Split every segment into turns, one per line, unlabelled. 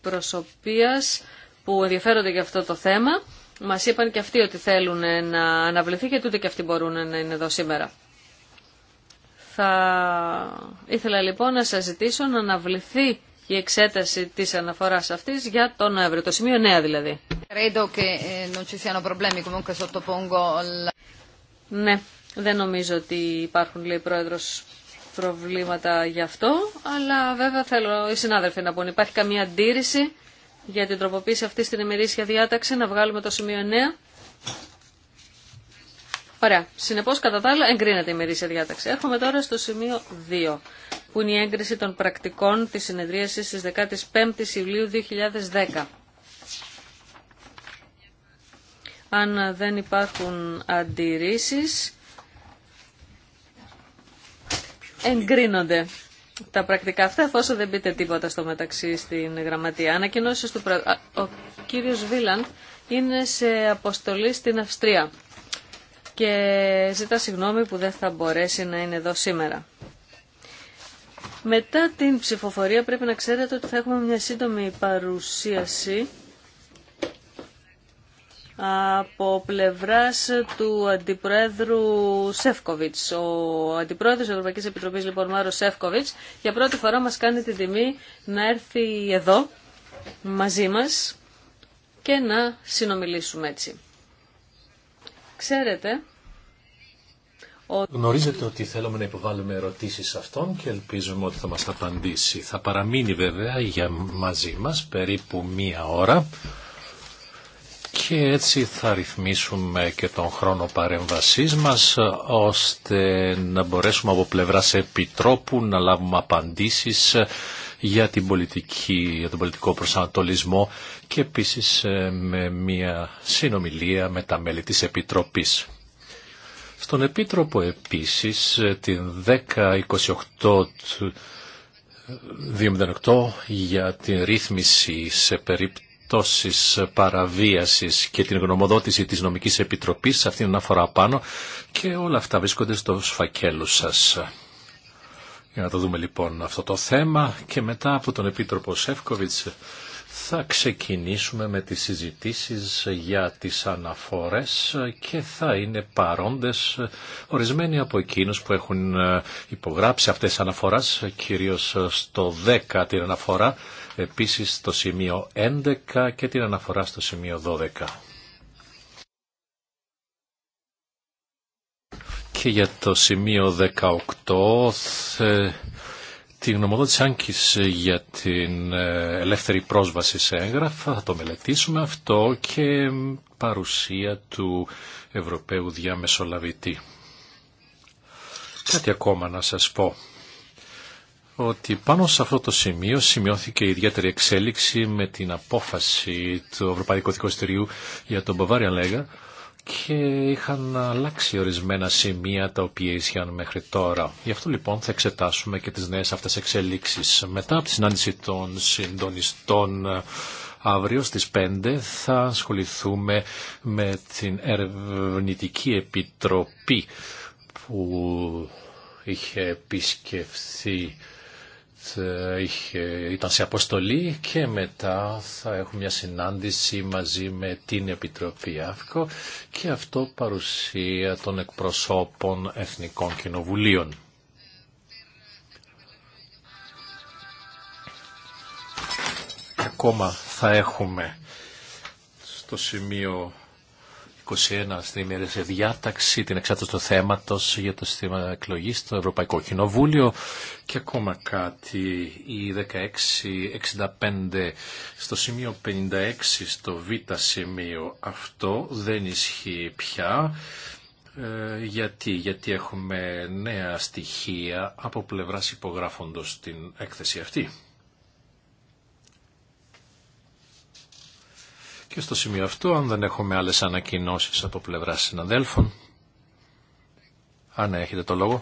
προσωπίας που ενδιαφέρονται για αυτό το θέμα. Μας είπαν και αυτοί ότι θέλουν να αναβληθεί και ούτε και αυτοί μπορούν να είναι εδώ σήμερα. Θα ήθελα λοιπόν να σας ζητήσω να αναβληθεί η εξέταση της αναφοράς αυτής για τον Νοέμβριο, το σημείο 9 δηλαδή. Ε, ναι, δεν νομίζω ότι υπάρχουν, λέει Πρόεδρος, προβλήματα γι' αυτό, αλλά βέβαια θέλω οι συνάδελφοι να πούν. Υπάρχει καμία αντίρρηση για την τροποποίηση αυτή στην ημερήσια διάταξη, να βγάλουμε το σημείο 9. Ωραία. Συνεπώς, κατά τα άλλα, εγκρίνεται η ημερήσια διάταξη. Έρχομαι τώρα στο σημείο 2, που είναι η έγκριση των πρακτικών της συνεδρίασης στις 15 Ιουλίου 2010. Αν δεν υπάρχουν αντιρρήσεις, εγκρίνονται τα πρακτικά αυτά, εφόσον δεν πείτε τίποτα στο μεταξύ στην γραμματεία. Ανακοινώσει του πρα... Ο κύριο Βίλαντ είναι σε αποστολή στην Αυστρία και ζητά συγγνώμη που δεν θα μπορέσει να είναι εδώ σήμερα. Μετά την ψηφοφορία πρέπει να ξέρετε ότι θα έχουμε μια σύντομη παρουσίαση από πλευράς του Αντιπρόεδρου Σεύκοβιτς. Ο Αντιπρόεδρος της Ευρωπαϊκής Επιτροπής, λοιπόν, Μάρος Σεύκοβιτς, για πρώτη φορά μας κάνει την τιμή να έρθει εδώ μαζί μας και να συνομιλήσουμε έτσι. Ξέρετε... Ότι... Γνωρίζετε
ότι θέλουμε να υποβάλουμε ερωτήσεις αυτόν και ελπίζουμε ότι θα μας απαντήσει. Θα παραμείνει βέβαια για μαζί μας περίπου μία ώρα και έτσι θα ρυθμίσουμε και τον χρόνο παρέμβασής μας ώστε να μπορέσουμε από πλευράς επιτρόπου να λάβουμε απαντήσεις για, την πολιτική, για τον πολιτικό προσανατολισμό και επίσης ε, με μια συνομιλία με τα μέλη της Επιτροπής. Στον Επίτροπο επίσης την 10-28 2008 ε, για την ρύθμιση σε περίπτωση περιπτώσεις παραβίασης και την γνωμοδότηση της Νομικής Επιτροπής, αυτήν αναφορά πάνω και όλα αυτά βρίσκονται στο φακέλου σας. Για να το δούμε λοιπόν αυτό το θέμα και μετά από τον Επίτροπο Σεύκοβιτς θα ξεκινήσουμε με τις συζητήσεις για τις αναφορές και θα είναι παρόντες ορισμένοι από εκείνους που έχουν υπογράψει αυτές τις αναφορές, κυρίως στο 10 την αναφορά επίσης το σημείο 11 και την αναφορά στο σημείο 12. Και για το σημείο 18 την γνωμοδότηση Άγκης για την ε, ελεύθερη πρόσβαση σε έγγραφα θα το μελετήσουμε αυτό και παρουσία του Ευρωπαίου Διαμεσολαβητή. Κάτι ακόμα να σας πω ότι πάνω σε αυτό το σημείο σημειώθηκε ιδιαίτερη εξέλιξη με την απόφαση του Ευρωπαϊκού Δικαστηρίου για τον Βαβάρια Λέγα και είχαν αλλάξει ορισμένα σημεία τα οποία ίσχυαν μέχρι τώρα. Γι' αυτό λοιπόν θα εξετάσουμε και τις νέες αυτές εξελίξεις. Μετά από τη συνάντηση των συντονιστών ε, αύριο στις 5 θα ασχοληθούμε με την Ερευνητική Επιτροπή που είχε επισκεφθεί ήταν σε αποστολή και μετά θα έχουμε μια συνάντηση μαζί με την Επιτροπή ΑΦΚΟ και αυτό παρουσία των εκπροσώπων Εθνικών Κοινοβουλίων. Ακόμα θα έχουμε στο σημείο 21 στην ημερήσια διάταξη, την εξάρτηση του θέματος για το σύστημα εκλογή στο Ευρωπαϊκό Κοινοβούλιο και ακόμα κάτι, η 1665 στο σημείο 56 στο β σημείο αυτό δεν ισχύει πια. Ε, γιατί, γιατί έχουμε νέα στοιχεία από πλευράς υπογράφοντος την έκθεση αυτή. Και στο σημείο αυτό, αν δεν έχουμε άλλες ανακοινώσεις από πλευρά συναδέλφων, αν έχετε το λόγο.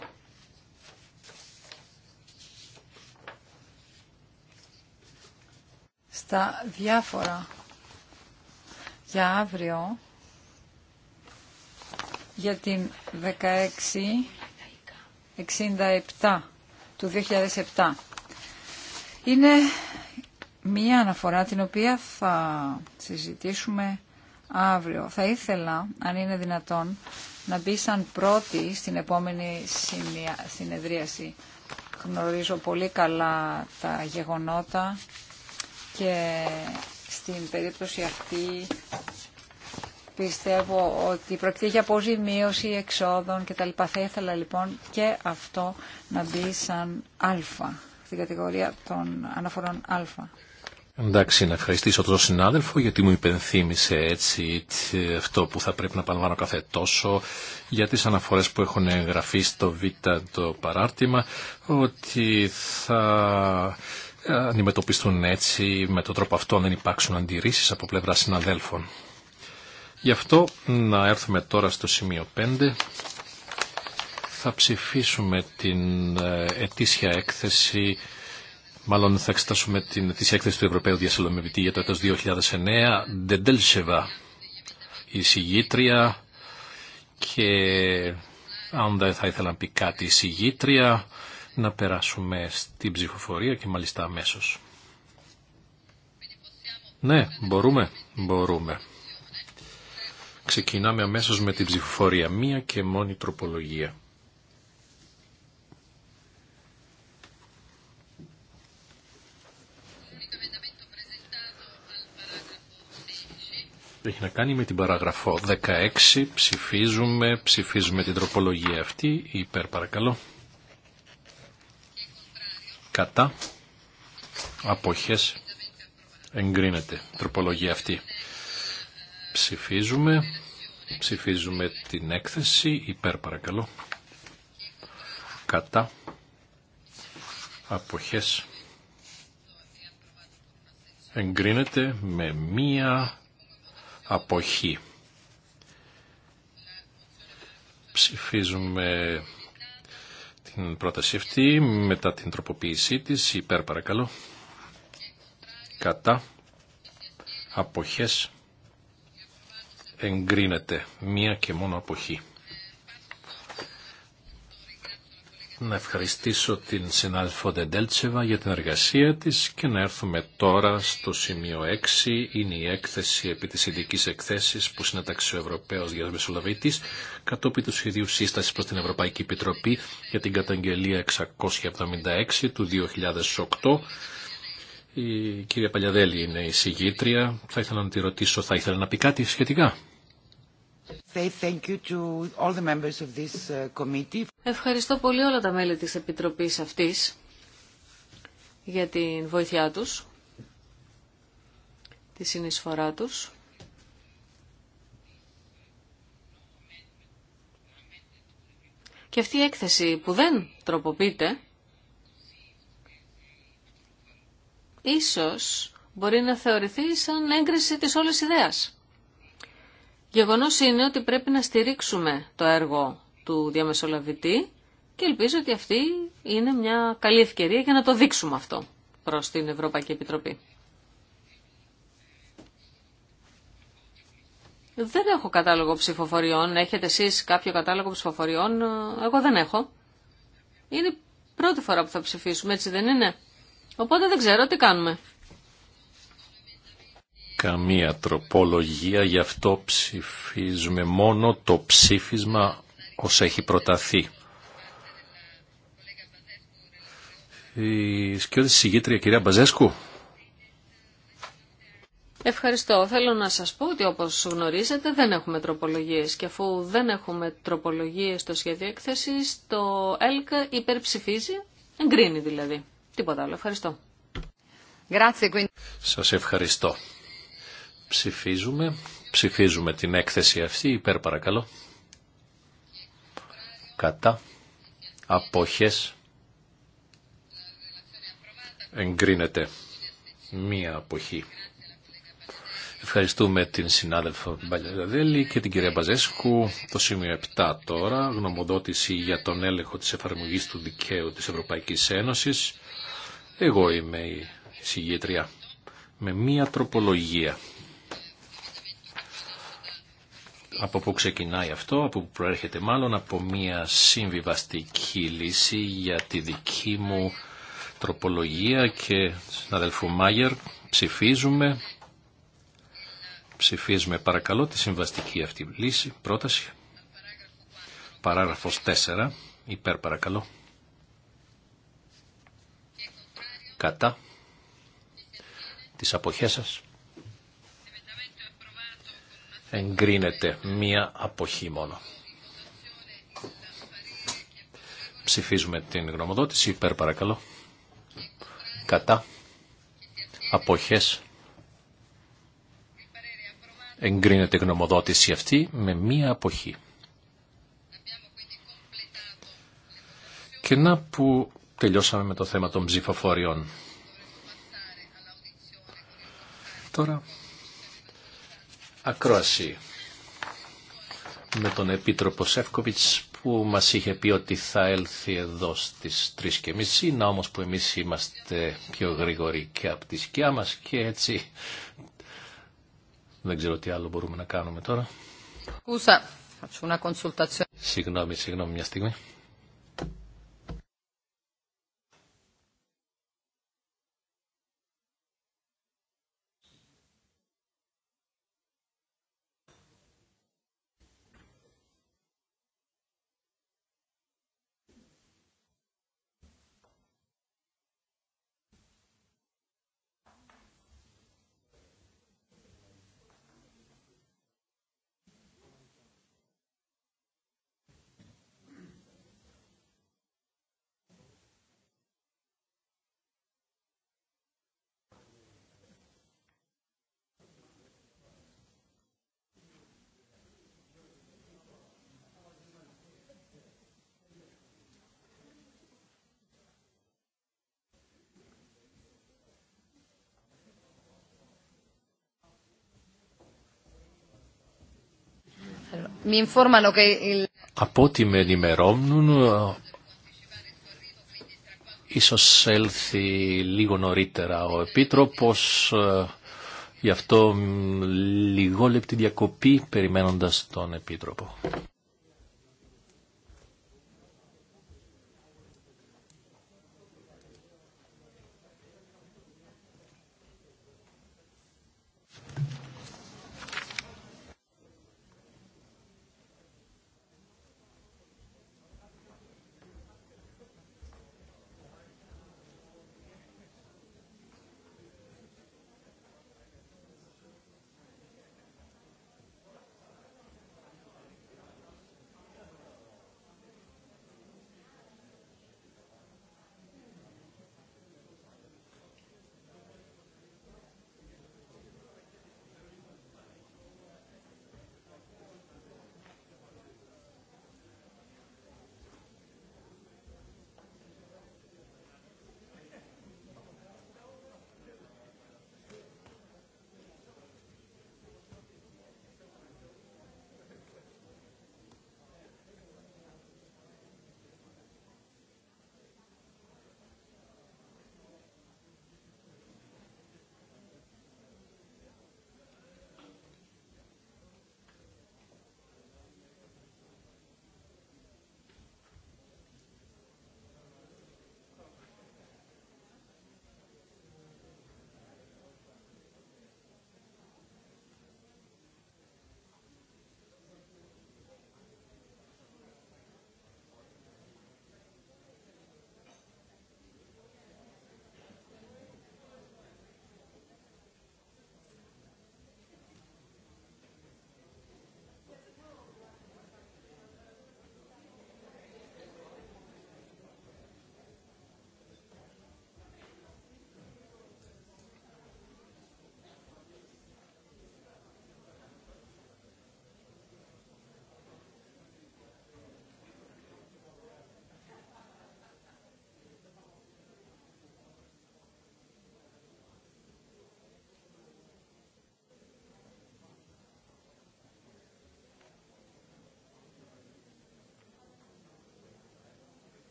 Στα διάφορα για αύριο, για την 1667 του 2007. Είναι μία αναφορά την οποία θα συζητήσουμε αύριο. Θα ήθελα, αν είναι δυνατόν, να μπει σαν πρώτη στην επόμενη συνεδρίαση. Γνωρίζω πολύ καλά τα γεγονότα και στην περίπτωση αυτή πιστεύω ότι πρόκειται για αποζημίωση εξόδων και τα λοιπά. Θα ήθελα λοιπόν και αυτό να μπει σαν α, στην κατηγορία των αναφορών α.
Εντάξει, να ευχαριστήσω τον συνάδελφο γιατί μου υπενθύμησε έτσι αυτό που θα πρέπει να παραλαμβάνω κάθε τόσο για τις αναφορές που έχουν εγγραφεί στο Β το παράρτημα ότι θα ε, αντιμετωπιστούν έτσι με τον τρόπο αυτό αν δεν υπάρξουν αντιρρήσεις από πλευρά συναδέλφων. Γι' αυτό να έρθουμε τώρα στο σημείο 5 θα ψηφίσουμε την ε, ετήσια έκθεση Μάλλον θα εξετάσουμε την, της έκθεση του Ευρωπαίου Διασυλλομιβητή για το έτος 2009, Ντεντέλσεβα, η συγγήτρια και αν δεν θα ήθελα να πει κάτι η συγγήτρια, να περάσουμε στην ψηφοφορία και μάλιστα αμέσω. Ναι, μπορούμε, μπορούμε. Ξεκινάμε αμέσως με την ψηφοφορία. Μία και μόνη τροπολογία. έχει να κάνει με την παραγραφό 16. Ψηφίζουμε, ψηφίζουμε την τροπολογία αυτή. Υπέρ παρακαλώ. Κατά. Αποχές. Εγκρίνεται τροπολογία αυτή. Ψηφίζουμε. Ψηφίζουμε την έκθεση. Υπέρ παρακαλώ. Κατά. Αποχές εγκρίνεται με μία αποχή. Ψηφίζουμε την πρόταση αυτή μετά την τροποποίησή της. Υπέρ παρακαλώ. Κατά. Αποχές. Εγκρίνεται μία και μόνο αποχή. να ευχαριστήσω την συνάδελφο Δεντέλτσεβα για την εργασία της και να έρθουμε τώρα στο σημείο 6. Είναι η έκθεση επί της ειδικής εκθέσης που συνέταξε ο Ευρωπαίος Διαμεσολαβήτης κατόπιν του σχεδίου σύστασης προς την Ευρωπαϊκή Επιτροπή για την καταγγελία 676 του 2008 η κυρία Παλιαδέλη είναι η συγγήτρια. Θα ήθελα να τη ρωτήσω, θα ήθελα να πει κάτι σχετικά.
Uh, Ευχαριστώ πολύ όλα τα μέλη της Επιτροπής αυτής για την βοήθειά τους, τη συνεισφορά τους. Και αυτή η έκθεση που δεν τροποποιείται, ίσως μπορεί να θεωρηθεί σαν έγκριση της όλης ιδέας. Γεγονός είναι ότι πρέπει να στηρίξουμε το έργο του διαμεσολαβητή και ελπίζω ότι αυτή είναι μια καλή ευκαιρία για να το δείξουμε αυτό προς την Ευρωπαϊκή Επιτροπή. Δεν έχω κατάλογο ψηφοφοριών. Έχετε εσείς κάποιο κατάλογο ψηφοφοριών. Εγώ δεν έχω. Είναι πρώτη φορά που θα ψηφίσουμε, έτσι δεν είναι. Οπότε δεν ξέρω τι κάνουμε
καμία τροπολογία, γι' αυτό ψηφίζουμε μόνο το ψήφισμα ως έχει προταθεί. Η σκιώδη συγγήτρια κυρία Μπαζέσκου.
Ευχαριστώ. Θέλω να σας πω ότι όπως γνωρίζετε δεν έχουμε τροπολογίες και αφού δεν έχουμε τροπολογίες στο σχέδιο έκθεσης το ΕΛΚ υπερψηφίζει, εγκρίνει δηλαδή. Τίποτα άλλο. Ευχαριστώ.
Σας ευχαριστώ. Ψηφίζουμε. Ψηφίζουμε την έκθεση αυτή. Υπέρ παρακαλώ. Κατά. Απόχες. Εγκρίνεται. Μία αποχή. Ευχαριστούμε την συνάδελφο Μπαλιαδέλη και την κυρία Μπαζέσκου. Το σημείο 7 τώρα, γνωμοδότηση για τον έλεγχο της εφαρμογής του δικαίου της Ευρωπαϊκής Ένωσης. Εγώ είμαι η συγγήτρια με μία τροπολογία από πού ξεκινάει αυτό, από πού προέρχεται μάλλον από μια συμβιβαστική λύση για τη δική μου τροπολογία και συναδελφού Μάγερ ψηφίζουμε ψηφίζουμε παρακαλώ τη συμβαστική αυτή λύση, πρόταση παράγραφος 4 υπέρ παρακαλώ κατά τις αποχές σας Εγκρίνεται. Μία αποχή μόνο. Ψηφίζουμε την γνωμοδότηση. Υπέρ παρακαλώ. Κατά. Αποχές. Εγκρίνεται η γνωμοδότηση αυτή με μία αποχή. Και να που τελειώσαμε με το θέμα των ψηφοφοριών. Τώρα ακρόαση με τον Επίτροπο Σεύκοβιτς που μας είχε πει ότι θα έλθει εδώ στις τρεις και μισή. να όμως που εμείς είμαστε πιο γρήγοροι και από τη σκιά μας και έτσι δεν ξέρω τι άλλο μπορούμε να κάνουμε τώρα. Συγγνώμη, συγγνώμη μια στιγμή. Από ό,τι με ενημερώνουν, ίσως έλθει λίγο νωρίτερα ο Επίτροπος, ε, γι' αυτό λιγόλεπτη διακοπή περιμένοντας τον Επίτροπο.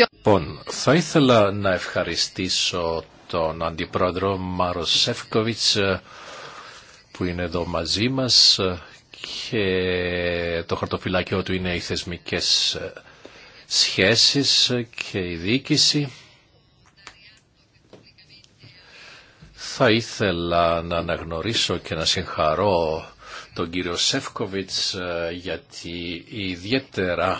Λοιπόν, θα ήθελα να ευχαριστήσω τον Αντιπρόεδρο Μάρο ε, που είναι εδώ μαζί μας ε, και το χαρτοφυλάκιο του είναι οι θεσμικές ε, σχέσεις και η διοίκηση. Θα ήθελα να αναγνωρίσω και να συγχαρώ τον κύριο Σεύκοβιτς ε, γιατί ιδιαίτερα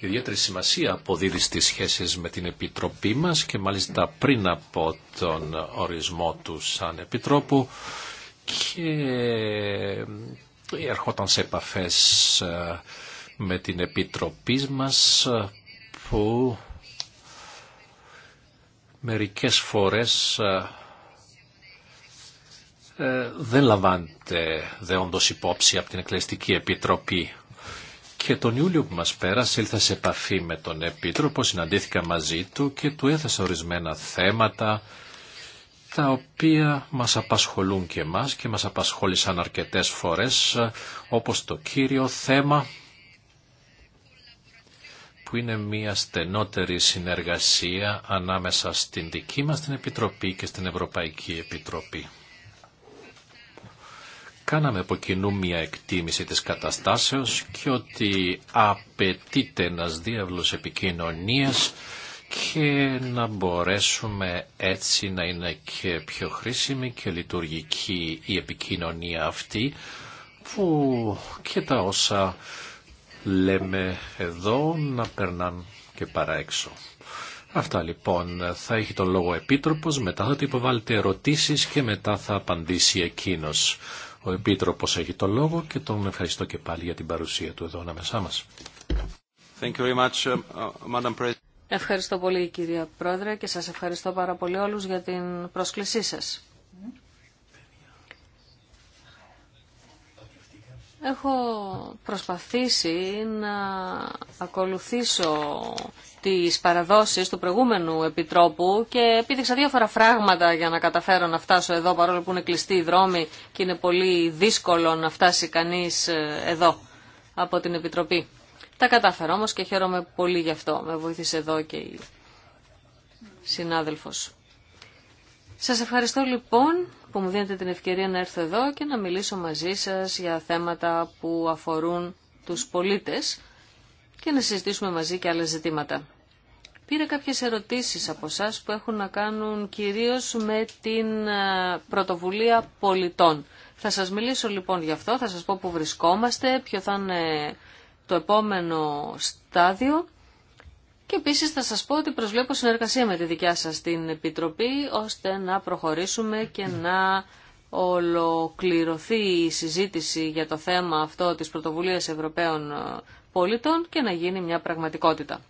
ιδιαίτερη σημασία αποδίδει στις σχέσεις με την Επιτροπή μας και μάλιστα πριν από τον ορισμό του σαν Επιτρόπου και ε, ερχόταν σε επαφές ε, με την Επιτροπή μας που μερικές φορές ε, δεν λαμβάνεται δεόντως υπόψη από την Εκκληστική Επιτροπή. Και τον Ιούλιο που μας πέρασε ήλθα σε επαφή με τον Επίτροπο, συναντήθηκα μαζί του και του έθεσα ορισμένα θέματα τα οποία μας απασχολούν και μας και μας απασχόλησαν αρκετές φορές όπως το κύριο θέμα που είναι μια στενότερη συνεργασία ανάμεσα στην δική μας την Επιτροπή και στην Ευρωπαϊκή Επιτροπή κάναμε από κοινού μια εκτίμηση της καταστάσεως και ότι απαιτείται ένας διάβλος επικοινωνίας και να μπορέσουμε έτσι να είναι και πιο χρήσιμη και λειτουργική η επικοινωνία αυτή που και τα όσα λέμε εδώ να περνάν και παρά έξω. Αυτά λοιπόν θα έχει τον λόγο επίτροπος, μετά θα του υποβάλλετε ερωτήσεις και μετά θα απαντήσει εκείνος. Ο Επίτροπος έχει το λόγο και τον ευχαριστώ και πάλι για την παρουσία του εδώ ανάμεσά μας.
Thank you very much, uh, Madam
Ευχαριστώ πολύ κυρία Πρόεδρε και σας ευχαριστώ πάρα πολύ όλους για την πρόσκλησή σας. Έχω προσπαθήσει να ακολουθήσω τις παραδόσεις του προηγούμενου επιτρόπου και επίδειξα φορά φράγματα για να καταφέρω να φτάσω εδώ παρόλο που είναι κλειστή η δρόμη και είναι πολύ δύσκολο να φτάσει κανείς ε, εδώ από την Επιτροπή. Τα κατάφερα όμως και χαίρομαι πολύ γι' αυτό. Με βοήθησε εδώ και η συνάδελφος. Σας ευχαριστώ λοιπόν που μου δίνετε την ευκαιρία να έρθω εδώ και να μιλήσω μαζί σας για θέματα που αφορούν τους πολίτες και να συζητήσουμε μαζί και άλλα ζητήματα. Πήρα κάποιες ερωτήσεις από εσά που έχουν να κάνουν κυρίως με την πρωτοβουλία πολιτών. Θα σας μιλήσω λοιπόν γι' αυτό, θα σας πω που βρισκόμαστε, ποιο θα είναι το επόμενο στάδιο και επίση θα σα πω ότι προσβλέπω συνεργασία με τη δικιά σα την Επιτροπή ώστε να προχωρήσουμε και να ολοκληρωθεί η συζήτηση για το θέμα αυτό της πρωτοβουλία Ευρωπαίων ε, πολιτών και να γίνει μια πραγματικότητα.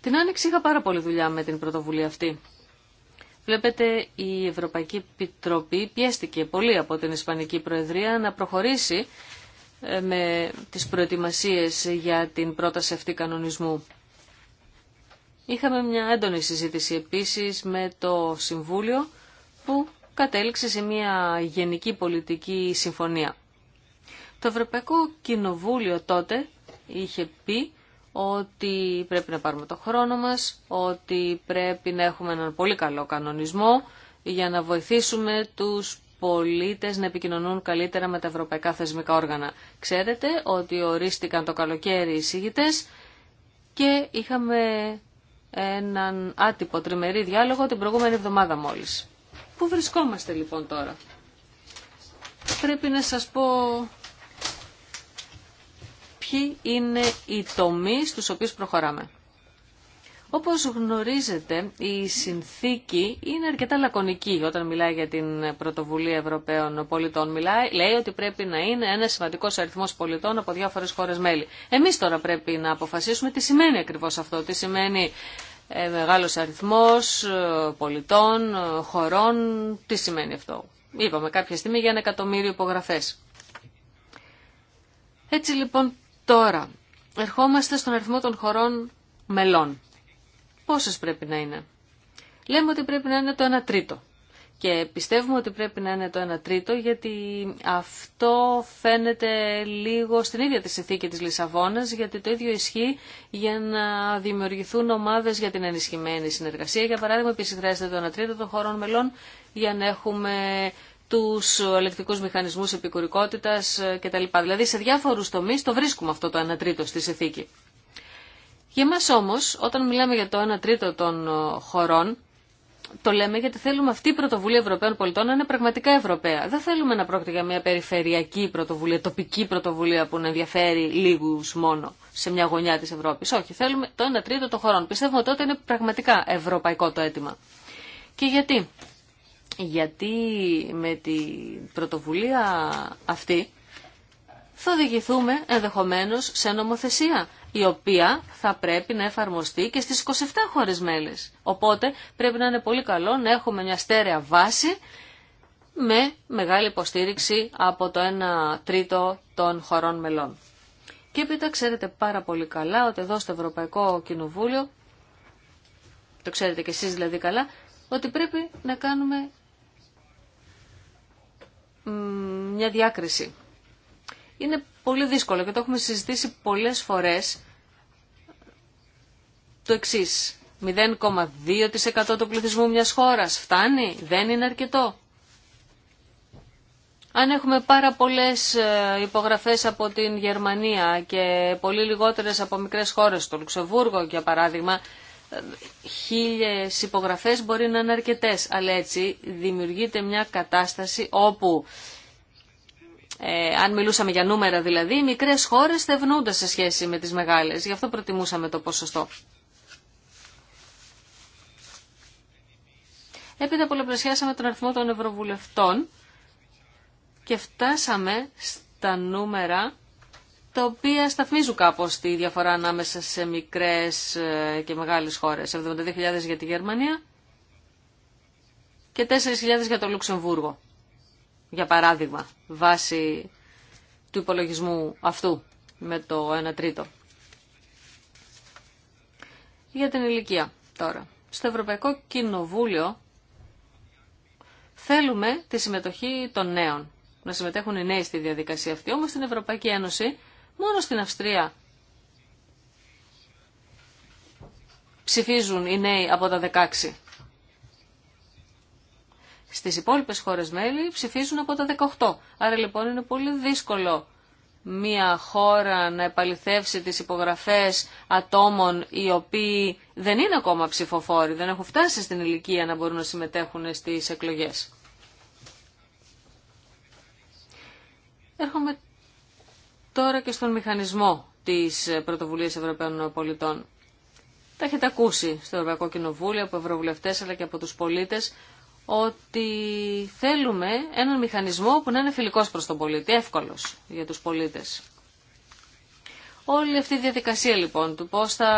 Την Άνοιξη είχα πάρα πολύ δουλειά με την πρωτοβουλία αυτή. Βλέπετε, η Ευρωπαϊκή Επιτροπή πιέστηκε πολύ από την Ισπανική Προεδρία να προχωρήσει ε, με τις προετοιμασίες για την πρόταση αυτή κανονισμού. Είχαμε μια έντονη συζήτηση επίσης με το Συμβούλιο που κατέληξε σε μια γενική πολιτική συμφωνία. Το Ευρωπαϊκό Κοινοβούλιο τότε είχε πει ότι πρέπει να πάρουμε το χρόνο μας, ότι πρέπει να έχουμε έναν πολύ καλό κανονισμό για να βοηθήσουμε τους πολίτες να επικοινωνούν καλύτερα με τα ευρωπαϊκά θεσμικά όργανα. Ξέρετε ότι ορίστηκαν το καλοκαίρι οι εισηγητές και είχαμε έναν άτυπο τριμερή διάλογο την προηγούμενη εβδομάδα μόλις. Πού βρισκόμαστε λοιπόν τώρα. Πρέπει να σας πω ποιοι είναι οι τομείς στους οποίους προχωράμε. Όπως γνωρίζετε, η συνθήκη είναι αρκετά λακωνική όταν μιλάει για την πρωτοβουλία Ευρωπαίων πολιτών. Μιλάει, λέει ότι πρέπει να είναι ένα σημαντικό αριθμό πολιτών από διάφορες χώρες μέλη. Εμείς τώρα πρέπει να αποφασίσουμε τι σημαίνει ακριβώς αυτό, τι σημαίνει ε, μεγάλος αριθμός ε, πολιτών, ε, χωρών, τι σημαίνει αυτό. Είπαμε κάποια στιγμή για ένα εκατομμύριο υπογραφές. Έτσι λοιπόν τώρα ερχόμαστε στον αριθμό των χωρών μελών πόσες πρέπει να είναι. Λέμε ότι πρέπει να είναι το 1 τρίτο. Και πιστεύουμε ότι πρέπει να είναι το 1 τρίτο γιατί αυτό φαίνεται λίγο στην ίδια τη συνθήκη της Λισαβόνας γιατί το ίδιο ισχύει για να δημιουργηθούν ομάδες για την ενισχυμένη συνεργασία. Για παράδειγμα επίσης χρειάζεται το 1 τρίτο των χωρών μελών για να έχουμε τους ελεκτικούς μηχανισμούς επικουρικότητας κτλ. Δηλαδή σε διάφορους τομείς το βρίσκουμε αυτό το 1 τρίτο στη συνθήκη. Για μας όμως, όταν μιλάμε για το 1 τρίτο των ε, χωρών, το λέμε γιατί θέλουμε αυτή η πρωτοβουλία Ευρωπαίων πολιτών να είναι πραγματικά Ευρωπαία. Δεν θέλουμε να πρόκειται για μια περιφερειακή πρωτοβουλία, τοπική πρωτοβουλία που να ενδιαφέρει λίγου μόνο σε μια γωνιά τη Ευρώπη. Όχι, θέλουμε το 1 τρίτο των χωρών. Πιστεύουμε τότε είναι πραγματικά ευρωπαϊκό το αίτημα. Και γιατί. Γιατί με την πρωτοβουλία αυτή θα οδηγηθούμε ενδεχομένω σε νομοθεσία η οποία θα πρέπει να εφαρμοστεί και στις 27 χώρες μέλες. Οπότε πρέπει να είναι πολύ καλό να έχουμε μια στέρεα βάση με μεγάλη υποστήριξη από το 1 τρίτο των χωρών μελών. Και επίτα ξέρετε πάρα πολύ καλά ότι εδώ στο Ευρωπαϊκό Κοινοβούλιο, το ξέρετε και εσείς δηλαδή καλά, ότι πρέπει να κάνουμε μια διάκριση είναι πολύ δύσκολο και το έχουμε συζητήσει πολλές φορές το εξή. 0,2% του πληθυσμού μιας χώρας φτάνει, δεν είναι αρκετό. Αν έχουμε πάρα πολλές ε, υπογραφές από την Γερμανία και πολύ λιγότερες από μικρές χώρες, το Λουξεμβούργο για παράδειγμα, ε, χίλιες υπογραφές μπορεί να είναι αρκετές, αλλά έτσι δημιουργείται μια κατάσταση όπου ε, αν μιλούσαμε για νούμερα δηλαδή, οι μικρές χώρες θευνούνται σε σχέση με τις μεγάλες. Γι' αυτό προτιμούσαμε το ποσοστό. Έπειτα πολλαπλασιάσαμε τον αριθμό των ευρωβουλευτών και φτάσαμε στα νούμερα τα οποία σταθμίζουν κάπως τη διαφορά ανάμεσα σε μικρές ε, και μεγάλες χώρες. 72.000 για τη Γερμανία και 4.000 για το Λουξεμβούργο, για παράδειγμα βάση του υπολογισμού αυτού με το 1 τρίτο. Για την ηλικία τώρα. Στο Ευρωπαϊκό Κοινοβούλιο θέλουμε τη συμμετοχή των νέων. Να συμμετέχουν οι νέοι στη διαδικασία αυτή. Όμως στην Ευρωπαϊκή Ένωση, μόνο στην Αυστρία ψηφίζουν οι νέοι από τα 16. Στις υπόλοιπες χώρες μέλη ψηφίζουν από τα 18. Άρα λοιπόν είναι πολύ δύσκολο μια χώρα να επαληθεύσει τις υπογραφές ατόμων οι οποίοι δεν είναι ακόμα ψηφοφόροι, δεν έχουν φτάσει στην ηλικία να μπορούν να συμμετέχουν στις εκλογές. Έρχομαι τώρα και στον μηχανισμό της Πρωτοβουλίας Ευρωπαίων Πολιτών. Τα έχετε ακούσει στο Ευρωπαϊκό Κοινοβούλιο από ευρωβουλευτές αλλά και από τους πολίτες ότι θέλουμε έναν μηχανισμό που να είναι φιλικός προς τον πολίτη, εύκολος για τους πολίτες. Όλη αυτή η διαδικασία λοιπόν του πώς θα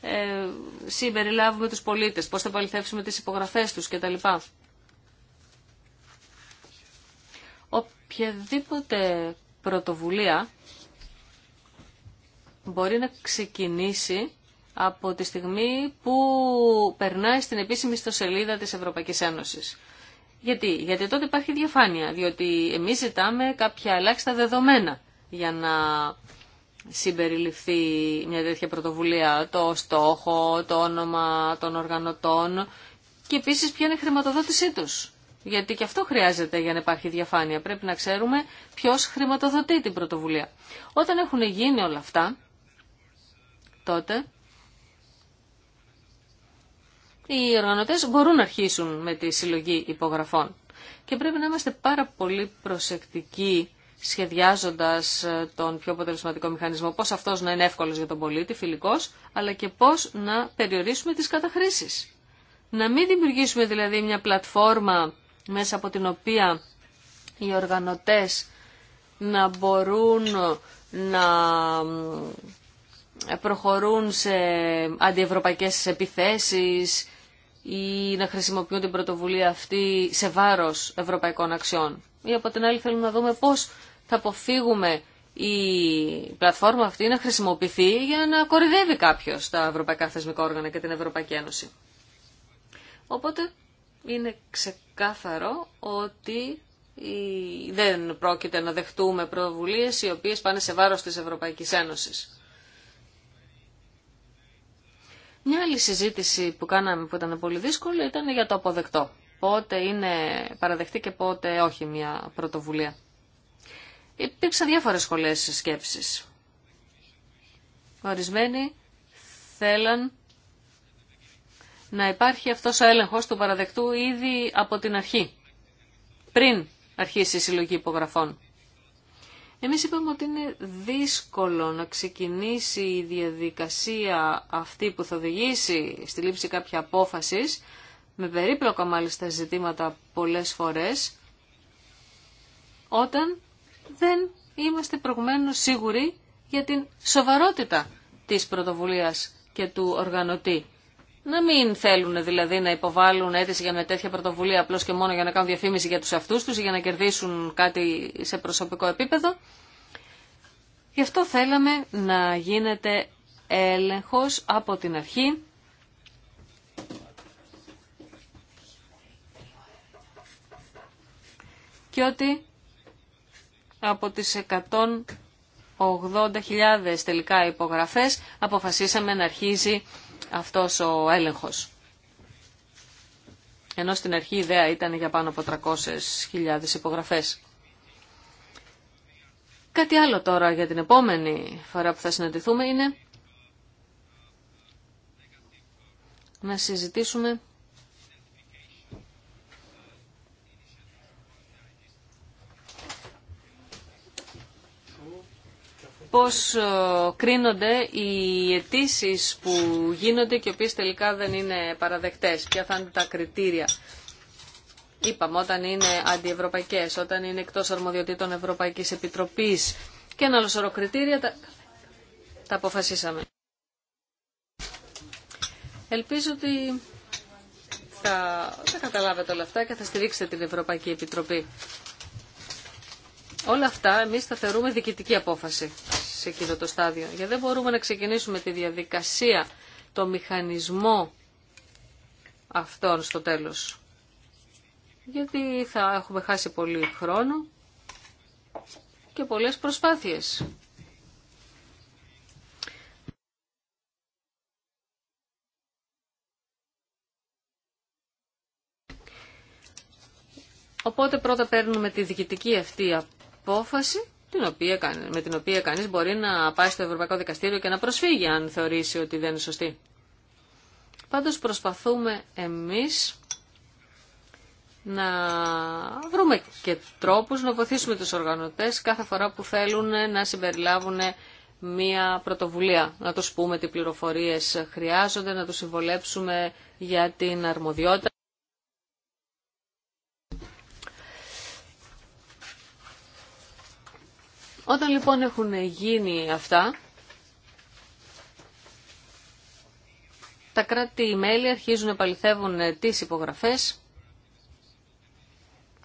ε, συμπεριλάβουμε τους πολίτες, πώς θα παληθεύσουμε τις υπογραφές τους κτλ. Οποιαδήποτε πρωτοβουλία μπορεί να ξεκινήσει από τη στιγμή που περνάει στην επίσημη ιστοσελίδα της Ευρωπαϊκής Ένωσης. Γιατί, Γιατί τότε υπάρχει διαφάνεια, διότι εμείς ζητάμε κάποια ελάχιστα δεδομένα για να συμπεριληφθεί μια τέτοια πρωτοβουλία, το στόχο, το όνομα των οργανωτών και επίσης ποια είναι η χρηματοδότησή τους. Γιατί και αυτό χρειάζεται για να υπάρχει διαφάνεια. Πρέπει να ξέρουμε ποιος χρηματοδοτεί την πρωτοβουλία. Όταν έχουν γίνει όλα αυτά, τότε οι οργανωτές μπορούν να αρχίσουν με τη συλλογή υπογραφών. Και πρέπει να είμαστε πάρα πολύ προσεκτικοί σχεδιάζοντας ε, τον πιο αποτελεσματικό μηχανισμό, πώς αυτός να είναι εύκολος για τον πολίτη, φιλικός, αλλά και πώς να περιορίσουμε τις καταχρήσει. Να μην δημιουργήσουμε δηλαδή μια πλατφόρμα μέσα από την οποία οι οργανωτές να μπορούν να προχωρούν σε αντιευρωπαϊκές επιθέσεις ή να χρησιμοποιούν την πρωτοβουλία αυτή σε βάρος ευρωπαϊκών αξιών. Ή από την άλλη θέλουμε να δούμε πώς θα αποφύγουμε η πλατφόρμα αυτή να χρησιμοποιηθεί για να κορυδεύει κάποιος τα ευρωπαϊκά θεσμικά όργανα και την Ευρωπαϊκή Ένωση. Οπότε είναι ξεκάθαρο ότι δεν πρόκειται να δεχτούμε πρωτοβουλίε οι οποίες πάνε σε βάρος της Ευρωπαϊκής Ένωσης. Μια άλλη συζήτηση που κάναμε που ήταν πολύ δύσκολη ήταν για το αποδεκτό. Πότε είναι παραδεκτή και πότε όχι μια πρωτοβουλία. Υπήρξαν διάφορες σχολές σκέψεις. Ορισμένοι θέλαν να υπάρχει αυτός ο έλεγχος του παραδεκτού ήδη από την αρχή, πριν αρχίσει η συλλογή υπογραφών. Εμείς είπαμε ότι είναι δύσκολο να ξεκινήσει η διαδικασία αυτή που θα οδηγήσει στη λήψη κάποια απόφασης, με περίπλοκα μάλιστα ζητήματα πολλές φορές, όταν δεν είμαστε προηγουμένως σίγουροι για την σοβαρότητα της πρωτοβουλίας και του οργανωτή. Να μην θέλουν δηλαδή να υποβάλουν αίτηση για μια τέτοια πρωτοβουλία απλώ και μόνο για να κάνουν διαφήμιση για του αυτού του ή για να κερδίσουν κάτι σε προσωπικό επίπεδο. Γι' αυτό θέλαμε να γίνεται έλεγχος από την αρχή και ότι από τις 180.000 τελικά υπογραφές αποφασίσαμε να αρχίζει αυτός ο έλεγχος. Ενώ στην αρχή η ιδέα ήταν για πάνω από 300.000 υπογραφές. Κάτι άλλο τώρα για την επόμενη φορά που θα συναντηθούμε είναι να συζητήσουμε πώς ε, κρίνονται οι αιτήσει που γίνονται και οι οποίες τελικά δεν είναι παραδεκτές. Ποια θα είναι τα κριτήρια. Είπαμε όταν είναι αντιευρωπαϊκές, όταν είναι εκτός αρμοδιοτήτων Ευρωπαϊκής Επιτροπής και ένα άλλο σωρό κριτήρια τα, αποφασίσαμε. Ελπίζω ότι θα, θα καταλάβετε όλα αυτά και θα στηρίξετε την Ευρωπαϊκή Επιτροπή. Όλα αυτά εμείς θα θεωρούμε διοικητική απόφαση σε εκείνο το στάδιο. Γιατί δεν μπορούμε να ξεκινήσουμε τη διαδικασία, το μηχανισμό αυτών στο τέλος. Γιατί θα έχουμε χάσει πολύ χρόνο και πολλές προσπάθειες. Οπότε πρώτα παίρνουμε τη διοικητική αυτή απόφαση την οποία, με την οποία κανείς μπορεί να πάει στο Ευρωπαϊκό Δικαστήριο και να προσφύγει αν θεωρήσει ότι δεν είναι σωστή. Πάντως προσπαθούμε εμείς να βρούμε και τρόπους να βοηθήσουμε τους οργανωτές κάθε φορά που θέλουν να συμπεριλάβουν μία πρωτοβουλία. Να τους πούμε τι πληροφορίες χρειάζονται, να τους συμβολέψουμε για την αρμοδιότητα. Όταν λοιπόν έχουν γίνει αυτά, τα κράτη-μέλη αρχίζουν να παληθεύουν ε, τις υπογραφές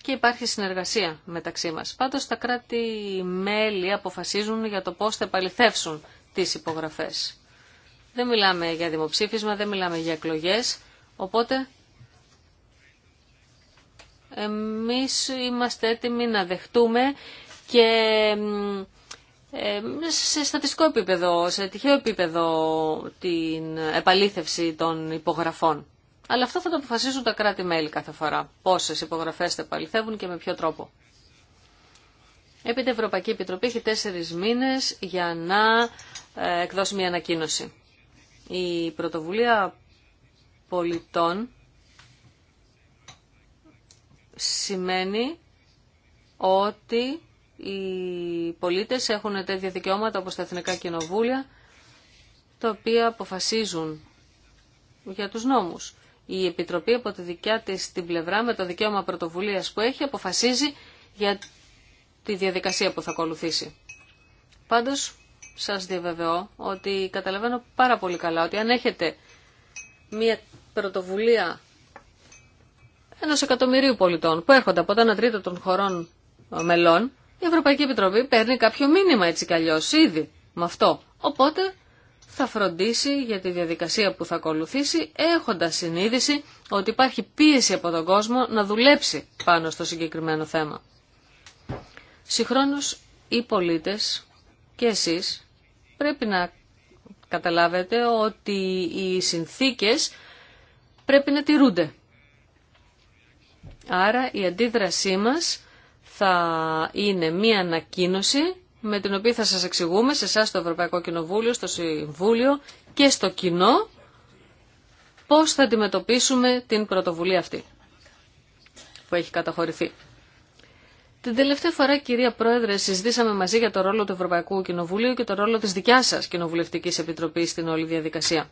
και υπάρχει συνεργασία μεταξύ μας. Πάντως τα κράτη-μέλη αποφασίζουν για το πώς θα παληθεύσουν τις υπογραφές. Δεν μιλάμε για δημοψήφισμα, δεν μιλάμε για εκλογές, οπότε εμείς είμαστε έτοιμοι να δεχτούμε και ε, σε στατιστικό επίπεδο, σε τυχαίο επίπεδο την επαλήθευση των υπογραφών. Αλλά αυτό θα το αποφασίζουν τα κράτη-μέλη κάθε φορά. Πόσε υπογραφές θα επαληθεύουν και με ποιο τρόπο. Έπειτα η Ευρωπαϊκή Επιτροπή έχει τέσσερι μήνες για να ε, εκδώσει μια ανακοίνωση. Η πρωτοβουλία πολιτών σημαίνει ότι οι πολίτες έχουν τέτοια δικαιώματα όπως τα εθνικά κοινοβούλια, τα οποία αποφασίζουν για τους νόμους. Η Επιτροπή από τη δικιά της την πλευρά με το δικαίωμα πρωτοβουλίας που έχει αποφασίζει για τη διαδικασία που θα ακολουθήσει. Πάντως, σας διαβεβαιώ ότι καταλαβαίνω πάρα πολύ καλά ότι αν έχετε μια πρωτοβουλία ενός εκατομμυρίου πολιτών που έρχονται από τα ένα τρίτο των χωρών μελών, η Ευρωπαϊκή Επιτροπή παίρνει κάποιο μήνυμα έτσι κι αλλιώ ήδη με αυτό. Οπότε θα φροντίσει για τη διαδικασία που θα ακολουθήσει έχοντας συνείδηση ότι υπάρχει πίεση από τον κόσμο να δουλέψει πάνω στο συγκεκριμένο θέμα. Συγχρόνως οι πολίτες και εσείς πρέπει να καταλάβετε ότι οι συνθήκες πρέπει να τηρούνται. Άρα η αντίδρασή μας θα είναι μία ανακοίνωση με την οποία θα σας εξηγούμε σε εσά στο Ευρωπαϊκό Κοινοβούλιο, στο Συμβούλιο και στο κοινό πώς θα αντιμετωπίσουμε την πρωτοβουλία αυτή που έχει καταχωρηθεί. Την τελευταία φορά, κυρία Πρόεδρε, συζητήσαμε μαζί για το ρόλο του Ευρωπαϊκού Κοινοβουλίου και το ρόλο της δικιάς σας Κοινοβουλευτικής Επιτροπής στην όλη διαδικασία.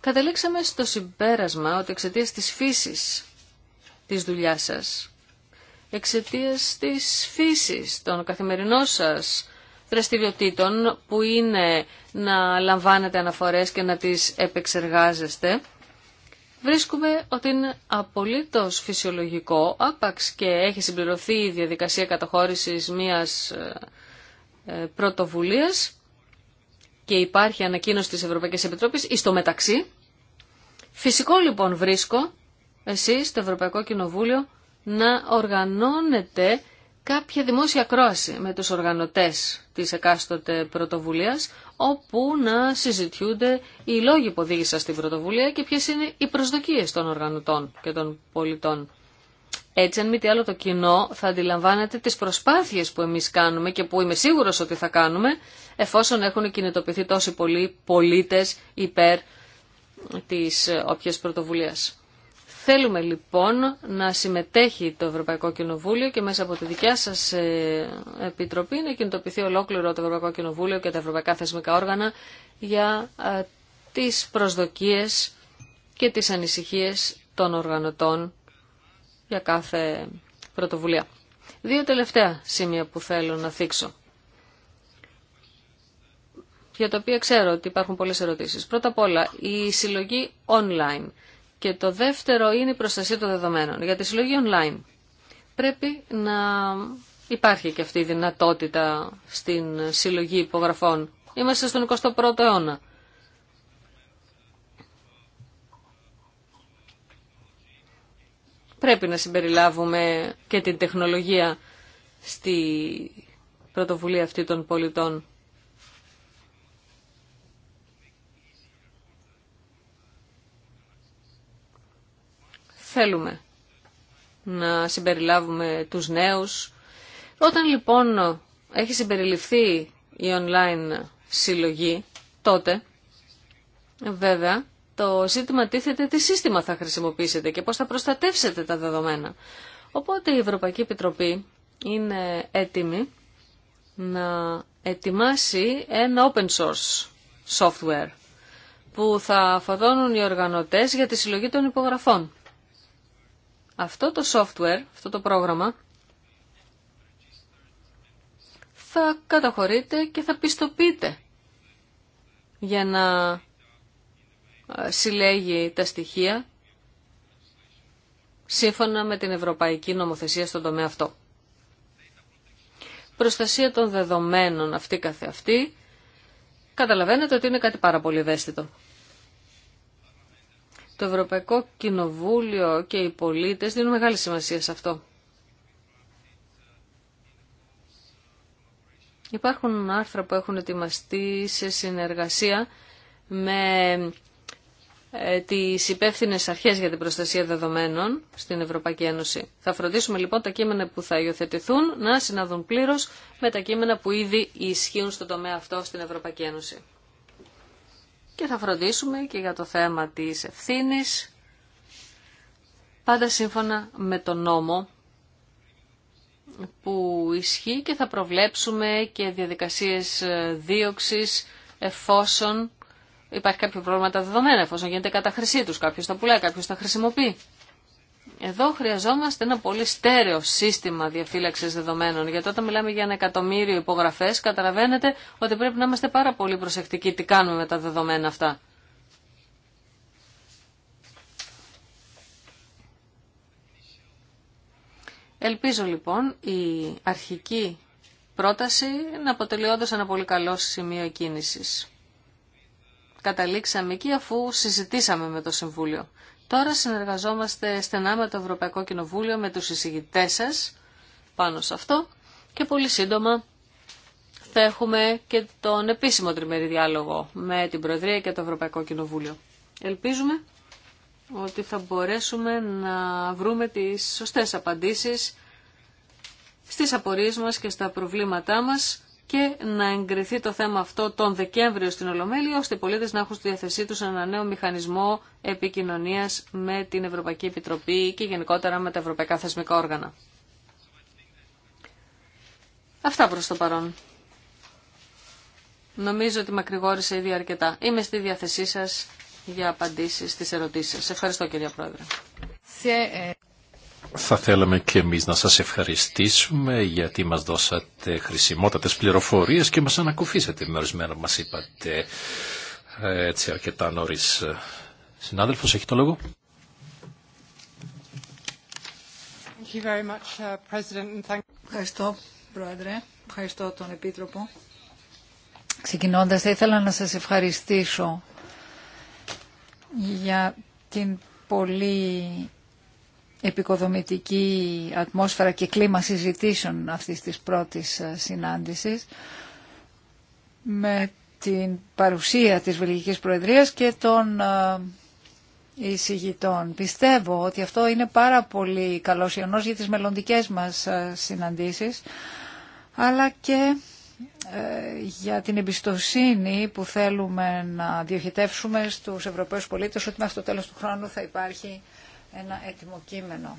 Καταλήξαμε στο συμπέρασμα ότι εξαιτία της φύσης της δουλειάς σας εξαιτίας της φύσης των καθημερινών σας δραστηριοτήτων που είναι να λαμβάνετε αναφορές και να τις επεξεργάζεστε, βρίσκουμε ότι είναι απολύτως φυσιολογικό, άπαξ και έχει συμπληρωθεί η διαδικασία καταχώρησης μιας ε, ε, πρωτοβουλίας και υπάρχει ανακοίνωση της Ευρωπαϊκής Επιτροπής, εις το μεταξύ. Φυσικό λοιπόν βρίσκω εσείς, το Ευρωπαϊκό Κοινοβούλιο, να οργανώνεται κάποια δημόσια κρόαση με τους οργανωτές της εκάστοτε πρωτοβουλίας, όπου να συζητιούνται οι λόγοι που οδήγησαν στην πρωτοβουλία και ποιες είναι οι προσδοκίες των οργανωτών και των πολιτών. Έτσι, αν μη τι άλλο το κοινό θα αντιλαμβάνεται τις προσπάθειες που εμείς κάνουμε και που είμαι σίγουρος ότι θα κάνουμε, εφόσον έχουν κινητοποιηθεί τόσοι πολλοί πολίτες υπέρ της ε, όποιας πρωτοβουλίας. Θέλουμε λοιπόν να συμμετέχει το Ευρωπαϊκό Κοινοβούλιο και μέσα από τη δικιά σας ε, επιτροπή να κινητοποιηθεί ολόκληρο το Ευρωπαϊκό Κοινοβούλιο και τα ευρωπαϊκά θεσμικά όργανα για τις προσδοκίες και τις ανησυχίες των οργανωτών για κάθε πρωτοβουλία. Δύο τελευταία σημεία που θέλω να θίξω, για τα οποία ξέρω ότι υπάρχουν πολλές ερωτήσεις. Πρώτα απ' όλα, η συλλογή online. Και το δεύτερο είναι η προστασία των δεδομένων. Για τη συλλογή online πρέπει να υπάρχει και αυτή η δυνατότητα στην συλλογή υπογραφών. Είμαστε στον 21ο αιώνα. Πρέπει να συμπεριλάβουμε και την τεχνολογία στη πρωτοβουλία αυτή των πολιτών. θέλουμε να συμπεριλάβουμε τους νέους. Όταν λοιπόν έχει συμπεριληφθεί η online συλλογή, τότε βέβαια το ζήτημα τίθεται τι σύστημα θα χρησιμοποιήσετε και πώς θα προστατεύσετε τα δεδομένα. Οπότε η Ευρωπαϊκή Επιτροπή είναι έτοιμη να ετοιμάσει ένα open source software που θα φοδώνουν οι οργανωτές για τη συλλογή των υπογραφών. Αυτό το software, αυτό το πρόγραμμα, θα καταχωρείτε και θα πιστοποιείτε για να ε, συλλέγει τα στοιχεία σύμφωνα με την Ευρωπαϊκή Νομοθεσία στον τομέα αυτό. Προστασία των δεδομένων αυτή καθεαυτή, καταλαβαίνετε ότι είναι κάτι πάρα πολύ ευαίσθητο. Το Ευρωπαϊκό Κοινοβούλιο και οι πολίτες δίνουν μεγάλη σημασία σε αυτό. Υπάρχουν άρθρα που έχουν ετοιμαστεί σε συνεργασία με ε, τις υπεύθυνε αρχές για την προστασία δεδομένων στην Ευρωπαϊκή Ένωση. Θα φροντίσουμε λοιπόν τα κείμενα που θα υιοθετηθούν να συναδούν πλήρως με τα κείμενα που ήδη ισχύουν στο τομέα αυτό στην Ευρωπαϊκή Ένωση και θα φροντίσουμε και για το θέμα της ευθύνης, πάντα σύμφωνα με τον νόμο που ισχύει και θα προβλέψουμε και διαδικασίες ε, δίωξης εφόσον υπάρχει κάποιο πρόβλημα τα δεδομένα, εφόσον γίνεται καταχρησή τους, κάποιος τα πουλάει, κάποιος τα χρησιμοποιεί. Εδώ χρειαζόμαστε ένα πολύ στέρεο σύστημα διαφύλαξη δεδομένων, γιατί όταν μιλάμε για ένα εκατομμύριο υπογραφές, καταλαβαίνετε ότι πρέπει να είμαστε πάρα πολύ προσεκτικοί τι κάνουμε με τα δεδομένα αυτά. Ελπίζω λοιπόν η αρχική πρόταση να αποτελεί όντως ένα πολύ καλό σημείο κίνησης. Καταλήξαμε εκεί αφού συζητήσαμε με το Συμβούλιο. Τώρα συνεργαζόμαστε στενά με το Ευρωπαϊκό Κοινοβούλιο, με τους εισηγητές σας πάνω σε αυτό και πολύ σύντομα θα έχουμε και τον επίσημο τριμερή διάλογο με την Προεδρία και το Ευρωπαϊκό Κοινοβούλιο. Ελπίζουμε ότι θα μπορέσουμε να βρούμε τις σωστές απαντήσεις στις απορίες μας και στα προβλήματά μας και να εγκριθεί το θέμα αυτό τον Δεκέμβριο στην Ολομέλεια, ώστε οι πολίτες να έχουν στη διαθεσή τους ένα νέο μηχανισμό επικοινωνίας με την Ευρωπαϊκή Επιτροπή και γενικότερα με τα ευρωπαϊκά θεσμικά όργανα. Αυτά προς το παρόν. Νομίζω ότι μακρηγόρησε ήδη αρκετά. Είμαι στη διάθεσή σας για απαντήσεις στις ερωτήσεις. Ευχαριστώ κυρία Πρόεδρε.
Θα θέλαμε και εμείς να σας ευχαριστήσουμε γιατί μας δώσατε χρησιμότατες πληροφορίες και μας ανακουφίσατε με ορισμένα μας είπατε έτσι αρκετά νωρίς. Συνάδελφος, έχει το λόγο.
Uh, Ευχαριστώ, Πρόεδρε. Ευχαριστώ τον Επίτροπο. Ξεκινώντας, θα ήθελα να σας ευχαριστήσω για την πολύ επικοδομητική ατμόσφαιρα και κλίμα συζητήσεων αυτής της πρώτης ε, συνάντησης με την παρουσία της Βελγικής Προεδρίας και των ε, εισηγητών. Πιστεύω ότι αυτό είναι πάρα πολύ καλό ιονός για τις μελλοντικές μας ε, συναντήσεις αλλά και για την εμπιστοσύνη που θέλουμε να διοχετεύσουμε στους Ευρωπαίους πολίτες ότι μέχρι το τέλος του χρόνου θα υπάρχει ένα έτοιμο κείμενο.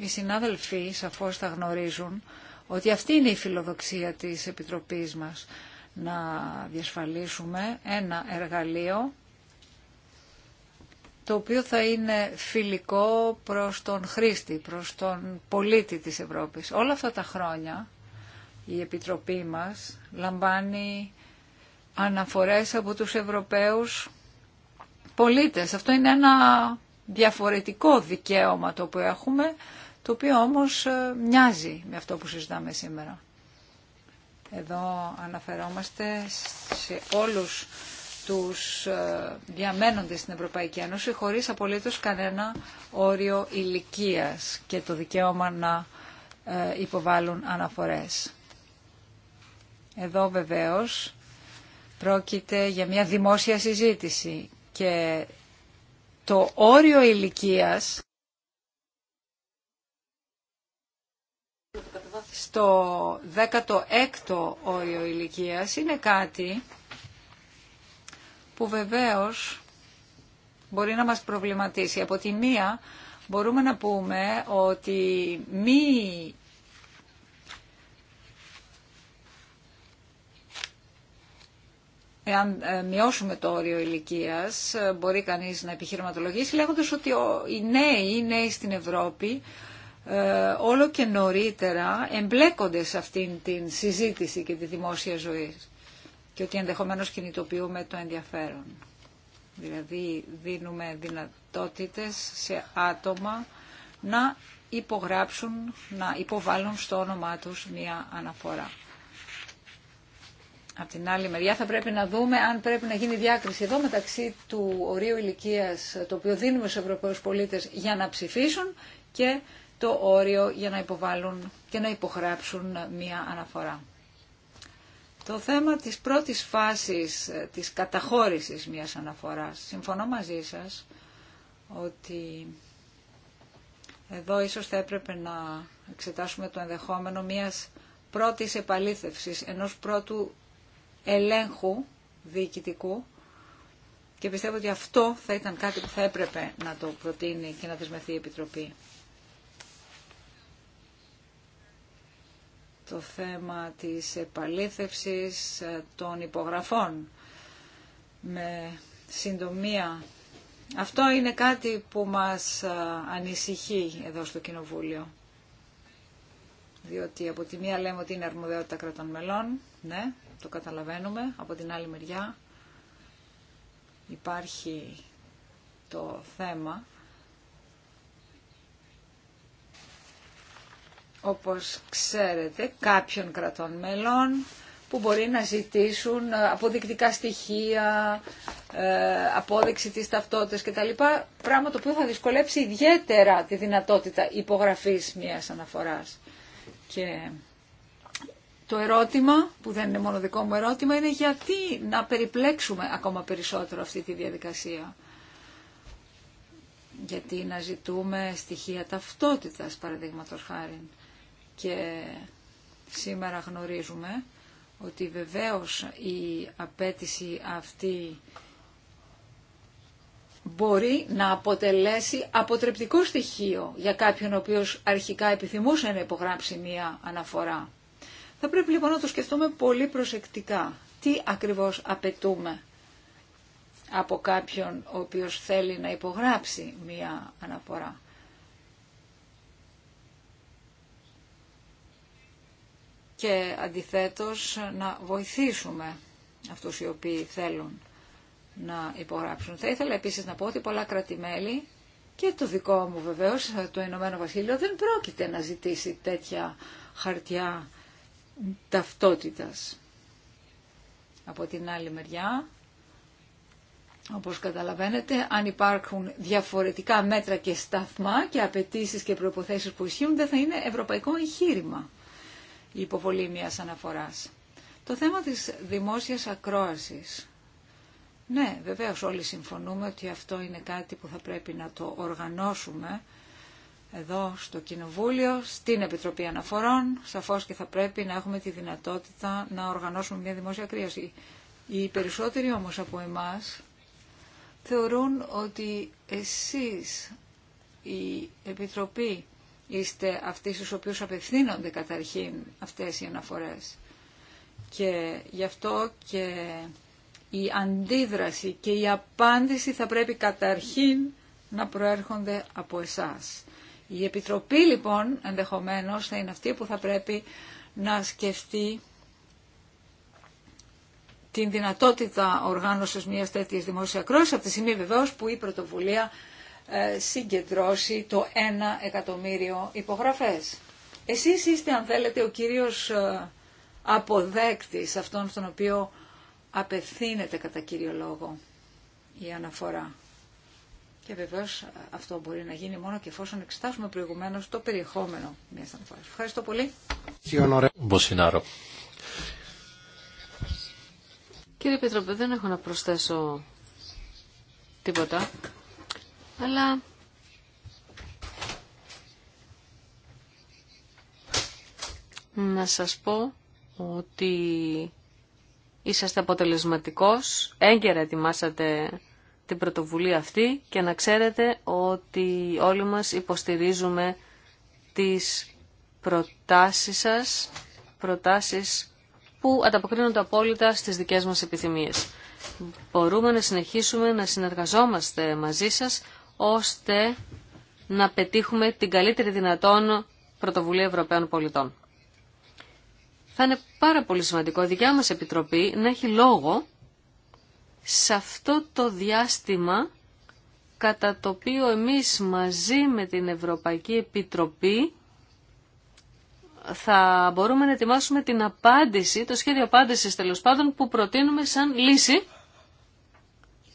Οι συνάδελφοί σαφώς θα γνωρίζουν ότι αυτή είναι η φιλοδοξία της Επιτροπής μας να διασφαλίσουμε ένα εργαλείο το οποίο θα είναι φιλικό προς τον χρήστη, προς τον πολίτη της Ευρώπης. Όλα αυτά τα χρόνια η Επιτροπή μας λαμβάνει αναφορές από τους Ευρωπαίους πολίτες. Αυτό είναι ένα διαφορετικό δικαίωμα το που έχουμε, το οποίο όμως ε, μοιάζει με αυτό που συζητάμε σήμερα. Εδώ αναφερόμαστε σε όλους τους ε, διαμένοντες στην Ευρωπαϊκή Ένωση χωρίς απολύτως κανένα όριο ηλικίας και το δικαίωμα να ε, υποβάλουν αναφορές. Εδώ βεβαίως πρόκειται για μια δημόσια συζήτηση και το όριο ηλικίας στο 16ο όριο ηλικίας είναι κάτι που βεβαίως μπορεί να μας προβληματίσει. Από τη μία μπορούμε να πούμε ότι μη Εάν ε, μειώσουμε το όριο ηλικίας, ε, μπορεί κανείς να επιχειρηματολογήσει Λέγοντα ότι οι νέοι, νέοι στην Ευρώπη, ε, όλο και νωρίτερα εμπλέκονται σε αυτήν την συζήτηση και τη δημόσια ζωή και ότι ενδεχομένω κινητοποιούμε το ενδιαφέρον. Δηλαδή δίνουμε δυνατότητες σε άτομα να υπογράψουν, να υποβάλουν στο όνομά τους μία αναφορά. Από την άλλη μεριά θα πρέπει να δούμε αν πρέπει να γίνει διάκριση εδώ μεταξύ του ορίου ηλικίας το οποίο δίνουμε στους Ευρωπαίους πολίτες για να ψηφίσουν και το όριο για να υποβάλουν και να υπογράψουν μία αναφορά. Το θέμα της πρώτης φάσης της καταχώρησης μιας αναφοράς. Συμφωνώ μαζί σας ότι εδώ ίσως θα έπρεπε να εξετάσουμε το ενδεχόμενο μιας πρώτης επαλήθευσης, ενός πρώτου ελέγχου διοικητικού και πιστεύω ότι αυτό θα ήταν κάτι που θα έπρεπε να το προτείνει και να δεσμευτεί η Επιτροπή. Το θέμα της επαλήθευσης των υπογραφών με συντομία. Αυτό είναι κάτι που μας ανησυχεί εδώ στο Κοινοβούλιο. Διότι από τη μία λέμε ότι είναι αρμοδιότητα κρατών μελών, ναι, το καταλαβαίνουμε. Από την άλλη μεριά υπάρχει το θέμα όπως ξέρετε κάποιων κρατών μελών που μπορεί να ζητήσουν ε, αποδεικτικά στοιχεία, ε, απόδειξη της ταυτότητας κτλ. Πράγμα το οποίο θα δυσκολέψει ιδιαίτερα τη δυνατότητα υπογραφής μιας αναφοράς. Και το ερώτημα, που δεν είναι μόνο δικό μου ερώτημα, είναι γιατί να περιπλέξουμε ακόμα περισσότερο αυτή τη διαδικασία. Γιατί να ζητούμε στοιχεία ταυτότητας, παραδείγματο χάρη. Και σήμερα γνωρίζουμε ότι βεβαίως η απέτηση αυτή μπορεί να αποτελέσει αποτρεπτικό στοιχείο για κάποιον ο οποίος αρχικά επιθυμούσε να υπογράψει μία αναφορά. Θα πρέπει λοιπόν να το σκεφτούμε πολύ προσεκτικά. Τι ακριβώς απαιτούμε από κάποιον ο οποίος θέλει να υπογράψει μία αναφορά. Και αντιθέτως να βοηθήσουμε αυτούς οι οποίοι θέλουν να υπογράψουν. Θα ήθελα επίσης να πω ότι πολλά κρατημέλη και το δικό μου βεβαίως, το Ηνωμένο Βασίλειο, δεν πρόκειται να ζητήσει τέτοια χαρτιά ταυτότητας. Από την άλλη μεριά, όπως καταλαβαίνετε, αν υπάρχουν διαφορετικά μέτρα και σταθμά και απαιτήσει και προϋποθέσεις που ισχύουν, δεν θα είναι ευρωπαϊκό εγχείρημα η υποβολή μιας αναφοράς. Το θέμα της δημόσιας ακρόασης. Ναι, βεβαίως όλοι συμφωνούμε ότι αυτό είναι κάτι που θα πρέπει να το οργανώσουμε εδώ στο Κοινοβούλιο, στην Επιτροπή Αναφορών. Σαφώς και θα πρέπει να έχουμε τη δυνατότητα να οργανώσουμε μια δημόσια κρίση. Οι περισσότεροι όμως από εμάς θεωρούν ότι εσείς η Επιτροπή είστε αυτοί στους οποίους απευθύνονται καταρχήν αυτές οι αναφορές. Και γι' αυτό και η αντίδραση και η απάντηση θα πρέπει καταρχήν να προέρχονται από εσάς. Η Επιτροπή λοιπόν ενδεχομένως θα είναι αυτή που θα πρέπει να σκεφτεί την δυνατότητα οργάνωσης μιας τέτοιας δημόσια κρόσης, από τη στιγμή βεβαίως που η πρωτοβουλία ε, συγκεντρώσει το 1 εκατομμύριο υπογραφές. Εσείς είστε αν θέλετε ο κύριος ε, αποδέκτης, αυτόν στον οποίο απευθύνεται κατά κύριο λόγο η αναφορά. Και βεβαίω αυτό μπορεί να γίνει μόνο και εφόσον εξετάσουμε προηγουμένω το περιεχόμενο μια
αναφορά. Ευχαριστώ πολύ. Κύριε Πέτροπε, δεν έχω να προσθέσω τίποτα, αλλά να σας πω ότι είσαστε αποτελεσματικός, έγκαιρα ετοιμάσατε την πρωτοβουλία αυτή και να ξέρετε ότι όλοι μας υποστηρίζουμε τις προτάσεις σας, προτάσεις που ανταποκρίνονται απόλυτα στις δικές μας επιθυμίες. Μπορούμε να συνεχίσουμε να συνεργαζόμαστε μαζί σας ώστε να πετύχουμε την καλύτερη δυνατόν πρωτοβουλία Ευρωπαίων πολιτών. Θα είναι πάρα πολύ σημαντικό η δικιά μας Επιτροπή να έχει λόγο σε αυτό το διάστημα κατά το οποίο εμείς μαζί με την Ευρωπαϊκή Επιτροπή θα μπορούμε να ετοιμάσουμε την απάντηση, το σχέδιο απάντησης τέλο πάντων που προτείνουμε σαν λύση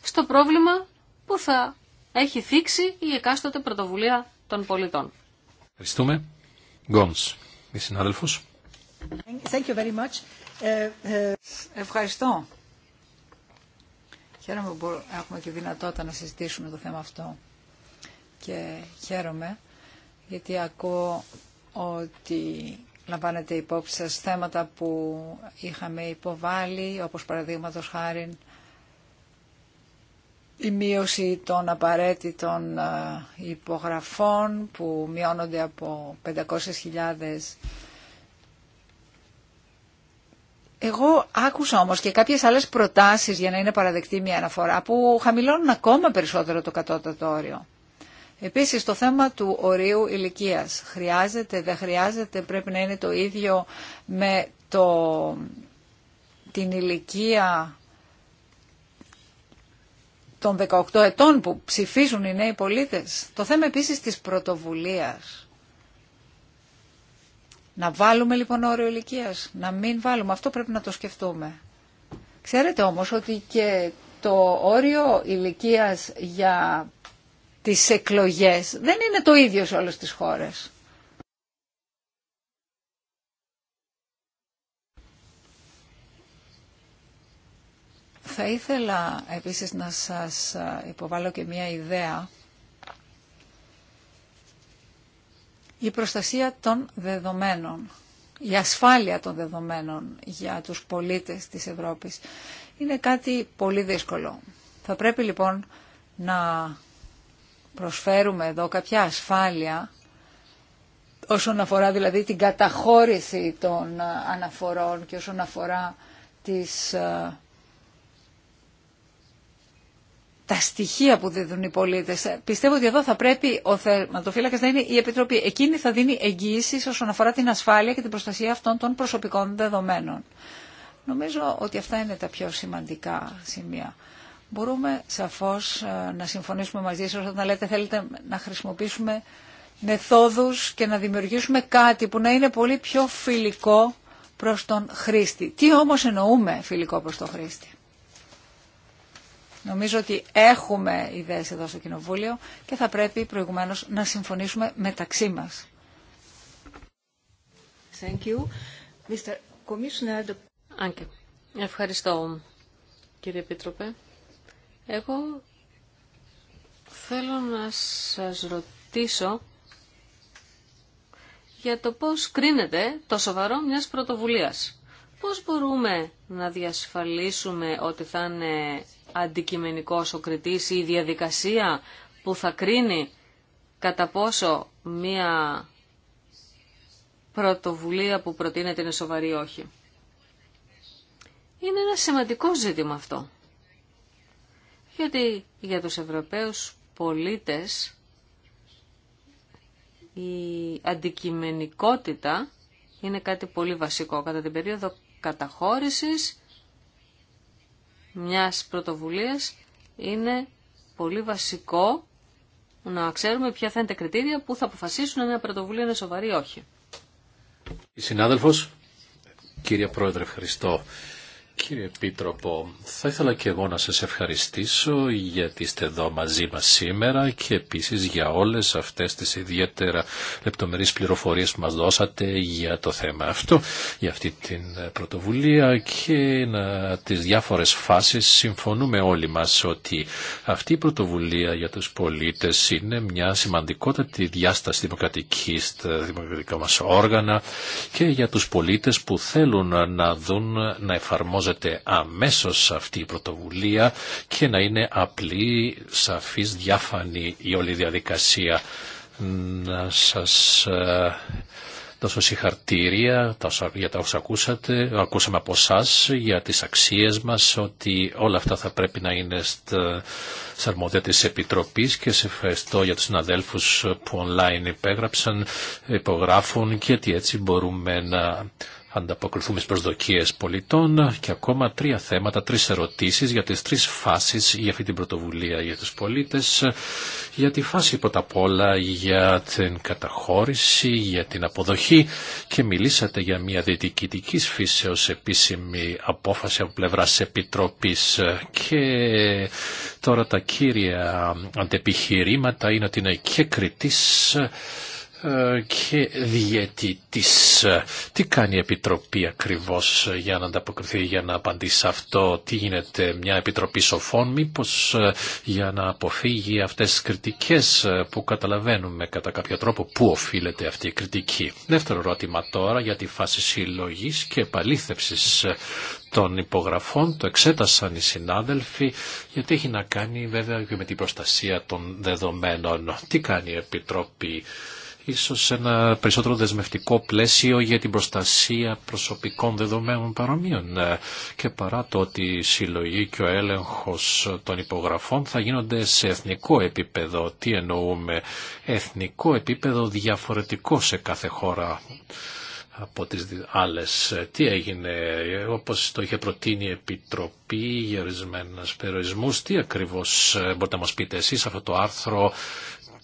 στο πρόβλημα που θα έχει θίξει η εκάστοτε πρωτοβουλία των πολιτών.
Ευχαριστούμε. Γκόμς, η συνάδελφος.
Thank you very much. Ε, ε,
Ευχαριστώ. Χαίρομαι που έχουμε και δυνατότητα να συζητήσουμε το θέμα αυτό. Και χαίρομαι γιατί ακούω ότι λαμβάνετε υπόψη σας θέματα που είχαμε υποβάλει, όπως παραδείγματο χάρη η μείωση των απαραίτητων ε, υπογραφών που μειώνονται από 500.000 εγώ άκουσα όμως και κάποιες άλλες προτάσεις για να είναι παραδεκτή μια αναφορά που χαμηλώνουν ακόμα περισσότερο το κατώτατο όριο. Επίσης το θέμα του ορίου ηλικίας. Χρειάζεται, δεν χρειάζεται, πρέπει να είναι το ίδιο με το, την ηλικία των 18 ετών που ψηφίζουν οι νέοι πολίτες. Το θέμα επίσης της πρωτοβουλίας. Να βάλουμε λοιπόν όριο ηλικία, να μην βάλουμε. Αυτό πρέπει να το σκεφτούμε. Ξέρετε όμως ότι και το όριο ηλικία για τις εκλογές δεν είναι το ίδιο σε όλες τις χώρες. Θα ήθελα επίσης να σας υποβάλω και μία ιδέα η προστασία των δεδομένων, η ασφάλεια των δεδομένων για τους πολίτες της Ευρώπης είναι κάτι πολύ δύσκολο. Θα πρέπει λοιπόν να προσφέρουμε εδώ κάποια ασφάλεια όσον αφορά δηλαδή την καταχώρηση των αναφορών και όσον αφορά τις ε, τα στοιχεία που δίνουν οι πολίτε. Πιστεύω ότι εδώ θα πρέπει ο θεματοφύλακα να είναι η Επιτροπή. Εκείνη θα δίνει εγγύησει όσον αφορά την ασφάλεια και την προστασία αυτών των προσωπικών δεδομένων. Νομίζω ότι αυτά είναι τα πιο σημαντικά σημεία. Μπορούμε σαφώ ε, να συμφωνήσουμε μαζί σα όταν λέτε θέλετε να χρησιμοποιήσουμε μεθόδου και να δημιουργήσουμε κάτι που να είναι πολύ πιο φιλικό προς τον χρήστη. Τι όμως εννοούμε φιλικό προς τον χρήστη. Νομίζω ότι έχουμε ιδέες εδώ στο Κοινοβούλιο και θα πρέπει προηγουμένως να συμφωνήσουμε μεταξύ μας.
Thank you. Mr. Commissioner... Ευχαριστώ, κύριε Επίτροπε. Εγώ θέλω να σας ρωτήσω για το πώς κρίνεται το σοβαρό μιας πρωτοβουλίας. Πώς μπορούμε να διασφαλίσουμε ότι θα είναι αντικειμενικός ο κριτής ή η διαδικασία που θα κρίνει κατά πόσο μία πρωτοβουλία που προτείνεται είναι σοβαρή ή όχι. Είναι ένα σημαντικό ζήτημα αυτό. Γιατί για τους Ευρωπαίους πολίτες η αντικειμενικότητα είναι κάτι πολύ βασικό. Κατά την περίοδο καταχώρησης μιας πρωτοβουλίας είναι πολύ βασικό να ξέρουμε ποια θα είναι τα κριτήρια που θα αποφασίσουν αν μια πρωτοβουλία είναι σοβαρή ή όχι.
Η συνάδελφος, κύριε Πρόεδρε, Κύριε Επίτροπο, θα ήθελα και εγώ να σας ευχαριστήσω γιατί είστε εδώ μαζί μας σήμερα και επίσης για όλες αυτές τις ιδιαίτερα λεπτομερείς πληροφορίες που μας δώσατε για το θέμα αυτό, για αυτή την πρωτοβουλία και να, τις διάφορες φάσεις συμφωνούμε όλοι μας ότι αυτή η πρωτοβουλία για τους πολίτες είναι μια σημαντικότατη διάσταση δημοκρατική στα δημοκρατικά μας όργανα και για τους πολίτες που θέλουν να δουν να εφαρμόζουν εφαρμόζεται αμέσως αυτή η πρωτοβουλία και να είναι απλή, σαφής, διάφανη η όλη διαδικασία. Να σας δώσω ε, συγχαρτήρια για τα όσα ακούσατε, ακούσαμε από εσά για τις αξίες μας, ότι όλα αυτά θα πρέπει να είναι στα αρμόδια της Επιτροπής και σε ευχαριστώ για τους συναδέλφους που online υπέγραψαν, υπογράφουν και ότι έτσι μπορούμε να ανταποκριθούμε στις προσδοκίες πολιτών και ακόμα τρία θέματα, τρεις ερωτήσεις για τις τρεις φάσεις για αυτή την πρωτοβουλία για τους πολίτες, για τη φάση πρώτα απ' όλα για την καταχώρηση, για την αποδοχή και μιλήσατε για μια διοικητικής φύσεως επίσημη απόφαση από πλευρά Επιτροπής και τώρα τα κύρια αντεπιχειρήματα είναι ότι είναι και κριτής ε, και διαιτητής. Ε, τι κάνει η Επιτροπή ακριβώς ε, για να ανταποκριθεί, για να απαντήσει αυτό, τι γίνεται μια Επιτροπή Σοφών, μήπως για να αποφύγει αυτές τις κριτικές που καταλαβαίνουμε κατά κάποιο τρόπο πού οφείλεται αυτή η κριτική. Δεύτερο ερώτημα τώρα για τη φάση συλλογή και επαλήθευσης των υπογραφών, το εξέτασαν οι συνάδελφοι, γιατί έχει να κάνει βέβαια και με την προστασία των δεδομένων. Τι κάνει η Επιτροπή ίσως ένα περισσότερο δεσμευτικό πλαίσιο για την προστασία προσωπικών δεδομένων παρομοίων ε, και παρά το ότι η συλλογή και ο έλεγχος των υπογραφών θα γίνονται σε εθνικό επίπεδο. Τι εννοούμε εθνικό επίπεδο διαφορετικό σε κάθε χώρα από τις άλλες. Ε, τι έγινε, ε, όπως το είχε προτείνει η Επιτροπή για ορισμένους περιορισμούς, τι ακριβώς μπορείτε να μας πείτε εσείς αυτό το άρθρο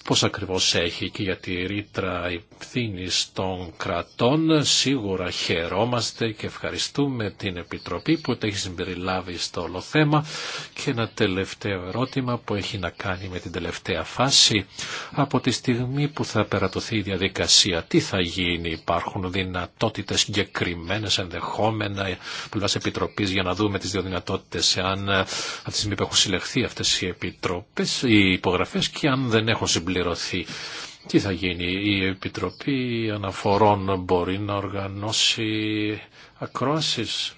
πώς ακριβώς έχει και για τη ρήτρα ευθύνη των κρατών. Σίγουρα χαιρόμαστε και ευχαριστούμε την Επιτροπή που το έχει συμπεριλάβει στο όλο θέμα. Και ένα τελευταίο ερώτημα που έχει να κάνει με την τελευταία φάση. Από τη στιγμή που θα περατωθεί η διαδικασία, τι θα γίνει, υπάρχουν δυνατότητες συγκεκριμένε ενδεχόμενα πλευράς Επιτροπής για να δούμε τις δύο δυνατότητες εάν ε, αυτή τη έχουν συλλεχθεί αυτές οι, επιτροπές, οι υπογραφές και αν δεν έχουν συμπληρωθεί. Τι θα γίνει, η Επιτροπή Αναφορών μπορεί να οργανώσει ακροάσεις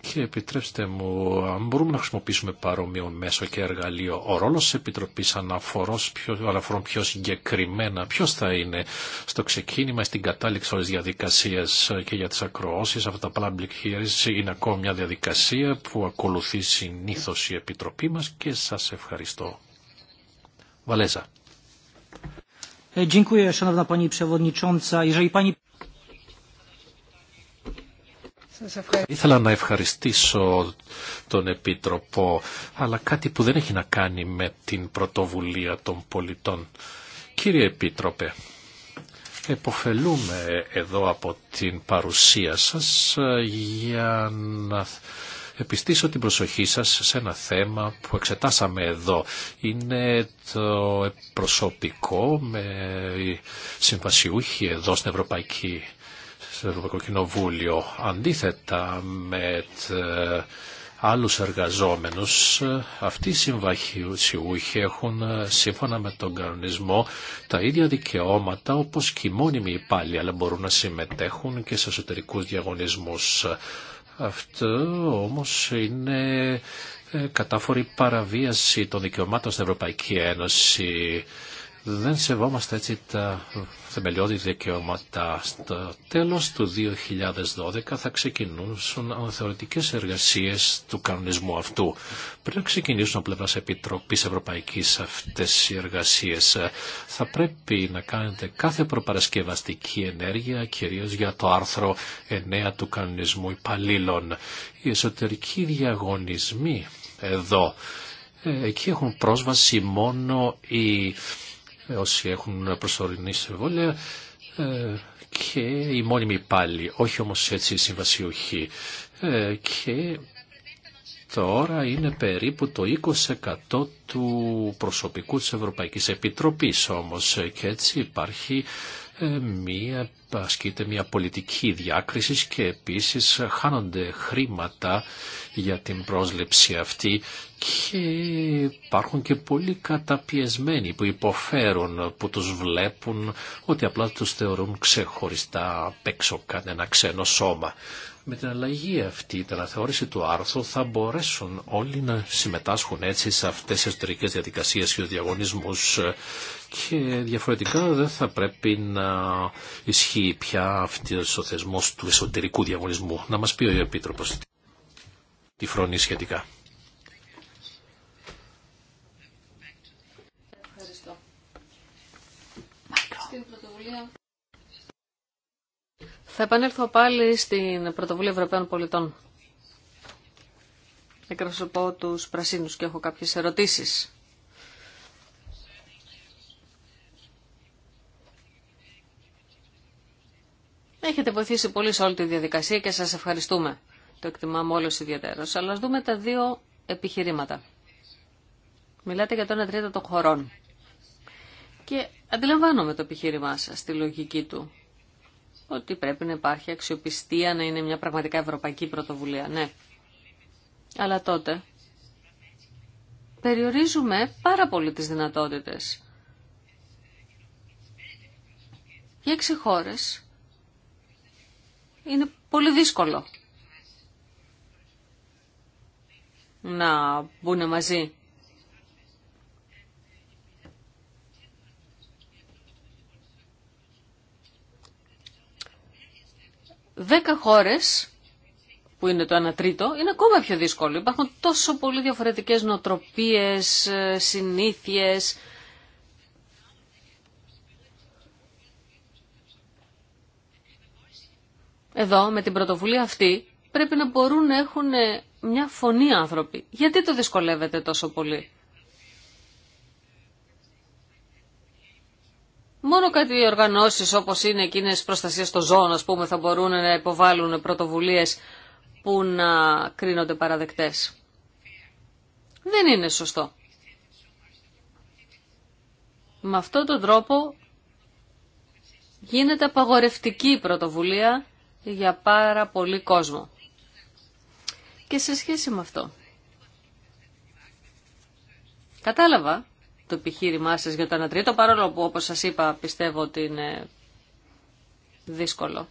και επιτρέψτε μου, αν μπορούμε να χρησιμοποιήσουμε παρόμοιο μέσο και εργαλείο, ο ρόλος της Επιτροπής αναφορών πιο συγκεκριμένα, ποιος θα είναι στο ξεκίνημα, στην κατάληξη όλες διαδικασίες και για τις ακρόώσει, αυτά τα public hearings είναι ακόμα μια διαδικασία που ακολουθεί συνήθως η Επιτροπή μας και σας ευχαριστώ.
Ε, Ήθελα
να ευχαριστήσω τον Επίτροπο, αλλά κάτι που δεν έχει να κάνει με την πρωτοβουλία των πολιτών. Κύριε Επίτροπε, εποφελούμε εδώ από την παρουσία σας ε, για να επιστήσω την προσοχή σας σε ένα θέμα που εξετάσαμε εδώ. Είναι το προσωπικό με συμβασιούχοι εδώ στην Ευρωπαϊκή στο Ευρωπαϊκό Κοινοβούλιο. Αντίθετα με άλλους εργαζόμενους, αυτοί οι συμβασιούχοι έχουν σύμφωνα με τον κανονισμό τα ίδια δικαιώματα όπως και οι μόνιμοι υπάλληλοι, αλλά μπορούν να συμμετέχουν και σε εσωτερικούς διαγωνισμούς. Αυτό όμως είναι ε, κατάφορη παραβίαση των δικαιωμάτων στην Ευρωπαϊκή Ένωση δεν σεβόμαστε έτσι τα θεμελιώδη δικαιώματα. Στο τέλος του 2012 θα ξεκινήσουν θεωρητικές εργασίες του κανονισμού αυτού. Πριν ξεκινήσουν από πλευράς Επιτροπής Ευρωπαϊκής αυτές οι εργασίες, θα πρέπει να κάνετε κάθε προπαρασκευαστική ενέργεια, κυρίως για το άρθρο 9 του κανονισμού υπαλλήλων. Οι εσωτερικοί διαγωνισμοί εδώ, ε, εκεί έχουν πρόσβαση μόνο οι ε, όσοι έχουν προσωρινή συμβόλαια ε, και η μόνιμοι πάλι, όχι όμως έτσι συμβασιοχή. Ε, Και τώρα είναι περίπου το 20% του προσωπικού της Ευρωπαϊκής Επιτροπής όμως ε, και έτσι υπάρχει μία, ασκείται μία πολιτική διάκριση και επίσης χάνονται χρήματα για την πρόσληψη αυτή και υπάρχουν και πολλοί καταπιεσμένοι που υποφέρουν, που τους βλέπουν ότι απλά τους θεωρούν ξεχωριστά απ' έξω κανένα ξένο σώμα. Με την αλλαγή αυτή, την αναθεώρηση του άρθρου, θα μπορέσουν όλοι να συμμετάσχουν έτσι σε αυτές τις εσωτερικές διαδικασίες και διαγωνισμούς και διαφορετικά δεν θα πρέπει να ισχύει πια αυτός ο θεσμός του εσωτερικού διαγωνισμού. Να μας πει ο Επίτροπος τη φρονή σχετικά.
Θα επανέλθω πάλι στην Πρωτοβουλία Ευρωπαίων Πολιτών. Εκπροσωπώ τους πρασίνους και έχω κάποιες ερωτήσεις. Έχετε βοηθήσει πολύ σε όλη τη διαδικασία και σας ευχαριστούμε. Το εκτιμάμε όλος ιδιαίτερο. Αλλά ας δούμε τα δύο επιχειρήματα. Μιλάτε για το 1 τρίτο των χωρών. Και αντιλαμβάνομαι το επιχείρημά σας, τη λογική του ότι πρέπει να υπάρχει αξιοπιστία, να είναι μια πραγματικά ευρωπαϊκή πρωτοβουλία. Ναι. Αλλά τότε περιορίζουμε πάρα πολύ τις δυνατότητες. Για έξι χώρες είναι πολύ δύσκολο να μπουν μαζί Δέκα χώρες, που είναι το 1 τρίτο, είναι ακόμα πιο δύσκολο. Υπάρχουν τόσο πολύ διαφορετικές νοτροπίες, ε, συνήθειες. Εδώ, με την πρωτοβουλία αυτή, πρέπει να μπορούν να έχουν μια φωνή άνθρωποι. Γιατί το δυσκολεύεται τόσο πολύ. Μόνο κάτι οι οργανώσεις όπως είναι εκείνες προστασίες των ζώων, ας πούμε, θα μπορούν να υποβάλουν πρωτοβουλίες που να κρίνονται παραδεκτές. Δεν είναι σωστό. Με αυτόν τον τρόπο γίνεται απαγορευτική πρωτοβουλία για πάρα πολύ κόσμο. Και σε σχέση με αυτό, κατάλαβα το επιχείρημά σα για το τρίτο, παρόλο που όπω σας είπα πιστεύω ότι είναι δύσκολο.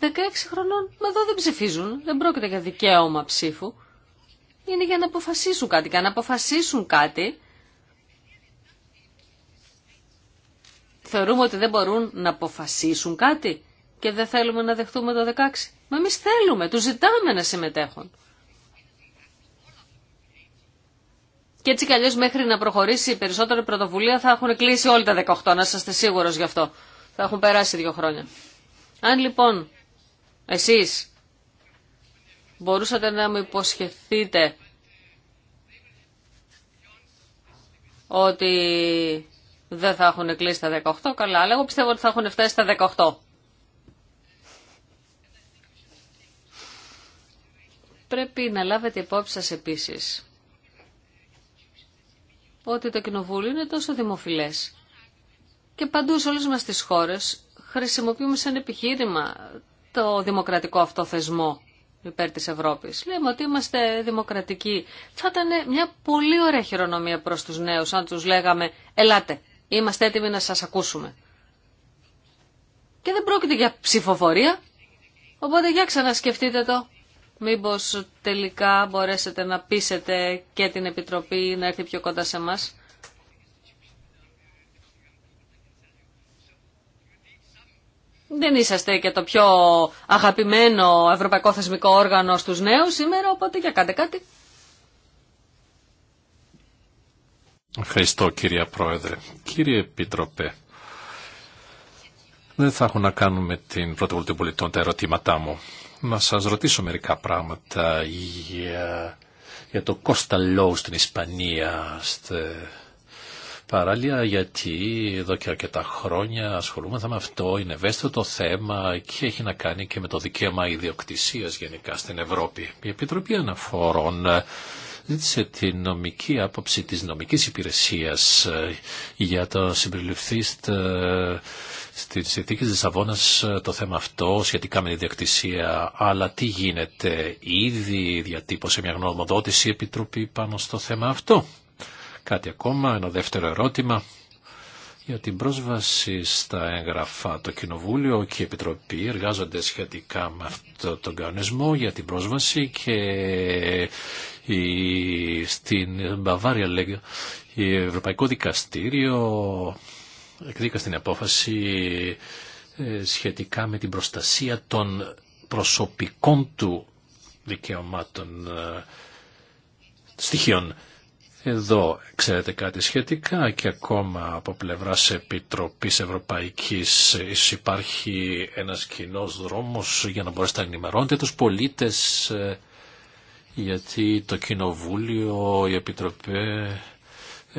16 χρονών εδώ δεν ψηφίζουν, δεν πρόκειται για δικαίωμα ψήφου. Είναι για να αποφασίσουν κάτι και να αποφασίσουν κάτι θεωρούμε ότι δεν μπορούν να αποφασίσουν κάτι και δεν θέλουμε να δεχτούμε το 16. Μα εμείς θέλουμε, τους ζητάμε να συμμετέχουν. Και έτσι κι αλλιώ μέχρι να προχωρήσει η περισσότερη πρωτοβουλία θα έχουν κλείσει όλοι τα 18, να είστε σίγουρος γι' αυτό. Θα έχουν περάσει δύο χρόνια. Αν λοιπόν εσείς μπορούσατε να μου υποσχεθείτε ότι δεν θα έχουν κλείσει τα 18, καλά, αλλά εγώ πιστεύω ότι θα έχουν φτάσει τα 18. Πρέπει να λάβετε υπόψη σας επίσης ότι το κοινοβούλιο είναι τόσο δημοφιλές. Και παντού σε όλες μας τις χώρες χρησιμοποιούμε σαν επιχείρημα το δημοκρατικό αυτό θεσμό υπέρ της Ευρώπης. Λέμε ότι είμαστε δημοκρατικοί. Θα ήταν μια πολύ ωραία χειρονομία προς τους νέους αν τους λέγαμε «Ελάτε, είμαστε έτοιμοι να σας ακούσουμε». Και δεν πρόκειται για ψηφοφορία. Οπότε για ξανασκεφτείτε το. Μήπως τελικά μπορέσετε να πείσετε και την Επιτροπή να έρθει πιο κοντά σε μας. Δεν είσαστε και το πιο αγαπημένο ευρωπαϊκό θεσμικό όργανο στους νέους σήμερα, οπότε για κάντε κάτι.
Ευχαριστώ κύριε Πρόεδρε. Κύριε Επίτροπε, δεν θα έχω να κάνω με την πρωτοβουλία πολιτών τα ερωτήματά μου να σας ρωτήσω μερικά πράγματα για, για το Costa στην Ισπανία, Παράλληλα γιατί εδώ και αρκετά χρόνια ασχολούμαστε με αυτό, είναι ευαίσθητο το θέμα και έχει να κάνει και με το δικαίωμα ιδιοκτησίας γενικά στην Ευρώπη. Η Επιτροπή Αναφορών ε, ζήτησε την νομική άποψη της νομικής υπηρεσίας ε, για το συμπεριληφθείς ε, στην συνθήκη της Λισαβόνα ε, το θέμα αυτό σχετικά με τη διακτησία, αλλά τι γίνεται, ήδη διατύπωσε μια γνωμοδότηση η Επιτροπή πάνω στο θέμα αυτό. Κάτι ακόμα, ένα δεύτερο ερώτημα για την πρόσβαση στα έγγραφα. Το Κοινοβούλιο και η Επιτροπή εργάζονται σχετικά με αυτό τον κανονισμό για την πρόσβαση και στην Μπαβάρια λέγεται η Ευρωπαϊκό Δικαστήριο εκδίκα στην απόφαση ε, σχετικά με την προστασία των προσωπικών του δικαιωμάτων ε, στοιχείων. Εδώ ξέρετε κάτι σχετικά και ακόμα από πλευράς Επιτροπής Ευρωπαϊκής ίσως υπάρχει ένας κοινό δρόμος για να μπορέσετε να ενημερώνετε τους πολίτες ε, γιατί το Κοινοβούλιο, η Επιτροπή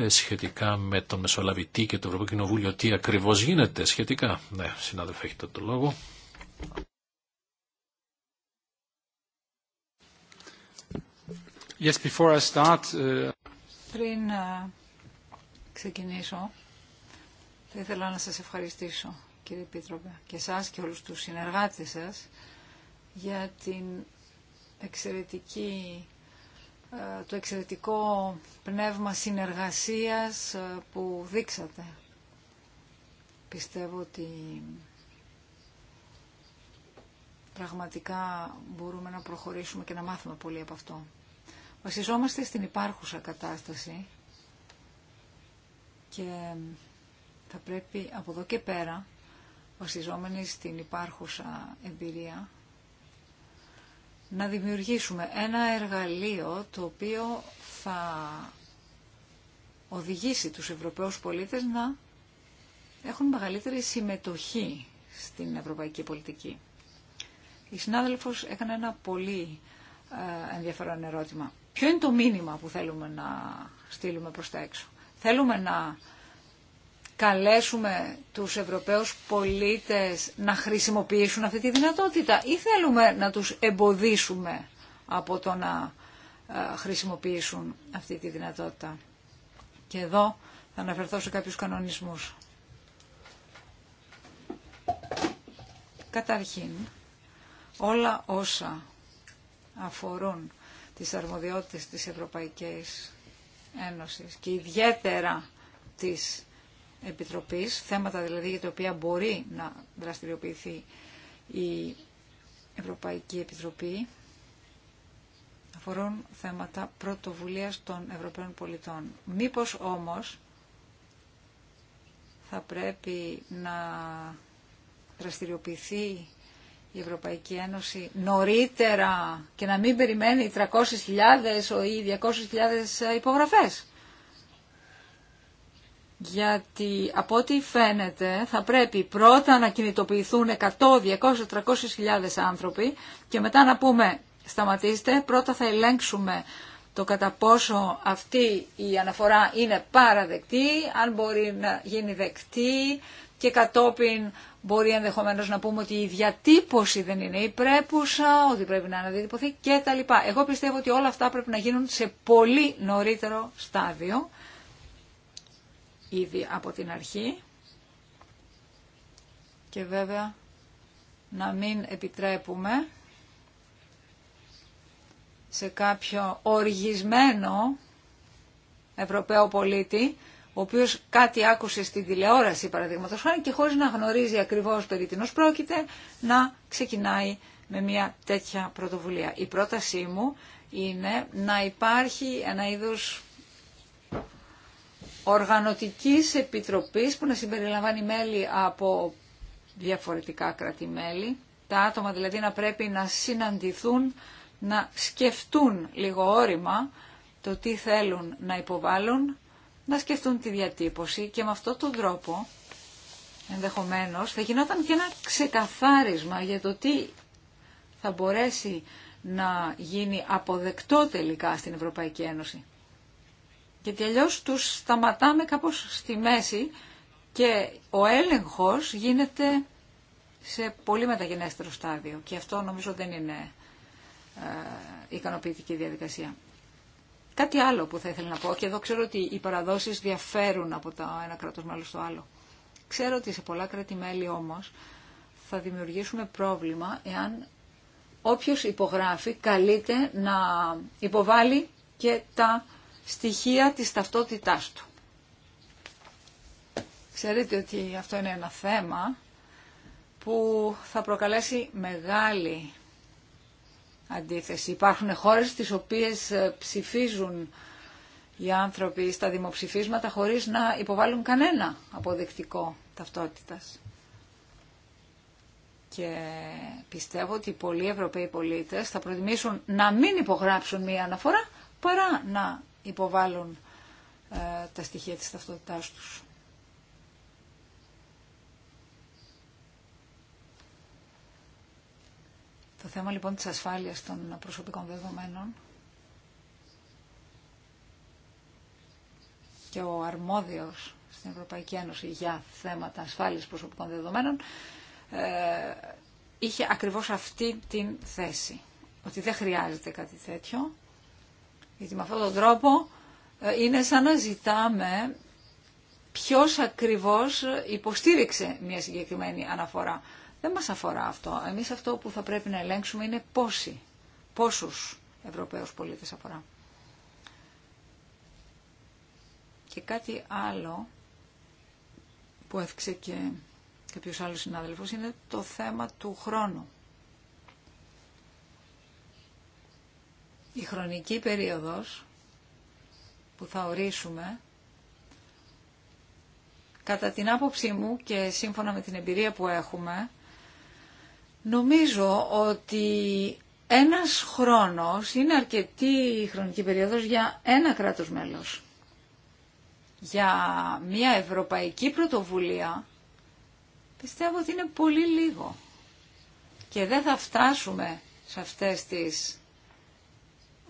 ε, σχετικά με τον Μεσολαβητή και το Ευρωπαϊκό Κοινοβούλιο τι ακριβώ γίνεται σχετικά. Ναι, συνάδελφε, έχετε το λόγο. Yes, before I start, ε,
Πριν ε, ξεκινήσω, θα ήθελα να σας ευχαριστήσω, κύριε Επίτροπε, και εσάς και όλους τους συνεργάτες σας για την εξαιρετική το εξαιρετικό πνεύμα συνεργασίας ε, που δείξατε. Πιστεύω ότι πραγματικά μπορούμε να προχωρήσουμε και να μάθουμε πολύ από αυτό. Βασιζόμαστε στην υπάρχουσα κατάσταση και θα πρέπει από εδώ και πέρα, βασιζόμενοι στην υπάρχουσα εμπειρία, να δημιουργήσουμε ένα εργαλείο το οποίο θα οδηγήσει τους Ευρωπαίους πολίτες να έχουν μεγαλύτερη συμμετοχή στην ευρωπαϊκή πολιτική. Η συνάδελφος έκανε ένα πολύ ε, ενδιαφέρον ερώτημα. Ποιο είναι το μήνυμα που θέλουμε να στείλουμε προς τα έξω. Θέλουμε να καλέσουμε τους Ευρωπαίους πολίτες να χρησιμοποιήσουν αυτή τη δυνατότητα ή θέλουμε να τους εμποδίσουμε από το να ε, χρησιμοποιήσουν αυτή τη δυνατότητα. Και εδώ θα αναφερθώ σε κάποιους κανονισμούς. Καταρχήν, όλα όσα αφορούν τις αρμοδιότητες της Ευρωπαϊκής Ένωσης και ιδιαίτερα τις Επιτροπής, θέματα δηλαδή για τα οποία μπορεί να δραστηριοποιηθεί η Ευρωπαϊκή Επιτροπή, αφορούν θέματα πρωτοβουλίας των Ευρωπαίων πολιτών. Μήπως όμως θα πρέπει να δραστηριοποιηθεί η Ευρωπαϊκή Ένωση νωρίτερα και να μην περιμένει 300.000 ή 200.000 υπογραφές γιατί από ό,τι φαίνεται θα πρέπει πρώτα να κινητοποιηθούν 100, 200, 300 άνθρωποι και μετά να πούμε σταματήστε, πρώτα θα ελέγξουμε το κατά πόσο αυτή η αναφορά είναι παραδεκτή, αν μπορεί να γίνει δεκτή και κατόπιν μπορεί ενδεχομένως να πούμε ότι η διατύπωση δεν είναι υπρέπουσα, ότι πρέπει να αναδιατυπωθεί κτλ. Εγώ πιστεύω ότι όλα αυτά πρέπει να γίνουν σε πολύ νωρίτερο στάδιο ήδη από την αρχή και βέβαια να μην επιτρέπουμε σε κάποιο οργισμένο Ευρωπαίο πολίτη, ο οποίο κάτι άκουσε στην τηλεόραση παραδείγματο χάρη και χωρίς να γνωρίζει ακριβώς περί τίνο πρόκειται, να ξεκινάει με μια τέτοια πρωτοβουλία. Η πρότασή μου είναι να υπάρχει ένα είδο οργανωτικής επιτροπής που να συμπεριλαμβάνει μέλη από διαφορετικά κράτη-μέλη. Τα άτομα δηλαδή να πρέπει να συναντηθούν, να σκεφτούν λίγο όρημα το τι θέλουν να υποβάλουν, να σκεφτούν τη διατύπωση και με αυτόν τον τρόπο ενδεχομένως θα γινόταν και ένα ξεκαθάρισμα για το τι θα μπορέσει να γίνει αποδεκτό τελικά στην Ευρωπαϊκή Ένωση. Γιατί αλλιώ τους σταματάμε κάπω στη μέση και ο έλεγχος γίνεται σε πολύ μεταγενέστερο στάδιο. Και αυτό νομίζω δεν είναι ε, ικανοποιητική διαδικασία. Κάτι άλλο που θα ήθελα να πω, και εδώ ξέρω ότι οι παραδόσεις διαφέρουν από το ένα κράτος μέλος στο άλλο. Ξέρω ότι σε πολλά κράτη-μέλη όμως θα δημιουργήσουμε πρόβλημα εάν όποιος υπογράφει καλείται να υποβάλει και τα στοιχεία της ταυτότητάς του. Ξέρετε ότι αυτό είναι ένα θέμα που θα προκαλέσει μεγάλη αντίθεση. Υπάρχουν χώρες στις οποίες ε, ψηφίζουν οι άνθρωποι στα δημοψηφίσματα χωρίς να υποβάλουν κανένα αποδεκτικό ταυτότητας. Και πιστεύω ότι πολλοί Ευρωπαίοι πολίτες θα προτιμήσουν να μην υπογράψουν μία αναφορά παρά να υποβάλλουν ε, τα στοιχεία της ταυτότητάς τους. Το θέμα λοιπόν της ασφάλειας των προσωπικών δεδομένων και ο αρμόδιος στην Ευρωπαϊκή Ένωση για θέματα ασφάλειας προσωπικών δεδομένων ε, είχε ακριβώς αυτή την θέση, ότι δεν χρειάζεται κάτι τέτοιο γιατί με αυτόν τον τρόπο ε, είναι σαν να ζητάμε ποιος ακριβώς υποστήριξε μια συγκεκριμένη αναφορά. Δεν μας αφορά αυτό. Εμείς αυτό που θα πρέπει να ελέγξουμε είναι πόσοι, πόσους Ευρωπαίους πολίτες αφορά. Και κάτι άλλο που έφυξε και κάποιος άλλος συνάδελφος είναι το θέμα του χρόνου. η χρονική περίοδος που θα ορίσουμε, κατά την άποψή μου και σύμφωνα με την εμπειρία που έχουμε, νομίζω ότι ένας χρόνος είναι αρκετή χρονική περίοδος για ένα κράτος μέλος. Για μια ευρωπαϊκή πρωτοβουλία πιστεύω ότι είναι πολύ λίγο. Και δεν θα φτάσουμε σε αυτές τις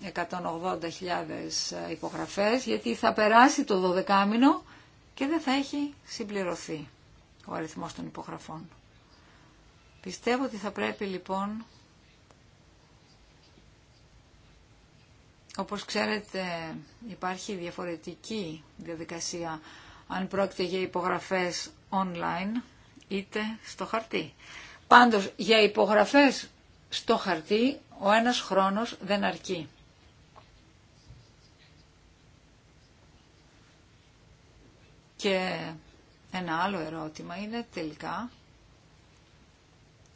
180.000 υπογραφές γιατί θα περάσει το 12 μήνο και δεν θα έχει συμπληρωθεί ο αριθμός των υπογραφών. Πιστεύω ότι θα πρέπει λοιπόν, όπως ξέρετε υπάρχει διαφορετική διαδικασία αν πρόκειται για υπογραφές online είτε στο χαρτί. Πάντως για υπογραφές στο χαρτί ο ένας χρόνος δεν αρκεί. Και ένα άλλο ερώτημα είναι τελικά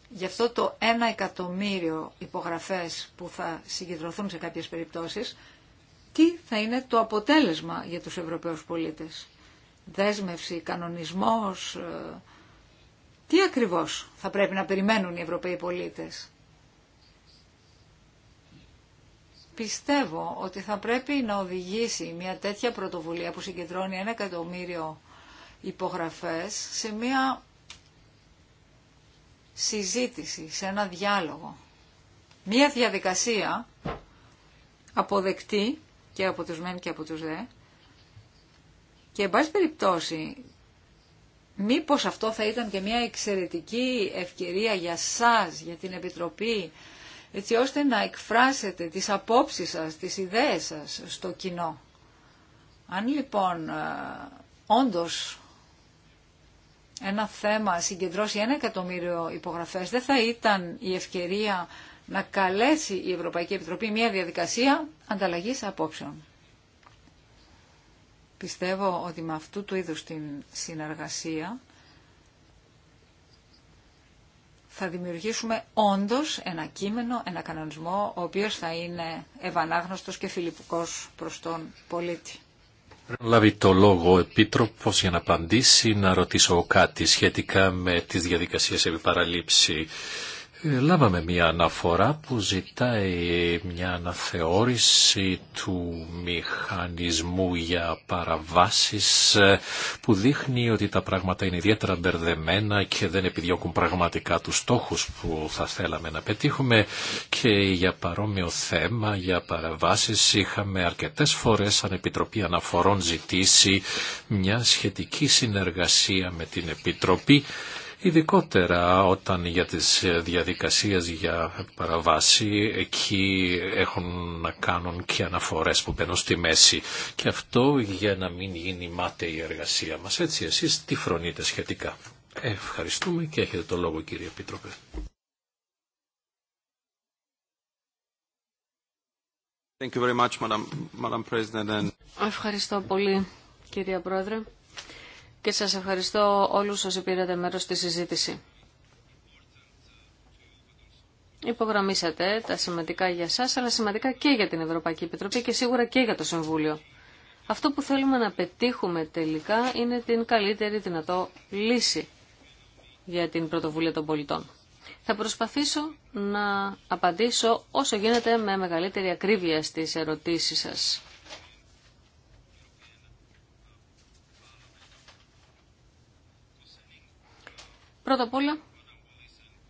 γι' αυτό το ένα εκατομμύριο υπογραφές που θα συγκεντρωθούν σε κάποιες περιπτώσεις, τι θα είναι το αποτέλεσμα για τους Ευρωπαίους πολίτες. Δέσμευση, κανονισμός, ε, τι ακριβώς θα πρέπει να περιμένουν οι Ευρωπαίοι πολίτες. πιστεύω ότι θα πρέπει να οδηγήσει μια τέτοια πρωτοβουλία που συγκεντρώνει ένα εκατομμύριο υπογραφές σε μια συζήτηση, σε ένα διάλογο. Μια διαδικασία αποδεκτή και από τους μεν και από τους δε και εν πάση περιπτώσει μήπως αυτό θα ήταν και μια εξαιρετική ευκαιρία για σας, για την Επιτροπή έτσι ώστε να εκφράσετε τις απόψεις σας, τις ιδέες σας στο κοινό. Αν λοιπόν ε, όντως ένα θέμα συγκεντρώσει ένα εκατομμύριο υπογραφές, δεν θα ήταν η ευκαιρία να καλέσει η Ευρωπαϊκή Επιτροπή μια διαδικασία ανταλλαγής απόψεων. Πιστεύω ότι με αυτού του είδους την συνεργασία θα δημιουργήσουμε όντως ένα κείμενο, ένα κανονισμό, ο οποίος θα είναι ευανάγνωστος και φιλιππικός προς τον πολίτη.
να λάβει το λόγο ο Επίτροπος για να απαντήσει, να ρωτήσω κάτι σχετικά με τις διαδικασίες επί ε, λάβαμε μια αναφορά που ζητάει μια αναθεώρηση του μηχανισμού για παραβάσεις ε, που δείχνει ότι τα πράγματα είναι ιδιαίτερα μπερδεμένα και δεν επιδιώκουν πραγματικά τους στόχους που θα θέλαμε να πετύχουμε και για παρόμοιο θέμα, για παραβάσεις είχαμε αρκετές φορές σαν Επιτροπή Αναφορών ζητήσει μια σχετική συνεργασία με την Επιτροπή Ειδικότερα όταν για τις διαδικασίες για παραβάση εκεί έχουν να κάνουν και αναφορές που μπαίνουν στη μέση και αυτό για να μην γίνει μάται η εργασία μας. Έτσι εσείς τι φρονείτε σχετικά. Ευχαριστούμε και έχετε το λόγο κύριε πίτροπε.
Thank you very much,
Ευχαριστώ πολύ κυρία Πρόεδρε και σας ευχαριστώ όλους όσοι πήρατε μέρος στη συζήτηση. Υπογραμμίσατε τα σημαντικά για σας, αλλά σημαντικά και για την Ευρωπαϊκή Επιτροπή και σίγουρα και για το Συμβούλιο. Αυτό που θέλουμε να πετύχουμε τελικά είναι την καλύτερη δυνατό λύση για την πρωτοβουλία των πολιτών. Θα προσπαθήσω να απαντήσω όσο γίνεται με μεγαλύτερη ακρίβεια στις ερωτήσεις σας. Πρώτα απ' όλα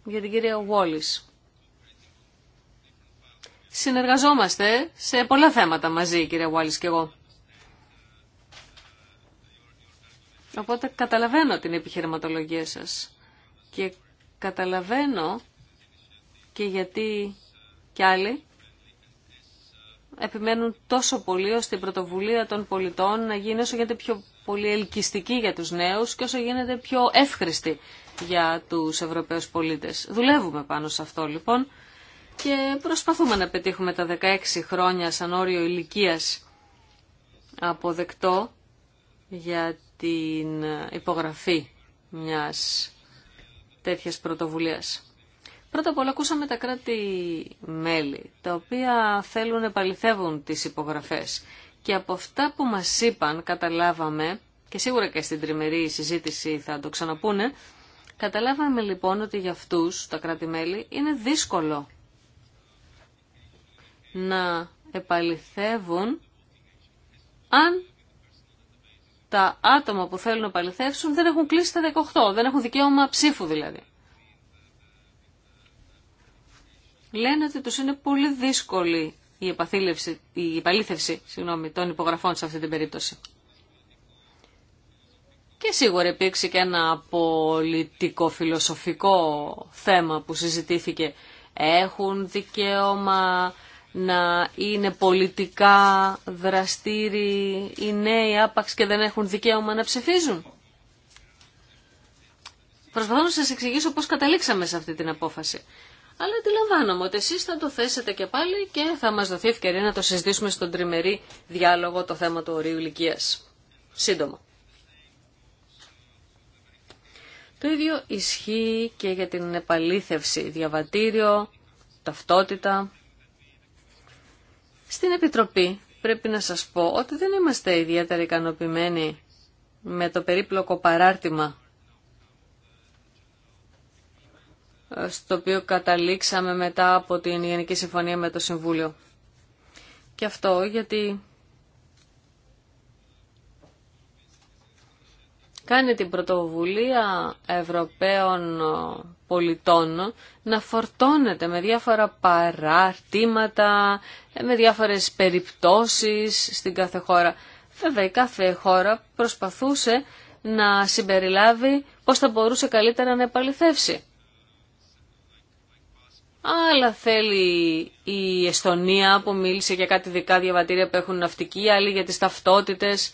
για την κυρία Wallis. Συνεργαζόμαστε σε πολλά θέματα μαζί κυρία Wallis και εγώ. Οπότε καταλαβαίνω την επιχειρηματολογία σας και καταλαβαίνω και γιατί κι άλλοι επιμένουν τόσο πολύ ώστε η πρωτοβουλία των πολιτών να γίνει όσο γίνεται πιο πολύ ελκυστική για τους νέους και όσο γίνεται πιο εύχρηστη για τους Ευρωπαίους πολίτες. Δουλεύουμε πάνω σε αυτό λοιπόν και προσπαθούμε να πετύχουμε τα 16 χρόνια σαν όριο ηλικίας αποδεκτό για την υπογραφή μιας τέτοιας πρωτοβουλίας. Πρώτα απ' όλα ακούσαμε τα κράτη-μέλη, τα οποία θέλουν να επαληθεύουν τις υπογραφές. Και από αυτά που μας είπαν καταλάβαμε, και σίγουρα και στην τριμερή συζήτηση θα το ξαναπούνε, Καταλάβαμε λοιπόν ότι για αυτούς τα κράτη-μέλη είναι δύσκολο να επαληθεύουν αν τα άτομα που θέλουν να επαληθεύσουν δεν έχουν κλείσει τα 18, δεν έχουν δικαίωμα ψήφου δηλαδή. Λένε ότι τους είναι πολύ δύσκολη η, η επαλήθευση συγγνώμη, των υπογραφών σε αυτή την περίπτωση. Και σίγουρα υπήρξε και ενα πολιτικοφιλοσοφικό θέμα που συζητήθηκε. Έχουν δικαίωμα να είναι πολιτικά δραστήριοι οι νέοι άπαξ και δεν έχουν δικαίωμα να ψηφίζουν. Προσπαθώ να σας εξηγήσω πώς καταλήξαμε σε αυτή την απόφαση. Αλλά αντιλαμβάνομαι ότι εσείς θα το θέσετε και πάλι και θα μας δοθεί ευκαιρία να το συζητήσουμε στον τριμερή διάλογο το θέμα του ορίου ηλικίας. Σύντομα. Το ίδιο ισχύει και για την επαλήθευση διαβατήριο, ταυτότητα. Στην Επιτροπή πρέπει να σας πω ότι δεν είμαστε ιδιαίτερα ικανοποιημένοι με το περίπλοκο παράρτημα ε, στο οποίο καταλήξαμε μετά από την Γενική Συμφωνία με το Συμβούλιο. Και αυτό γιατί κάνει την πρωτοβουλία Ευρωπαίων ε, πολιτών να φορτώνεται με διάφορα παράρτηματα, ε, με διάφορες περιπτώσεις στην κάθε χώρα. Βέβαια η κάθε χώρα προσπαθούσε να συμπεριλάβει πώς θα μπορούσε καλύτερα να επαληθεύσει. Άλλα θέλει η Εστονία που μίλησε για κάτι δικά διαβατήρια που έχουν ναυτική, άλλοι για τις ταυτότητες.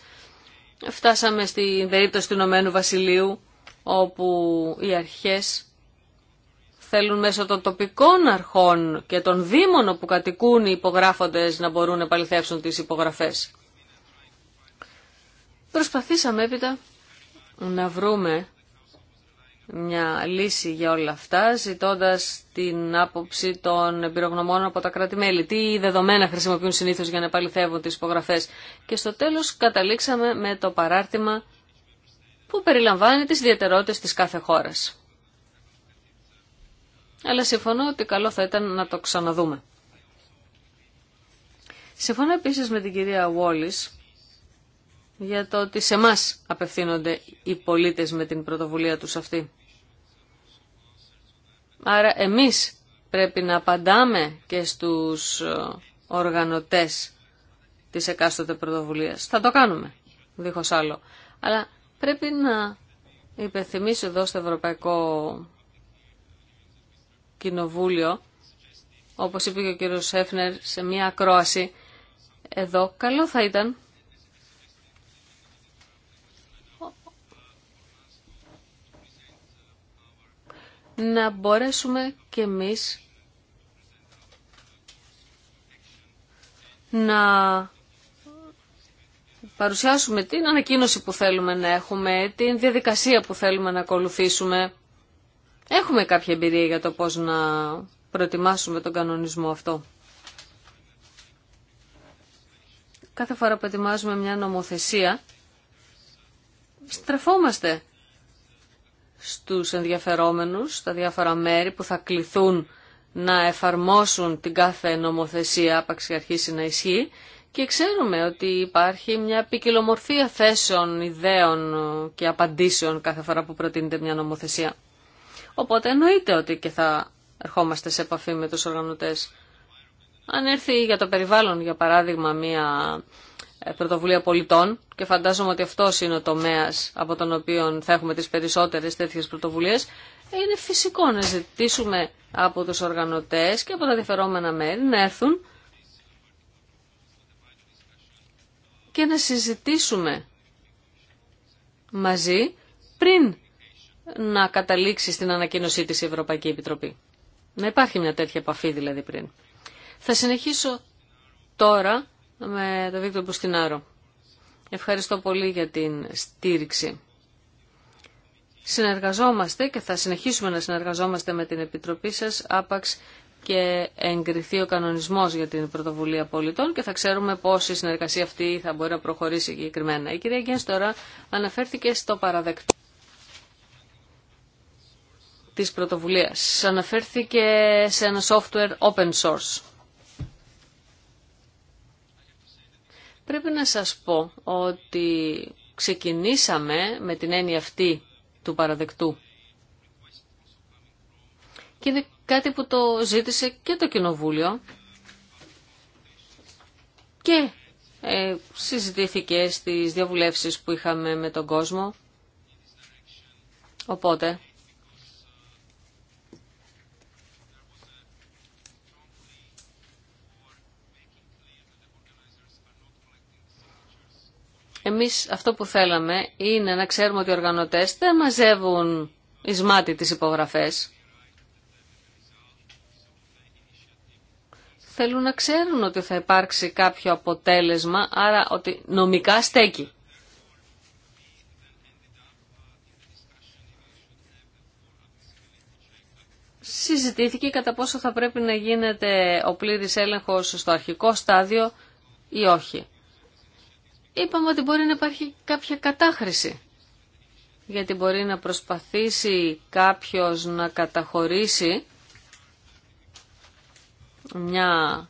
Φτάσαμε στην περίπτωση του Ηνωμένου Βασιλείου, όπου οι αρχές θέλουν μέσω των τοπικών αρχών και των δήμων που κατοικούν οι υπογράφοντες να μπορούν να παληθεύσουν τις υπογραφές. Προσπαθήσαμε έπειτα να βρούμε μια λύση για όλα αυτά, ζητώντα την άποψη των εμπειρογνωμών από τα κράτη-μέλη. Τι δεδομένα χρησιμοποιούν συνήθω για να επαληθεύουν τι υπογραφέ. Και στο τέλο καταλήξαμε με το παράρτημα που περιλαμβάνει τις ιδιαιτερότητες της κάθε χώρας. Αλλά συμφωνώ ότι καλό θα ήταν να το ξαναδούμε. Συμφωνώ επίσης με την κυρία Wallis για το ότι σε μας απευθύνονται οι πολίτες με την πρωτοβουλία τους αυτή. Άρα εμείς πρέπει να απαντάμε και στους ε, οργανωτές της εκάστοτε πρωτοβουλία. Θα το κάνουμε, δίχως άλλο. Αλλά πρέπει να υπενθυμίσω εδώ στο Ευρωπαϊκό Κοινοβούλιο, όπως είπε και ο κύριος Σέφνερ σε μια ακρόαση, εδώ καλό θα ήταν να μπορέσουμε και εμείς να παρουσιάσουμε την ανακοίνωση που θέλουμε να έχουμε, την διαδικασία που θέλουμε να ακολουθήσουμε. Έχουμε κάποια εμπειρία για το πώς να προετοιμάσουμε τον κανονισμό αυτό. Κάθε φορά που ετοιμάζουμε μια νομοθεσία, στρεφόμαστε στους ενδιαφερόμενους στα διάφορα μέρη που θα κληθούν να εφαρμόσουν την κάθε νομοθεσία άπαξ αρχίσει να ισχύει και ξέρουμε ότι υπάρχει μια ποικιλομορφία θέσεων, ιδέων και απαντήσεων κάθε φορά που προτείνεται μια νομοθεσία. Οπότε εννοείται ότι και θα ερχόμαστε σε επαφή με τους οργανωτές. Αν έρθει για το περιβάλλον, για παράδειγμα, μια ε, πρωτοβουλία πολιτών και φαντάζομαι ότι αυτό είναι ο τομέας από τον οποίο θα έχουμε τις περισσότερες τέτοιες πρωτοβουλίες, είναι φυσικό να ζητήσουμε από τους οργανωτές και από τα διαφερόμενα μέρη να έρθουν και να συζητήσουμε μαζί πριν να καταλήξει στην ανακοίνωσή της η Ευρωπαϊκή Επιτροπή. Να υπάρχει μια τέτοια επαφή δηλαδή πριν. Θα συνεχίσω τώρα με τον Βίκτορ Μπουστινάρο. Ευχαριστώ πολύ για την στήριξη. Συνεργαζόμαστε και θα συνεχίσουμε να συνεργαζόμαστε με την Επιτροπή σας, άπαξ και εγκριθεί ο κανονισμός για την πρωτοβουλία πολιτών και θα ξέρουμε πώς η συνεργασία αυτή θα μπορεί να προχωρήσει συγκεκριμένα. Η κυρία Γκένς τώρα αναφέρθηκε στο παραδεκτό της πρωτοβουλίας. Αναφέρθηκε σε ένα software open source. Πρέπει να σας πω ότι ξεκινήσαμε με την έννοια αυτή του παραδεκτού. Και είναι κάτι που το ζήτησε και το Κοινοβούλιο και ε, συζητήθηκε στις διαβουλεύσεις που είχαμε με τον κόσμο. Οπότε, Εμείς αυτό που θέλαμε είναι να ξέρουμε ότι οι οργανωτές δεν μαζεύουν εις μάτι τις υπογραφές. Θέλουν να ξέρουν ότι θα υπάρξει κάποιο αποτέλεσμα, άρα ότι νομικά στέκει. Συζητήθηκε κατά πόσο θα πρέπει να γίνεται ο πλήρης έλεγχος στο αρχικό στάδιο ή όχι είπαμε ότι μπορεί να υπάρχει κάποια κατάχρηση. Γιατί μπορεί να προσπαθήσει κάποιος να καταχωρήσει μια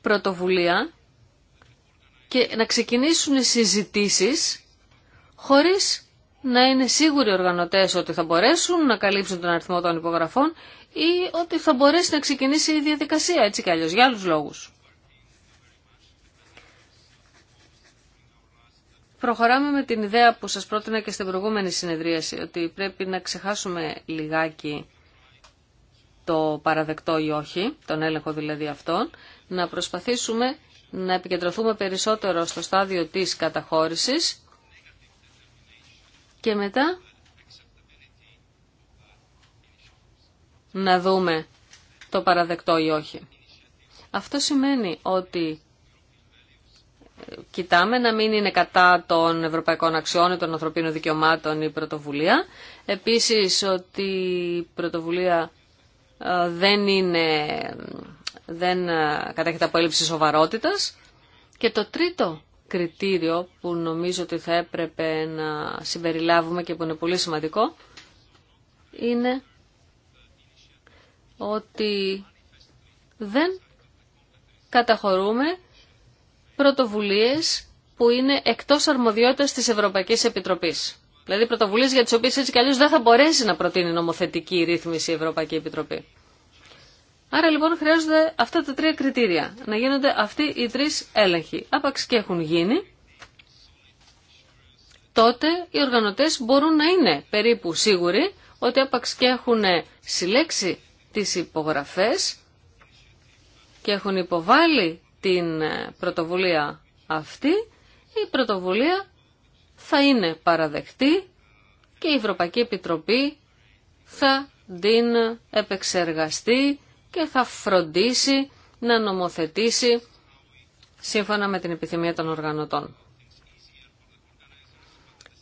πρωτοβουλία και να ξεκινήσουν συζητήσεις χωρίς να είναι σίγουροι οι οργανωτές ότι θα μπορέσουν να καλύψουν τον αριθμό των υπογραφών ή ότι θα μπορέσει να ξεκινήσει η διαδικασία έτσι κι αλλιώς για άλλους λόγους. Προχωράμε με την ιδέα που σας πρότεινα και στην προηγούμενη συνεδρίαση, ότι πρέπει να ξεχάσουμε λιγάκι το παραδεκτό ή όχι, τον έλεγχο δηλαδή αυτόν, να προσπαθήσουμε να επικεντρωθούμε περισσότερο στο στάδιο της καταχώρησης και μετά να δούμε το παραδεκτό ή όχι. Αυτό σημαίνει ότι κοιτάμε να μην είναι κατά των ευρωπαϊκών αξιών ή των ανθρωπίνων δικαιωμάτων η πρωτοβουλία. Επίσης ότι η πρωτοβουλία ε, δεν είναι δεν ε, κατέχεται από έλλειψη σοβαρότητας. Και το τρίτο κριτήριο που νομίζω ότι θα έπρεπε να συμπεριλάβουμε και που είναι πολύ σημαντικό είναι ότι δεν καταχωρούμε πρωτοβουλίες που είναι εκτός αρμοδιότητας της Ευρωπαϊκής Επιτροπής. Δηλαδή πρωτοβουλίες για τις οποίες έτσι κι αλλιώς δεν θα μπορέσει να προτείνει νομοθετική ρύθμιση η Ευρωπαϊκή Επιτροπή. Άρα λοιπόν χρειάζονται αυτά τα τρία κριτήρια, να γίνονται αυτοί οι τρεις έλεγχοι. Άπαξ και έχουν γίνει, τότε οι οργανωτές μπορούν να είναι περίπου σίγουροι ότι άπαξ και έχουν συλλέξει τις υπογραφές και έχουν υποβάλει την πρωτοβουλία αυτή, η πρωτοβουλία θα είναι παραδεκτή και η Ευρωπαϊκή Επιτροπή θα την επεξεργαστεί και θα φροντίσει να νομοθετήσει σύμφωνα με την επιθυμία των οργανωτών.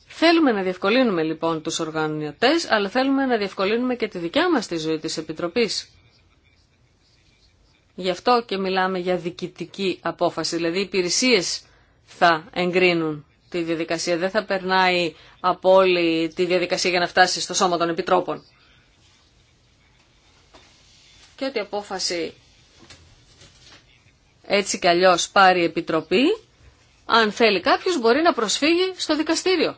Θέλουμε να διευκολύνουμε λοιπόν τους οργανωτές, αλλά θέλουμε να διευκολύνουμε και τη δικιά μας τη ζωή της Επιτροπής. Γι' αυτό και μιλάμε για διοικητική απόφαση, δηλαδή οι υπηρεσίε θα εγκρίνουν τη διαδικασία, δεν θα περνάει από όλη τη διαδικασία για να φτάσει στο σώμα των επιτρόπων. Και ότι απόφαση έτσι κι αλλιώς πάρει η Επιτροπή, αν θέλει κάποιος μπορεί να προσφύγει στο δικαστήριο.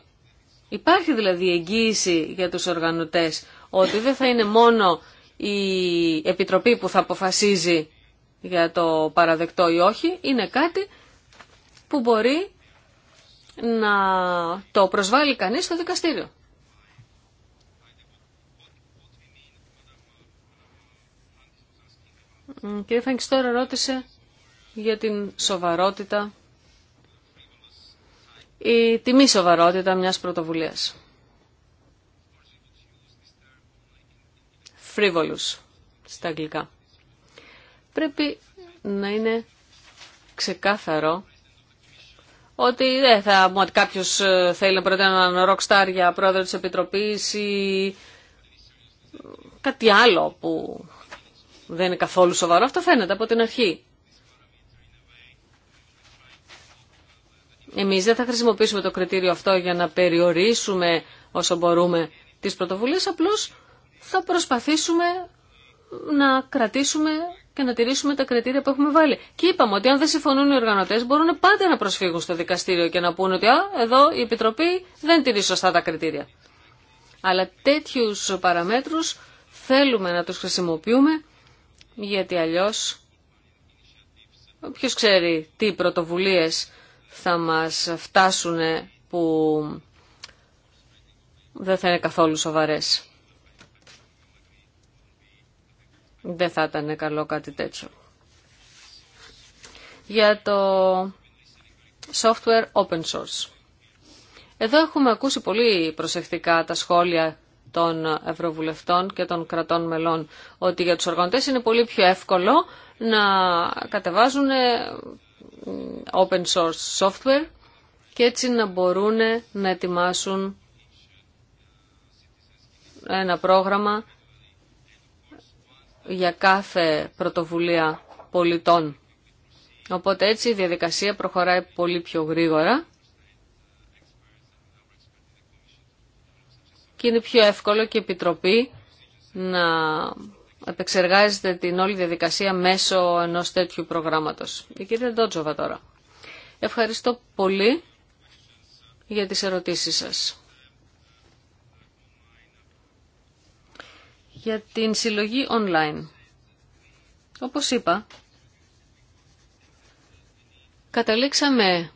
Υπάρχει δηλαδή εγγύηση για τους οργανωτές ότι δεν θα είναι μόνο η Επιτροπή που θα αποφασίζει για το παραδεκτό ή όχι, είναι κάτι που μπορεί να το προσβάλλει κανείς στο δικαστήριο. Κύριε και τώρα ρώτησε για την σοβαρότητα, η τιμή σοβαρότητα μιας πρωτοβουλίας. Frivolous στα αγγλικά πρέπει να είναι ξεκάθαρο ότι δεν θα μου ότι κάποιος ε, θέλει να προτείνει έναν ροκστάρ για πρόεδρο της Επιτροπής ή κάτι άλλο που δεν είναι καθόλου σοβαρό. Αυτό φαίνεται από την αρχή. Εμείς δεν θα χρησιμοποιήσουμε το κριτήριο αυτό για να περιορίσουμε όσο μπορούμε τις πρωτοβουλίες, απλώς θα προσπαθήσουμε να κρατήσουμε να τηρήσουμε τα κριτήρια που έχουμε βάλει. Και είπαμε ότι αν δεν συμφωνούν οι οργανωτέ μπορούν πάντα να προσφύγουν στο δικαστήριο και να πούνε ότι α, εδώ η Επιτροπή δεν τηρεί σωστά τα κριτήρια. Αλλά τέτοιου παραμέτρου θέλουμε να του χρησιμοποιούμε γιατί αλλιώ ποιο ξέρει τι πρωτοβουλίε θα μας φτάσουν που δεν θα είναι καθόλου σοβαρές. Δεν θα ήταν καλό κάτι τέτοιο. Για το software open source. Εδώ έχουμε ακούσει πολύ προσεκτικά τα σχόλια των Ευρωβουλευτών και των κρατών μελών ότι για τους οργανωτές είναι πολύ πιο εύκολο να κατεβάζουν ε, open source software και έτσι να μπορούν να ετοιμάσουν ένα πρόγραμμα για κάθε πρωτοβουλία πολιτών. Οπότε έτσι η διαδικασία προχωράει πολύ πιο γρήγορα και είναι πιο εύκολο και η Επιτροπή να επεξεργάζεται την όλη διαδικασία μέσω ενός τέτοιου προγράμματος. Η κυρία Ντότζοβα τώρα. Ευχαριστώ πολύ για τις ερωτήσεις σας. για την συλλογή online. Όπως είπα, καταλήξαμε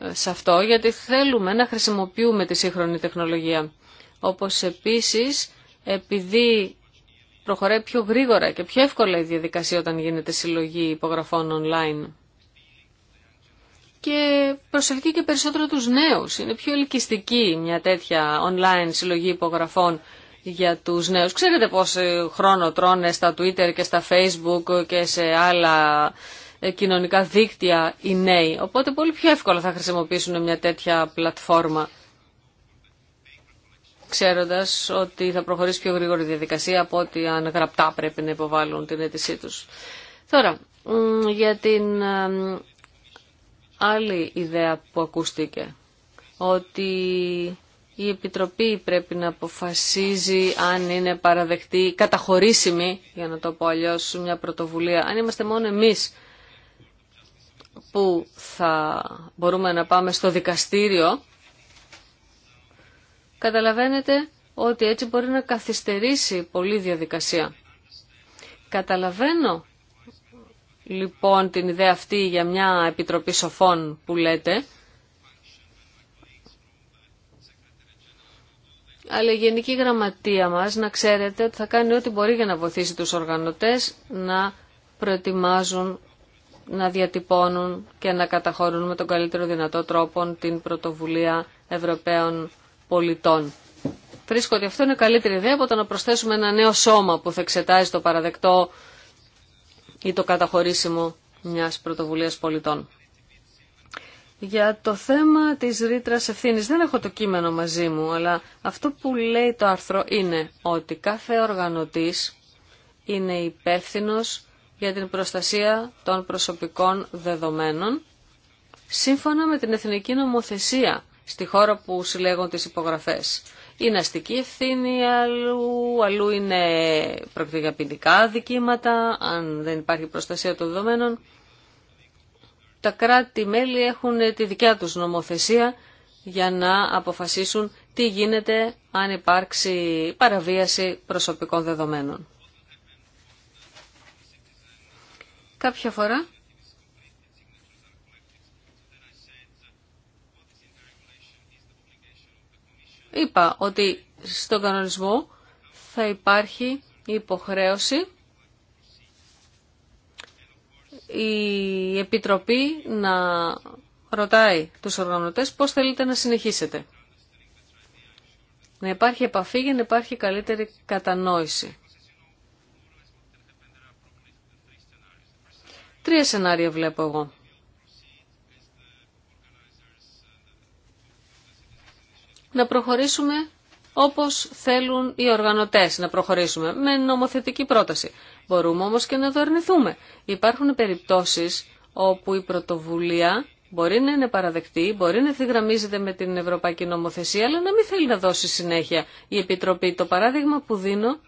ε, σε αυτό γιατί θέλουμε να χρησιμοποιούμε τη σύγχρονη τεχνολογία. Όπως επίσης, επειδή προχωράει πιο γρήγορα και πιο εύκολα η διαδικασία όταν γίνεται συλλογή υπογραφών online. Και προσελκύει και περισσότερο τους νέους. Είναι πιο ελκυστική μια τέτοια online συλλογή υπογραφών για τους νέους. Ξέρετε πόσο χρόνο τρώνε στα Twitter και στα Facebook και σε άλλα ε, κοινωνικά δίκτυα οι νέοι. Οπότε πολύ πιο εύκολα θα χρησιμοποιήσουν μια τέτοια πλατφόρμα ξέροντας ότι θα προχωρήσει πιο γρήγορη διαδικασία από ότι αν γραπτά πρέπει να υποβάλουν την αίτησή τους. Τώρα, για την άλλη ιδέα που ακούστηκε, ότι η Επιτροπή πρέπει να αποφασίζει αν είναι παραδεκτή, καταχωρήσιμη, για να το πω αλλιώς, μια πρωτοβουλία. Αν είμαστε μόνο εμείς που θα μπορούμε να πάμε στο δικαστήριο, καταλαβαίνετε ότι έτσι μπορεί να καθυστερήσει πολύ διαδικασία. Καταλαβαίνω λοιπόν την ιδέα αυτή για μια επιτροπή σοφών που λέτε, αλλά η Γενική Γραμματεία μας να ξέρετε ότι θα κάνει ό,τι μπορεί για να βοηθήσει τους οργανωτές να προετοιμάζουν, να διατυπώνουν και να καταχωρούν με τον καλύτερο δυνατό τρόπο την πρωτοβουλία Ευρωπαίων πολιτών. Βρίσκω ότι αυτό είναι καλύτερη ιδέα από το να προσθέσουμε ένα νέο σώμα που θα εξετάζει το παραδεκτό ή το καταχωρήσιμο μιας πρωτοβουλίας πολιτών. Για το θέμα της ρήτρα ευθύνη δεν έχω το κείμενο μαζί μου, αλλά αυτό που λέει το άρθρο είναι ότι κάθε οργανωτής είναι υπεύθυνο για την προστασία των προσωπικών δεδομένων σύμφωνα με την εθνική νομοθεσία στη χώρα που συλλέγουν τις υπογραφές. Είναι αστική ευθύνη αλλού, αλλού είναι πρόκειται δικήματα, αν δεν υπάρχει προστασία των δεδομένων τα κράτη-μέλη έχουν τη δικιά τους νομοθεσία για να αποφασίσουν τι γίνεται αν υπάρξει παραβίαση προσωπικών δεδομένων. Κάποια φορά είπα ότι στον κανονισμό θα υπάρχει υποχρέωση η Επιτροπή να ρωτάει τους οργανωτές πώς θέλετε να συνεχίσετε. Να υπάρχει επαφή για να υπάρχει καλύτερη κατανόηση. Τρία σενάρια βλέπω εγώ. Να προχωρήσουμε όπως θέλουν οι οργανωτές να προχωρήσουμε, με νομοθετική πρόταση. Μπορούμε όμως και να το αρνηθούμε. Υπάρχουν περιπτώσεις όπου η πρωτοβουλία μπορεί να είναι παραδεκτή, μπορεί να ευθυγραμμίζεται με την Ευρωπαϊκή Νομοθεσία, αλλά να μην θέλει να δώσει συνέχεια η Επιτροπή. Το παράδειγμα που δίνω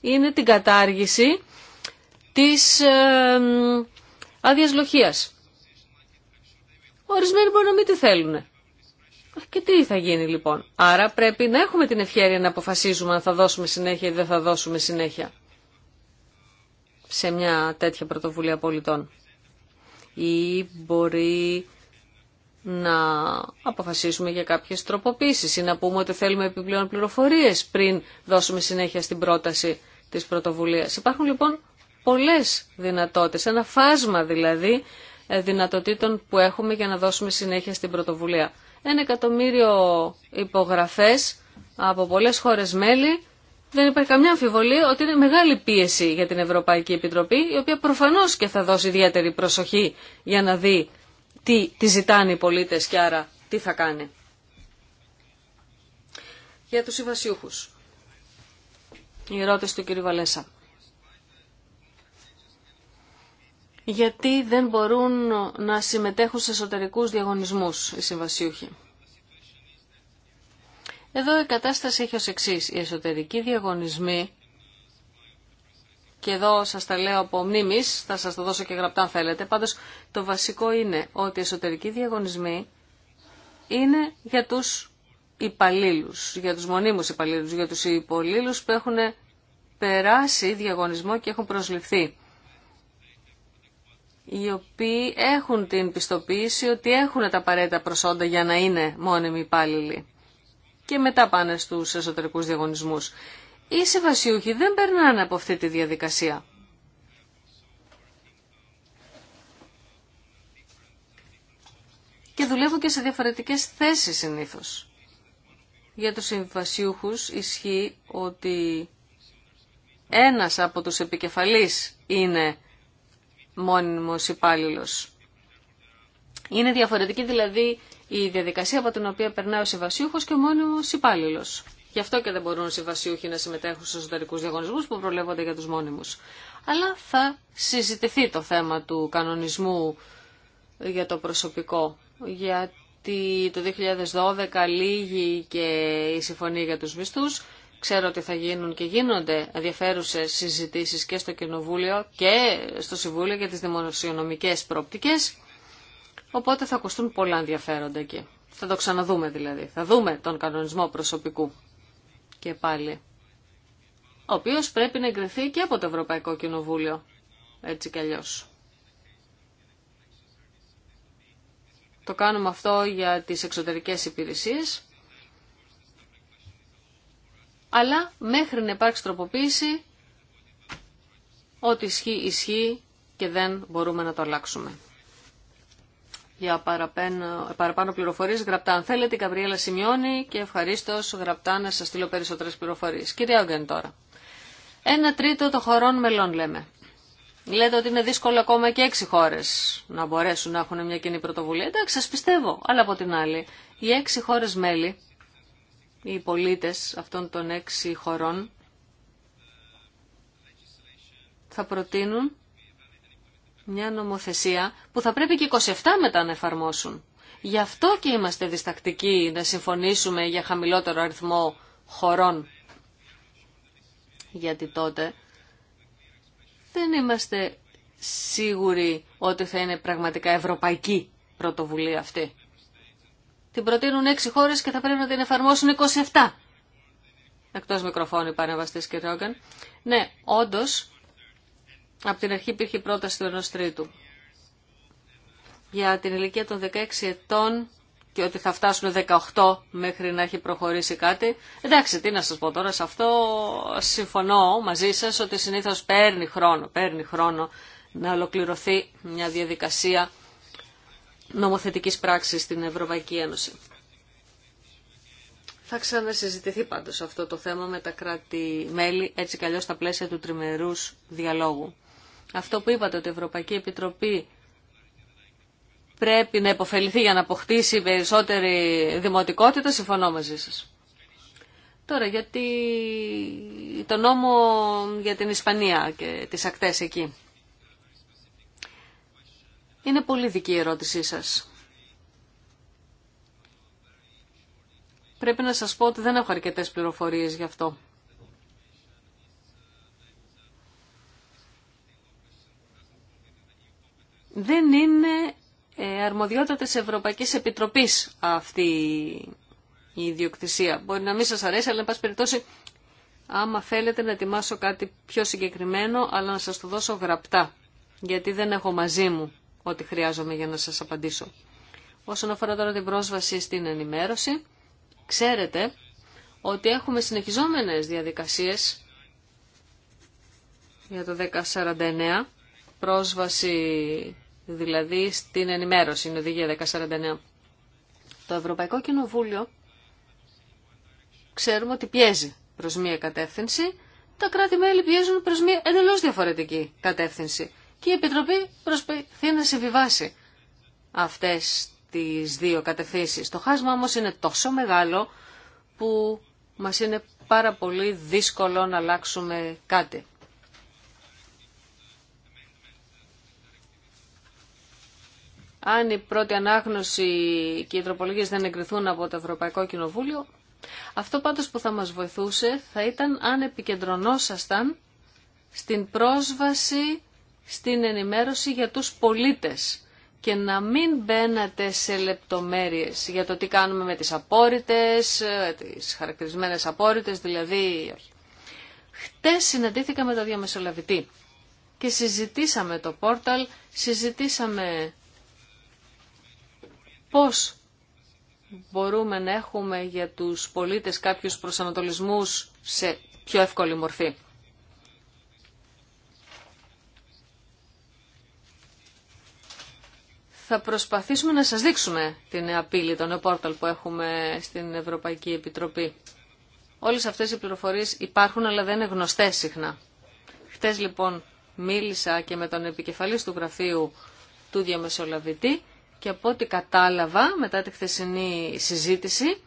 είναι την κατάργηση της ε, άδεια Ορισμένοι μπορεί να μην τη θέλουν. Και τι θα γίνει λοιπόν. Άρα πρέπει να έχουμε την ευχαίρεια να αποφασίζουμε αν θα δώσουμε συνέχεια ή δεν θα δώσουμε συνέχεια σε μια τέτοια πρωτοβουλία πολιτών. Ή μπορεί να αποφασίσουμε για κάποιες τροποποίησεις ή να πούμε ότι θέλουμε επιπλέον πληροφορίες πριν δώσουμε συνέχεια στην πρόταση της πρωτοβουλίας. Υπάρχουν λοιπόν πολλές δυνατότητες, ένα φάσμα δηλαδή ε, δυνατοτήτων που έχουμε για να δώσουμε συνέχεια στην πρωτοβουλία. Ένα εκατομμύριο υπογραφές από πολλές χώρες μέλη δεν υπάρχει καμιά αμφιβολία ότι είναι μεγάλη πίεση για την Ευρωπαϊκή Επιτροπή, η οποία προφανώς και θα δώσει ιδιαίτερη προσοχή για να δει τι τη ζητάνε οι πολίτες και άρα τι θα κάνει. Για τους συμβασιούχους. Η ερώτηση του κ. Βαλέσα. Γιατί δεν μπορούν να συμμετέχουν σε εσωτερικούς διαγωνισμούς οι συμβασιούχοι. Εδώ η κατάσταση έχει ως εξής. Οι εσωτερικοί διαγωνισμοί, και εδώ σας τα λέω από μνήμης, θα σας το δώσω και γραπτά αν θέλετε, πάντως το βασικό είναι ότι οι εσωτερικοί διαγωνισμοί είναι για τους υπαλλήλου, για τους μονίμους υπαλλήλου, για τους υπολλήλους που έχουν περάσει διαγωνισμό και έχουν προσληφθεί οι οποίοι έχουν την πιστοποίηση ότι έχουν τα απαραίτητα προσόντα για να είναι μόνιμοι υπάλληλοι και μετά πάνε στους εσωτερικούς διαγωνισμούς. Οι συμβασιούχοι δεν περνάνε από αυτή τη διαδικασία. Και δουλεύουν και σε διαφορετικές θέσεις συνήθως. Για τους συμβασιούχους ισχύει ότι ένας από τους επικεφαλείς είναι μόνιμος υπάλληλος. Είναι διαφορετική δηλαδή η διαδικασία από την οποία περνάει ο συμβασιούχο και ο μόνο υπάλληλο. Γι' αυτό και δεν μπορούν οι συμβασιούχοι να συμμετέχουν στου εσωτερικού διαγωνισμού που προβλέπονται για του μόνιμου. Αλλά θα συζητηθεί το θέμα του κανονισμού για το προσωπικό. Γιατί το 2012 λύγει και η συμφωνία για του μισθού. Ξέρω ότι θα γίνουν και γίνονται ενδιαφέρουσε συζητήσει και στο Κοινοβούλιο και στο Συμβούλιο για τι δημοσιονομικέ πρόπτικες. Οπότε θα ακουστούν πολλά ενδιαφέροντα εκεί. Θα το ξαναδούμε δηλαδή. Θα δούμε τον κανονισμό προσωπικού. Και πάλι. Ο οποίο πρέπει να εγκριθεί και από το Ευρωπαϊκό Κοινοβούλιο. Έτσι κι άλλιω. Το κάνουμε αυτό για τις εξωτερικές υπηρεσίες. Αλλά μέχρι να υπάρξει τροποποίηση, ό,τι ισχύει, ισχύει και δεν μπορούμε να το αλλάξουμε για παραπάνω, παραπάνω γραπτά. Αν θέλετε, η Καβριέλα σημειώνει και ευχαρίστω γραπτά να σα στείλω περισσότερε πληροφορίε. Κύριε Όγκεν τώρα. Ένα τρίτο των χωρών μελών λέμε. Λέτε ότι είναι δύσκολο ακόμα και έξι χώρε να μπορέσουν να έχουν μια κοινή πρωτοβουλία. Εντάξει, σα πιστεύω. Αλλά από την άλλη, οι έξι χώρε μέλη, οι πολίτε αυτών των έξι χωρών, θα προτείνουν μια νομοθεσία που θα πρέπει και 27 μετά να εφαρμόσουν. Γι' αυτό και είμαστε διστακτικοί να συμφωνήσουμε για χαμηλότερο αριθμό χωρών. Γιατί τότε δεν είμαστε σίγουροι ότι θα είναι πραγματικά ευρωπαϊκή πρωτοβουλία αυτή. Την προτείνουν 6 χώρες και θα πρέπει να την εφαρμόσουν 27. Εκτός μικροφώνου παρεμβαστής κ. Ρόγκαν. Ναι, όντως από την αρχή υπήρχε πρόταση του ενός τρίτου. Για την ηλικία των 16 ετών και ότι θα φτάσουν 18 μέχρι να έχει προχωρήσει κάτι. Εντάξει, τι να σας πω τώρα, σε αυτό συμφωνώ μαζί σας ότι συνήθως παίρνει χρόνο, παίρνει χρόνο να ολοκληρωθεί μια διαδικασία νομοθετικής πράξης στην Ευρωπαϊκή Ένωση. Θα ξανασυζητηθεί πάντως αυτό το θέμα με τα κράτη-μέλη, έτσι κι αλλιώς στα πλαίσια του τριμερούς διαλόγου. Αυτό που είπατε ότι η Ευρωπαϊκή Επιτροπή πρέπει να υποφεληθεί για να αποκτήσει περισσότερη δημοτικότητα, συμφωνώ μαζί σας. Τώρα, γιατί το νόμο για την Ισπανία και τις ακτές εκεί. Είναι πολύ δική η ερώτησή σας. Πρέπει να σας πω ότι δεν έχω αρκετές πληροφορίες γι' αυτό. δεν είναι ε, αρμοδιότητα της Ευρωπαϊκής Επιτροπής αυτή η ιδιοκτησία. Μπορεί να μην σας αρέσει, αλλά εν πάση περιπτώσει, άμα θέλετε να ετοιμάσω κάτι πιο συγκεκριμένο, αλλά να σας το δώσω γραπτά, γιατί δεν έχω μαζί μου ό,τι χρειάζομαι για να σας απαντήσω. Όσον αφορά τώρα την πρόσβαση στην ενημέρωση, ξέρετε ότι έχουμε συνεχιζόμενες διαδικασίες για το 1049, πρόσβαση δηλαδή στην ενημέρωση, είναι οδηγία 1049. Το Ευρωπαϊκό Κοινοβούλιο ξέρουμε ότι πιέζει προς μία κατεύθυνση, τα κράτη-μέλη πιέζουν προς μία εντελώς διαφορετική κατεύθυνση και η Επιτροπή προσπαθεί να συμβιβάσει αυτές τις δύο κατευθύνσεις. Το χάσμα όμως είναι τόσο μεγάλο που μας είναι πάρα πολύ δύσκολο να αλλάξουμε κάτι. αν η πρώτη ανάγνωση και οι τροπολογίες δεν εγκριθούν από το Ευρωπαϊκό Κοινοβούλιο. Αυτό πάντως που θα μας βοηθούσε θα ήταν αν επικεντρωνόσασταν στην πρόσβαση στην ενημέρωση για τους πολίτες και να μην μπαίνατε σε λεπτομέρειες για το τι κάνουμε με τις απόρριτες, τις χαρακτηρισμένες απόρριτες δηλαδή. Όχι. Χτες με τα διαμεσολαβητή και συζητήσαμε το πόρταλ, συζητήσαμε πώς μπορούμε να έχουμε για τους πολίτες κάποιους προσανατολισμούς σε πιο εύκολη μορφή. Θα προσπαθήσουμε να σας δείξουμε την νέα πύλη, το νέο πόρταλ που έχουμε στην Ευρωπαϊκή Επιτροπή. Όλες αυτές οι πληροφορίες υπάρχουν αλλά δεν είναι γνωστές συχνά. Χτες λοιπόν μίλησα και με τον επικεφαλής του γραφείου του διαμεσολαβητή και από ό,τι κατάλαβα μετά τη χθεσινή συζήτηση,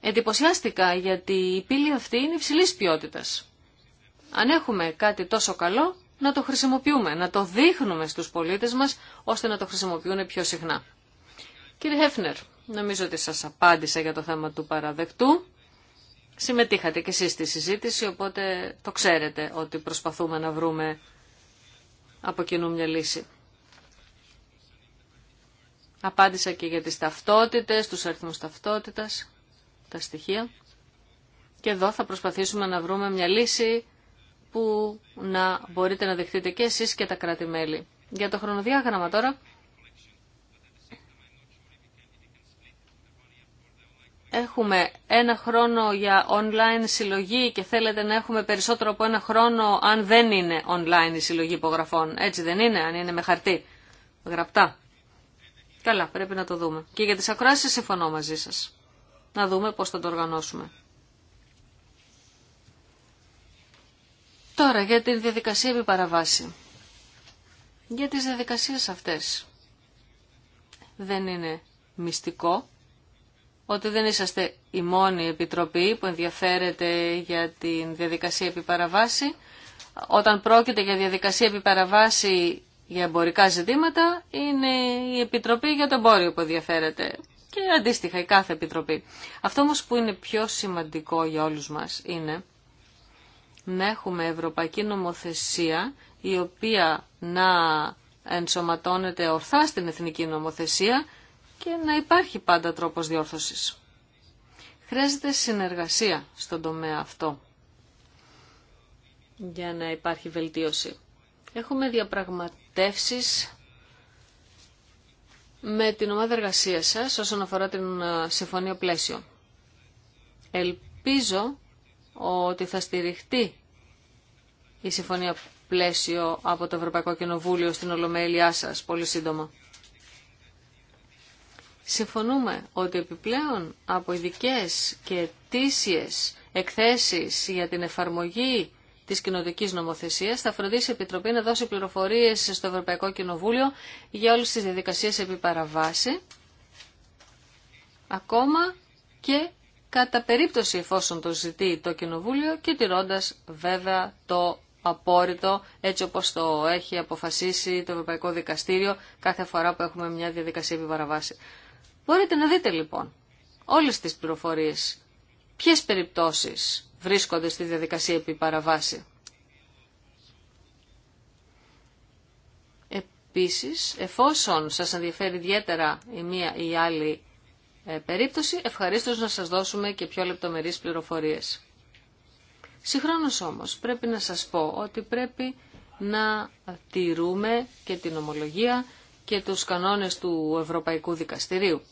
εντυπωσιάστηκα γιατί η πύλη αυτή είναι υψηλή ποιότητα. Αν έχουμε κάτι τόσο καλό, να το χρησιμοποιούμε, να το δείχνουμε στους πολίτες μας, ώστε να το χρησιμοποιούν πιο συχνά. Κύριε Χέφνερ, νομίζω ότι σας απάντησα για το θέμα του παραδεκτού. Συμμετείχατε και εσείς στη συζήτηση, οπότε το ξέρετε ότι προσπαθούμε να βρούμε από κοινού μια λύση. Απάντησα και για τις ταυτότητες, τους αριθμούς ταυτότητας, τα στοιχεία. Και εδώ θα προσπαθήσουμε να βρούμε μια λύση που να μπορείτε να δεχτείτε και εσείς και τα κράτη-μέλη. Για το χρονοδιάγραμμα τώρα. Έχουμε ένα χρόνο για online συλλογή και θέλετε να έχουμε περισσότερο από ένα χρόνο αν δεν είναι online η συλλογή υπογραφών. Έτσι δεν είναι, αν είναι με χαρτί. Γραπτά. Καλά, πρέπει να το δούμε. Και για τις ακροάσεις συμφωνώ μαζί σας. Να δούμε πώς θα το οργανώσουμε. Τώρα για την διαδικασία επιπαραβάση. Για τις διαδικασίες αυτές. Δεν είναι μυστικό ότι δεν είσαστε η μόνη επιτροπή που ενδιαφέρεται για την διαδικασία επιπαραβάση Όταν πρόκειται για διαδικασία επιπαραβάση για εμπορικά ζητήματα είναι η Επιτροπή για το εμπόριο που ενδιαφέρεται και αντίστοιχα η κάθε Επιτροπή. Αυτό όμως που είναι πιο σημαντικό για όλους μας είναι να έχουμε ευρωπαϊκή νομοθεσία η οποία να ενσωματώνεται ορθά στην εθνική νομοθεσία και να υπάρχει πάντα τρόπος διόρθωσης. Χρειάζεται συνεργασία στον τομέα αυτό για να υπάρχει βελτίωση. Έχουμε διαπραγματεύσει με την ομάδα εργασίας σας όσον αφορά την ε, συμφωνία πλαίσιο. Ελπίζω ότι θα στηριχτεί η συμφωνία πλαίσιο από το Ευρωπαϊκό Κοινοβούλιο στην Ολομέλειά σας πολύ σύντομα. Συμφωνούμε ότι επιπλέον από ειδικέ και αιτήσιες εκθέσεις για την εφαρμογή Τη κοινοτική νομοθεσίας, θα φροντίσει η Επιτροπή να δώσει πληροφορίες στο Ευρωπαϊκό Κοινοβούλιο για όλες τις διαδικασίες επί παραβάση, ακόμα και κατά περίπτωση εφόσον το ζητεί το Κοινοβούλιο και τηρώντα βέβαια το απόρριτο έτσι όπως το έχει αποφασίσει το Ευρωπαϊκό Δικαστήριο κάθε φορά που έχουμε μια διαδικασία παραβάση. Μπορείτε να δείτε λοιπόν όλες τις πληροφορίες, ποιες περιπτώσεις βρίσκονται στη διαδικασία επί παραβάση. Επίσης, εφόσον σας ενδιαφέρει ιδιαίτερα η μία ή η άλλη ε, περίπτωση, ευχαρίστως να σας δώσουμε και πιο λεπτομερείς πληροφορίες. Συγχρόνως όμως πρέπει να σας πω ότι πρέπει να τηρούμε και την ομολογία και τους κανόνες του Ευρωπαϊκού Δικαστηρίου.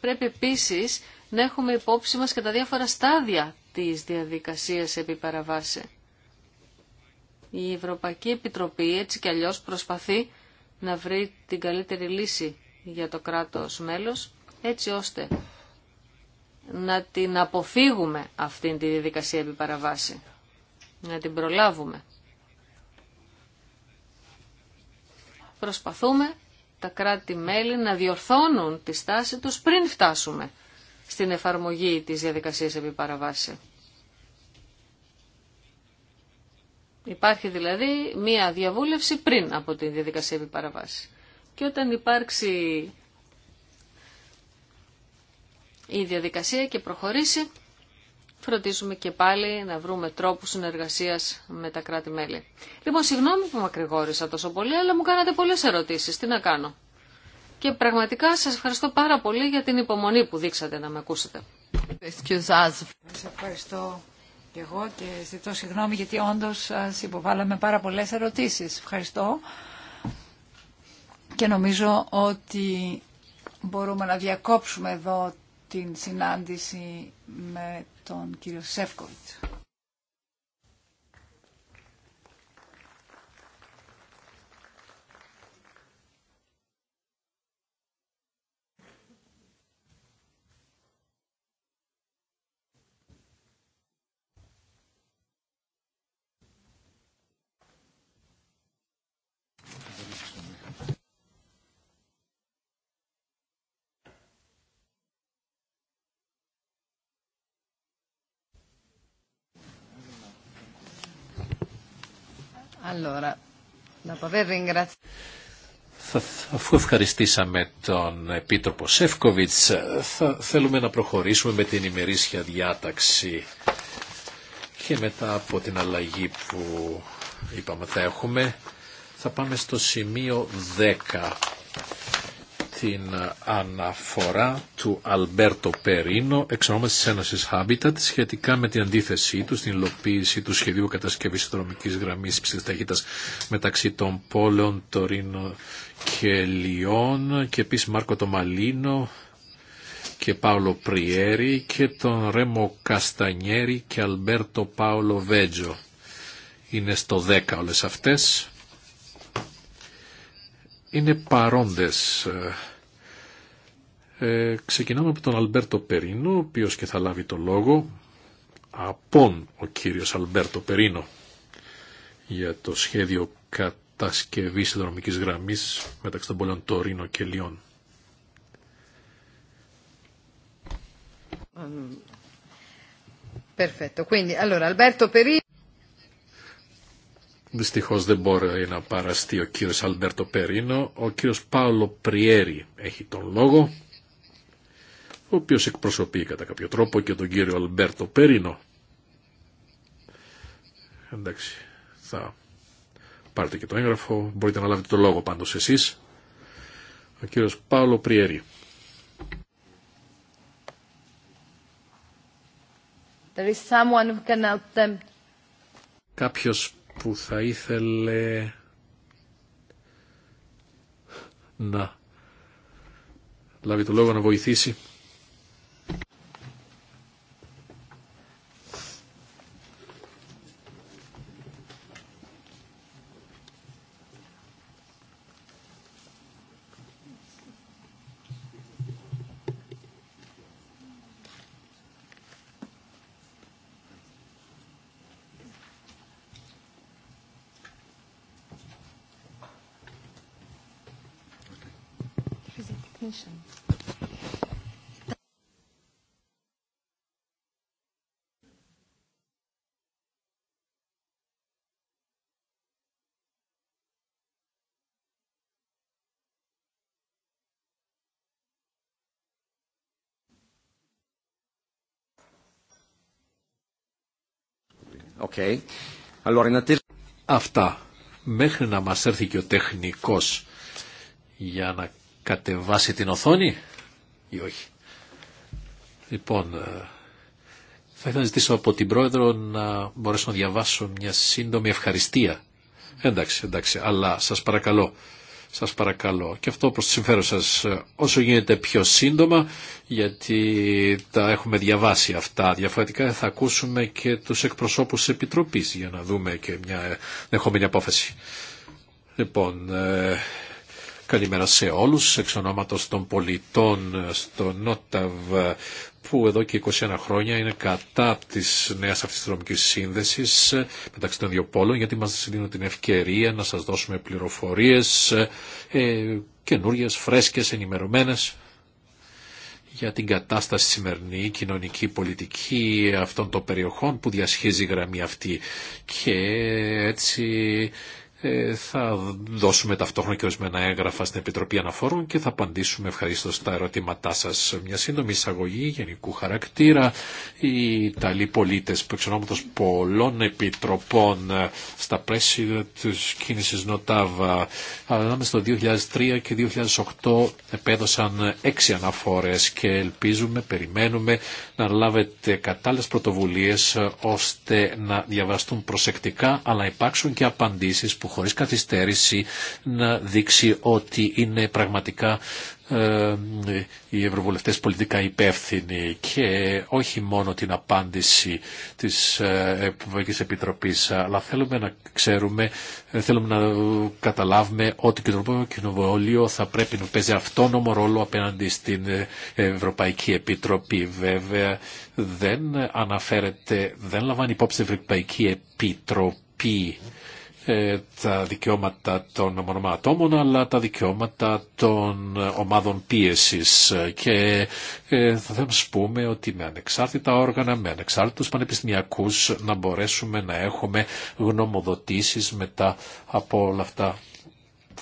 Πρέπει επίσης να έχουμε υπόψη μας και τα διάφορα στάδια της διαδικασίας επί παραβάση. Η Ευρωπαϊκή Επιτροπή έτσι κι αλλιώς προσπαθεί να βρει την καλύτερη λύση για το κράτος μέλος, έτσι ώστε να την αποφύγουμε αυτήν τη διαδικασία επί παραβάση, να την προλάβουμε. Προσπαθούμε τα κράτη-μέλη να διορθώνουν τη στάση τους πριν φτάσουμε στην εφαρμογή της διαδικασίας επί παραβάση. Υπάρχει δηλαδή μία διαβούλευση πριν από τη διαδικασία επί παραβάση. Και όταν υπάρξει η διαδικασία και προχωρήσει, φροντίζουμε και πάλι να βρούμε τρόπους συνεργασίας με τα κράτη-μέλη. Λοιπόν, συγγνώμη που μακρηγόρησα τόσο πολύ, αλλά μου κάνατε πολλές ερωτήσεις. Τι να κάνω και πραγματικά σας ευχαριστώ πάρα πολύ για την υπομονή που δείξατε να με ακούσετε. Σας
ευχαριστώ και εγώ και ζητώ συγγνώμη γιατί όντως σας υποβάλαμε πάρα πολλές ερωτήσεις. Ευχαριστώ και νομίζω ότι μπορούμε να διακόψουμε εδώ την συνάντηση με τον κύριο Σεύκοβιτς.
Αφού ευχαριστήσαμε τον Επίτροπο Σεύκοβιτς, θα θέλουμε να προχωρήσουμε με την ημερήσια διάταξη και μετά από την αλλαγή που είπαμε θα έχουμε, θα πάμε στο σημείο 10 την αναφορά του Αλμπέρτο Περίνο, εξονόμας της Ένωσης Habitat, σχετικά με την αντίθεσή του στην υλοποίηση του σχεδίου κατασκευής δρομικής γραμμής ψηλής ταχύτητας μεταξύ των πόλεων Τωρίνο και Λιών και επίσης Μάρκο Τομαλίνο και Παύλο Πριέρη και τον Ρέμο Καστανιέρη και Αλμπέρτο Παύλο Βέτζο. Είναι στο 10 όλες αυτές είναι παρόντες. Ε, ξεκινάμε από τον Αλμπέρτο Περίνο, ο οποίος και θα λάβει το λόγο. Απόν ο κύριος Αλμπέρτο Περίνο για το σχέδιο κατασκευής δρομικής γραμμής μεταξύ των πόλεων Τωρίνο και Λιών.
Perfetto, quindi allora
Δυστυχώς δεν μπορεί να παραστεί ο κύριος Αλμπέρτο Περίνο. Ο κύριος Πάολο Πριέρη έχει τον λόγο, ο οποίος εκπροσωπεί κατά κάποιο τρόπο και τον κύριο Αλμπέρτο Περίνο. Εντάξει, θα πάρετε και το έγγραφο, μπορείτε να λάβετε τον λόγο πάντως εσείς. Ο κύριος Πάολο Πριέρη.
There
Κάποιος που θα ήθελε να λάβει το λόγο να βοηθήσει. Okay. Αυτά. Μέχρι να μας έρθει και ο τεχνικός για να κατεβάσει την οθόνη ή όχι. Λοιπόν, ε, θα ήθελα να ζητήσω από την πρόεδρο να μπορέσω να διαβάσω μια σύντομη ευχαριστία. Εντάξει, εντάξει, αλλά σας παρακαλώ σας παρακαλώ. Και αυτό προς το συμφέρον σας ε, όσο γίνεται πιο σύντομα, γιατί τα έχουμε διαβάσει αυτά. Διαφορετικά θα ακούσουμε και τους εκπροσώπους της Επιτροπής για να δούμε και μια δεχόμενη απόφαση. Λοιπόν, ε, καλημέρα σε όλους, εξ ονόματος των πολιτών στο Νόταβ που εδώ και 21 χρόνια είναι κατά της νέας αυτής σύνδεση, ε, μεταξύ των δύο πόλων γιατί μας δίνουν την ευκαιρία να σας δώσουμε πληροφορίες ε, φρέσκε, φρέσκες, ενημερωμένες για την κατάσταση σημερινή κοινωνική πολιτική αυτών των περιοχών που διασχίζει η γραμμή αυτή και έτσι ε, θα δώσουμε ταυτόχρονα και ορισμένα έγγραφα στην Επιτροπή Αναφόρων και θα απαντήσουμε ευχαρίστω στα ερωτήματά σα. Μια σύντομη εισαγωγή γενικού χαρακτήρα. Οι Ιταλοί πολίτε που εξονόματο πολλών επιτροπών ε, στα πλαίσια τη κίνηση Νοτάβα ανάμεσα στο 2003 και 2008 επέδωσαν έξι αναφορέ και ελπίζουμε, περιμένουμε να λάβετε κατάλληλε πρωτοβουλίε ε, ώστε να διαβαστούν προσεκτικά αλλά υπάρξουν και απαντήσει χωρίς καθυστέρηση να δείξει ότι είναι πραγματικά ε, οι ευρωβουλευτές πολιτικά υπεύθυνοι και όχι μόνο την απάντηση της ε, Ευρωπαϊκής Επιτροπής αλλά θέλουμε να ξέρουμε, ε, θέλουμε να καταλάβουμε ότι το Ευρωπαϊκό Κοινοβούλιο θα πρέπει να παίζει αυτόνομο ρόλο απέναντι στην ε, Ευρωπαϊκή Επιτροπή βέβαια δεν αναφέρεται, δεν λαμβάνει υπόψη Ευρωπαϊκή Επιτροπή ε, τα δικαιώματα των ατόμων αλλά τα δικαιώματα των ομάδων πίεσης και ε, θα σας πούμε ότι με ανεξάρτητα όργανα, με ανεξάρτητους πανεπιστημιακούς να μπορέσουμε να έχουμε γνωμοδοτήσεις μετά από όλα αυτά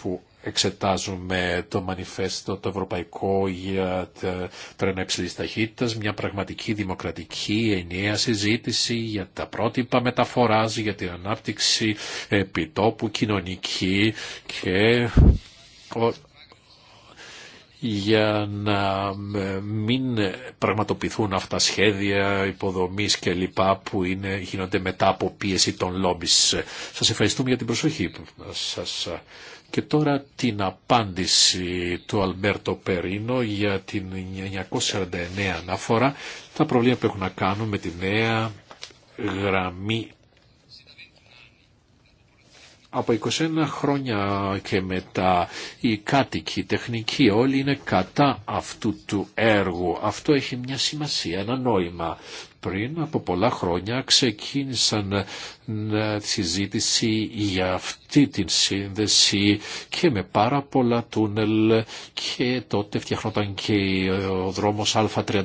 που εξετάζουμε το μανιφέστο το ευρωπαϊκό για τα τρένα υψηλή ταχύτητα, μια πραγματική δημοκρατική ενιαία συζήτηση για τα πρότυπα μεταφορά, για την ανάπτυξη επιτόπου, κοινωνική και για να μην πραγματοποιηθούν αυτά σχέδια υποδομής και λοιπά που είναι, γίνονται μετά από πίεση των λόμπις. Σας ευχαριστούμε για την προσοχή σας. Και τώρα την απάντηση του Αλμπέρτο Περίνο για την 949 αναφορά, τα προβλήματα που έχουν να κάνουν με τη νέα γραμμή από 21 χρόνια και μετά οι κάτοικοι, οι τεχνικοί όλοι είναι κατά αυτού του έργου. Αυτό έχει μια σημασία, ένα νόημα πριν από πολλά χρόνια ξεκίνησαν τη συζήτηση για αυτή την σύνδεση και με πάρα πολλά τούνελ και τότε φτιαχνόταν και ο δρόμος Α32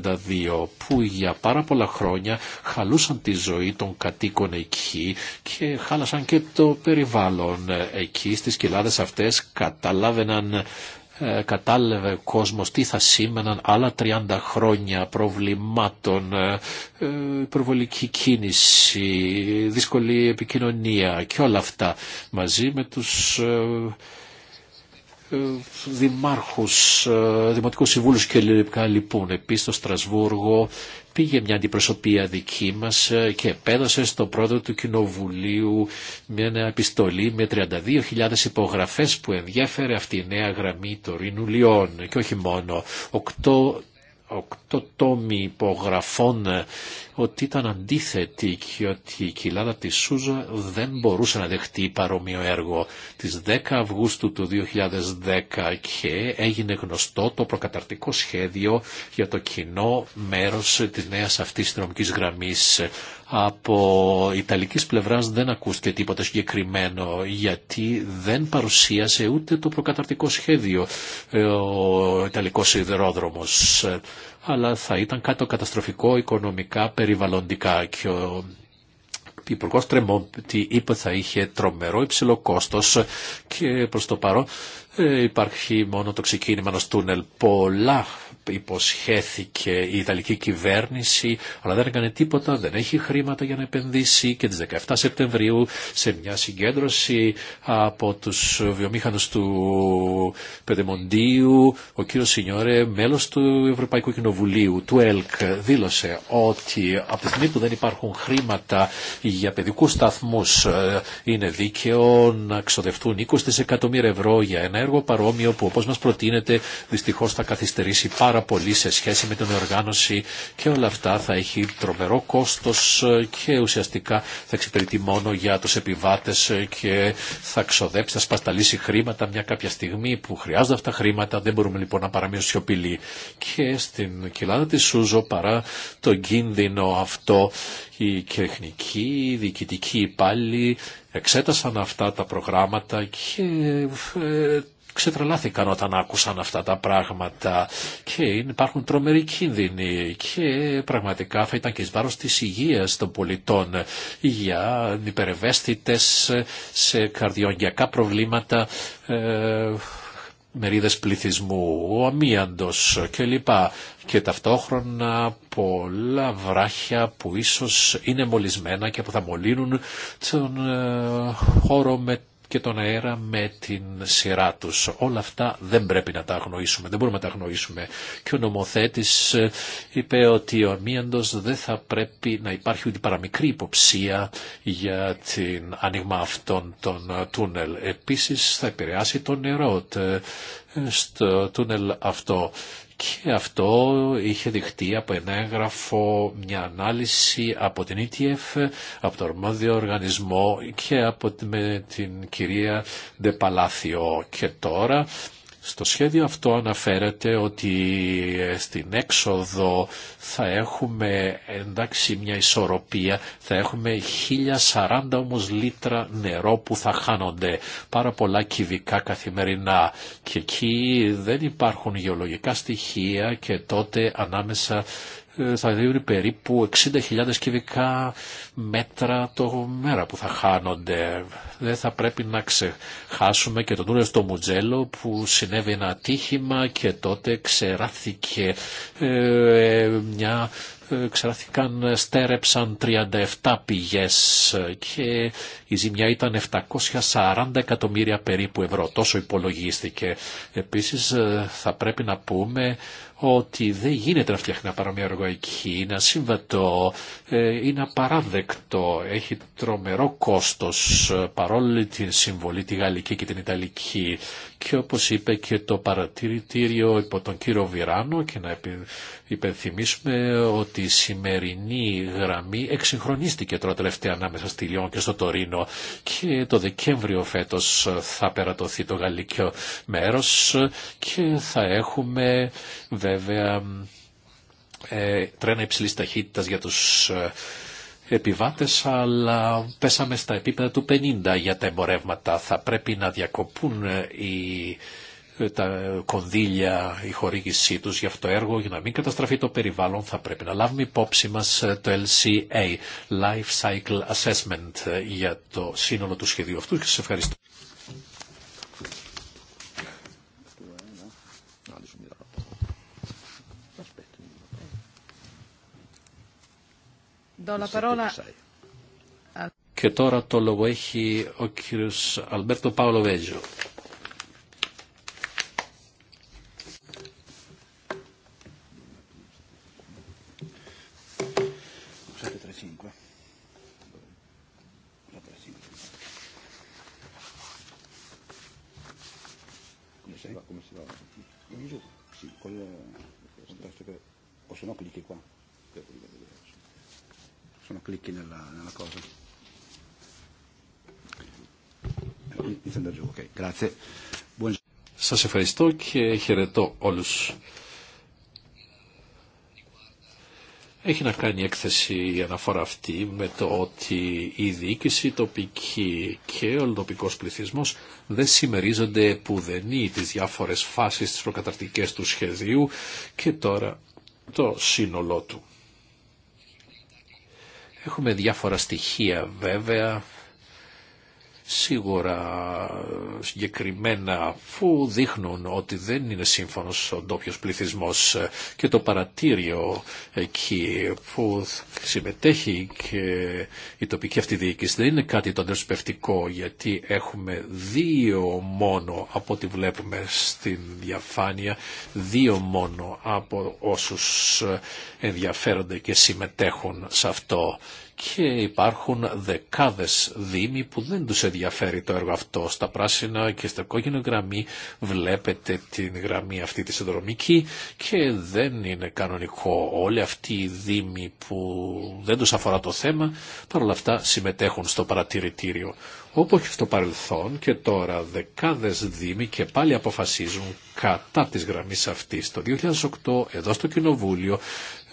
που για πάρα πολλά χρόνια χαλούσαν τη ζωή των κατοίκων εκεί και χάλασαν και το περιβάλλον εκεί στις κοιλάδες αυτές καταλάβαιναν ε, κατάλαβε ο κόσμος τι θα σήμαιναν άλλα 30 χρόνια προβλημάτων, ε, ε, προβολική κίνηση, δύσκολη επικοινωνία και όλα αυτά μαζί με τους δημάρχους, δημοτικούς συμβούλους και λοιπά λοιπόν. Επίσης στο Στρασβούργο πήγε μια αντιπροσωπεία δική μας ε, και επέδωσε στο πρόεδρο του Κοινοβουλίου μια επιστολή με 32.000 υπογραφές που ενδιέφερε αυτή η νέα γραμμή του Ρήνου Λιών και όχι μόνο. Οκτώ, οκτώ τόμοι υπογραφών ε, ότι ήταν αντίθετη και ότι η κοιλάδα της Σούζα δεν μπορούσε να δεχτεί παρόμοιο έργο. Τις 10 Αυγούστου του 2010 και έγινε γνωστό το προκαταρτικό σχέδιο για το κοινό μέρος της νέας αυτής συνδρομικής γραμμής. Από Ιταλικής πλευράς δεν ακούστηκε τίποτα συγκεκριμένο γιατί δεν παρουσίασε ούτε το προκαταρτικό σχέδιο ε, ο Ιταλικός ιδερόδρομος αλλά θα ήταν κάτι καταστροφικό οικονομικά, περιβαλλοντικά και ο Υπουργό Τρεμόπτη είπε θα είχε τρομερό υψηλό κόστος και προς το παρόν ε, υπάρχει μόνο το ξεκίνημα ενός τούνελ. Πολλά υποσχέθηκε η Ιταλική κυβέρνηση, αλλά δεν έκανε τίποτα, δεν έχει χρήματα για να επενδύσει και τις 17 Σεπτεμβρίου σε μια συγκέντρωση από τους βιομήχανους του Πεδεμοντίου ο κύριος Σινιόρε, μέλος του Ευρωπαϊκού Κοινοβουλίου, του ΕΛΚ, δήλωσε ότι από τη στιγμή που δεν υπάρχουν χρήματα για παιδικούς σταθμούς ε, είναι δίκαιο να ξοδευτούν 20 δισεκατομμύρια ευρώ για ένα έργο παρόμοιο που όπως μας προτείνεται δυστυχώς θα καθυστερήσει πάρα πάρα πολύ σε σχέση με την οργάνωση και όλα αυτά θα έχει τρομερό κόστος και ουσιαστικά θα εξυπηρετεί μόνο για τους επιβάτες και θα ξοδέψει, θα σπασταλίσει χρήματα μια κάποια στιγμή που χρειάζονται αυτά χρήματα. Δεν μπορούμε λοιπόν να παραμείνουμε σιωπηλοί. Και στην κοιλάδα της Σούζο παρά το κίνδυνο αυτό οι τεχνικοί, οι διοικητικοί υπάλληλοι εξέτασαν αυτά τα προγράμματα και ε, ξετρελάθηκαν όταν άκουσαν αυτά τα πράγματα και υπάρχουν τρομεροί κίνδυνοι και πραγματικά θα ήταν και εις βάρος της υγείας των πολιτών για υπερευαίσθητες σε καρδιογιακά προβλήματα ε, μερίδες πληθυσμού, ο αμίαντος κλπ. Και ταυτόχρονα πολλά βράχια που ίσως είναι μολυσμένα και που θα μολύνουν τον ε, χώρο με και τον αέρα με την σειρά τους. Όλα αυτά δεν πρέπει να τα αγνοήσουμε, δεν μπορούμε να τα αγνοήσουμε. Και ο νομοθέτης ε, είπε ότι ο αμύαντος δεν θα πρέπει να υπάρχει ούτε παραμικρή υποψία για την άνοιγμα αυτών των ε, τούνελ. Επίσης θα επηρεάσει το νερό ε, στο τούνελ αυτό και αυτό είχε δειχτεί από ένα έγγραφο, μια ανάλυση από την ETF, από το αρμόδιο οργανισμό και από, με την κυρία Ντεπαλάθιο. Και τώρα στο σχέδιο αυτό αναφέρεται ότι ε, στην έξοδο θα έχουμε εντάξει μια ισορροπία, θα έχουμε 1040 όμως λίτρα νερό που θα χάνονται, πάρα πολλά κυβικά καθημερινά και εκεί δεν υπάρχουν γεωλογικά στοιχεία και τότε ανάμεσα θα δίνουν περίπου 60.000 κυβικά μέτρα το μέρα που θα χάνονται. Δεν θα πρέπει να ξεχάσουμε και τον Ούρε στο Μουτζέλο που συνέβη ένα ατύχημα και τότε ξεράθηκε ε, μια ε, ξεράθηκαν, στέρεψαν 37 πηγές και η ζημιά ήταν 740 εκατομμύρια περίπου ευρώ, τόσο υπολογίστηκε. Επίσης ε, θα πρέπει να πούμε ότι δεν γίνεται να φτιάχνει ένα παρόμοιο έργο είναι ασύμβατο, ε, είναι απαράδεκτο, έχει τρομερό κόστος ε, παρόλη την συμβολή τη γαλλική και την ιταλική και όπως είπε και το παρατηρητήριο υπό τον κύριο Βιράνο και να υπενθυμίσουμε ότι η σημερινή γραμμή εξυγχρονίστηκε τώρα τελευταία ανάμεσα στη Λιόν και στο Τωρίνο και το Δεκέμβριο φέτος θα περατωθεί το γαλλικό μέρος και θα έχουμε βέβαια ε, τρένα υψηλής ταχύτητας για τους ε, επιβάτες, αλλά πέσαμε στα επίπεδα του 50 για τα εμπορεύματα. Θα πρέπει να διακοπούν ε, οι, τα κονδύλια, η χορήγησή τους για αυτό το έργο, για να μην καταστραφεί το περιβάλλον, θα πρέπει να λάβουμε υπόψη μας το LCA, Life Cycle Assessment, για το σύνολο του σχεδίου αυτού και σας ευχαριστώ. Και τώρα το λόγο έχει ο κύριος Αλμπέρτο Παολοβέζιο. Eh, Σας ευχαριστώ και χαιρετώ όλους. Έχει να κάνει έκθεση η αναφορά αυτή με το ότι η διοίκηση η τοπική και ο τοπικό πληθυσμό δεν συμμερίζονται πουδενή τι διάφορες φάσει τη προκαταρτική του σχεδίου και τώρα το σύνολό του. Έχουμε διάφορα στοιχεία βέβαια σίγουρα συγκεκριμένα που δείχνουν ότι δεν είναι σύμφωνος ο ντόπιο πληθυσμός και το παρατήριο εκεί που συμμετέχει και η τοπική αυτή δεν είναι κάτι το αντεσπευτικό γιατί έχουμε δύο μόνο από ό,τι βλέπουμε στην διαφάνεια δύο μόνο από όσους ενδιαφέρονται και συμμετέχουν σε αυτό και υπάρχουν δεκάδες δήμοι που δεν τους ενδιαφέρει το έργο αυτό. Στα πράσινα και στα κόκκινα γραμμή βλέπετε την γραμμή αυτή τη συνδρομική και δεν είναι κανονικό όλοι αυτοί οι δήμοι που δεν τους αφορά το θέμα παρόλα αυτά συμμετέχουν στο παρατηρητήριο. Όπως και στο παρελθόν και τώρα δεκάδες δήμοι και πάλι αποφασίζουν κατά της γραμμής αυτής. Το 2008 εδώ στο Κοινοβούλιο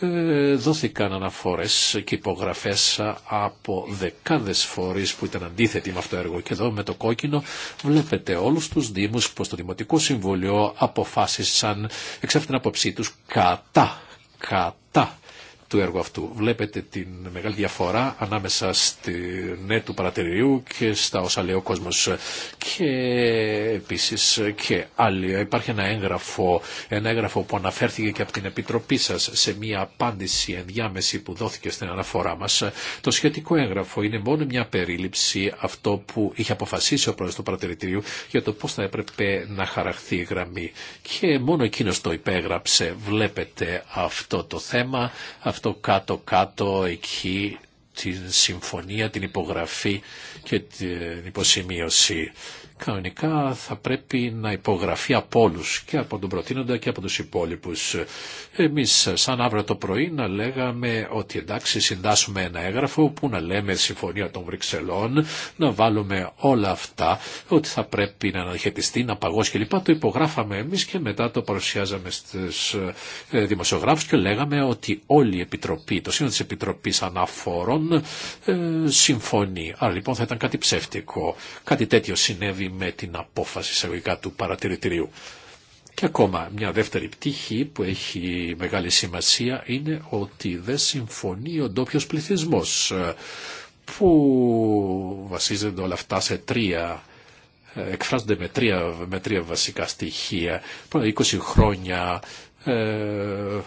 ε, δόθηκαν αναφορές και υπογραφές από δεκάδες φορείς που ήταν αντίθετοι με αυτό το έργο. Και εδώ με το κόκκινο βλέπετε όλους τους Δήμους που στο Δημοτικό Συμβούλιο αποφάσισαν εξ αυτήν την απόψή τους κατά, κατά του έργου αυτού. Βλέπετε την μεγάλη διαφορά ανάμεσα στη ναι του παρατηρίου και στα όσα λέει ο κόσμος. Και επίσης και άλλοι. Υπάρχει ένα έγγραφο, ένα έγγραφο που αναφέρθηκε και από την Επιτροπή σας σε μια απάντηση ενδιάμεση που δόθηκε στην αναφορά μας. Το σχετικό έγγραφο είναι μόνο μια περίληψη αυτό που είχε αποφασίσει ο πρόεδρος του παρατηρητηρίου για το πώς θα έπρεπε να χαραχθεί η γραμμή. Και μόνο εκείνος το υπέγραψε. Βλέπετε αυτό το θέμα, αυτό κάτω-κάτω εκεί τη συμφωνία, την υπογραφή και την υποσημείωση. Κανονικά θα πρέπει να υπογραφεί από όλου και από τον προτείνοντα και από τους υπόλοιπους. Εμείς σαν αύριο το πρωί να λέγαμε ότι εντάξει συντάσσουμε ένα έγγραφο που να λέμε συμφωνία των Βρυξελών, να βάλουμε όλα αυτά, ότι θα πρέπει να αναχαιτιστεί, να παγώσει κλπ. Το υπογράφαμε εμείς και μετά το παρουσιάζαμε στους ε, δημοσιογράφους και λέγαμε ότι όλη η Επιτροπή, το σύνολο της Επιτροπής Αναφορών ε, συμφωνεί. Άρα λοιπόν θα ήταν κάτι ψεύτικο. Κάτι τέτοιο συνέβη με την απόφαση εισαγωγικά του παρατηρητηρίου. Και ακόμα μια δεύτερη πτυχή που έχει μεγάλη σημασία είναι ότι δεν συμφωνεί ο ντόπιο πληθυσμό ε, που βασίζονται όλα αυτά σε τρία ε, εκφράζονται με τρία, βασικά στοιχεία. Πρώτα 20 χρόνια, ε,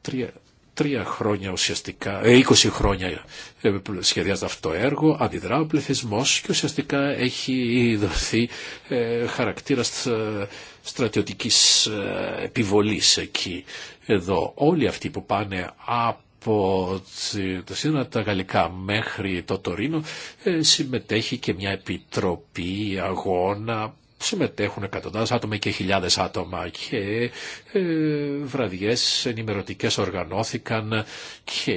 τρία, τρία χρόνια ουσιαστικά, 20 ε, χρόνια ε, σχεδιάζεται αυτό το έργο, αντιδρά ο πληθυσμό και ουσιαστικά έχει δοθεί ε, χαρακτήρα στρατιωτικής επιβολής εκεί. Εδώ όλοι αυτοί που πάνε από τα σύνορα τα γαλλικά μέχρι το Τωρίνο συμμετέχει και μια επιτροπή αγώνα συμμετέχουν εκατοντάδες άτομα και χιλιάδες άτομα και ε, βραδιές ενημερωτικές οργανώθηκαν και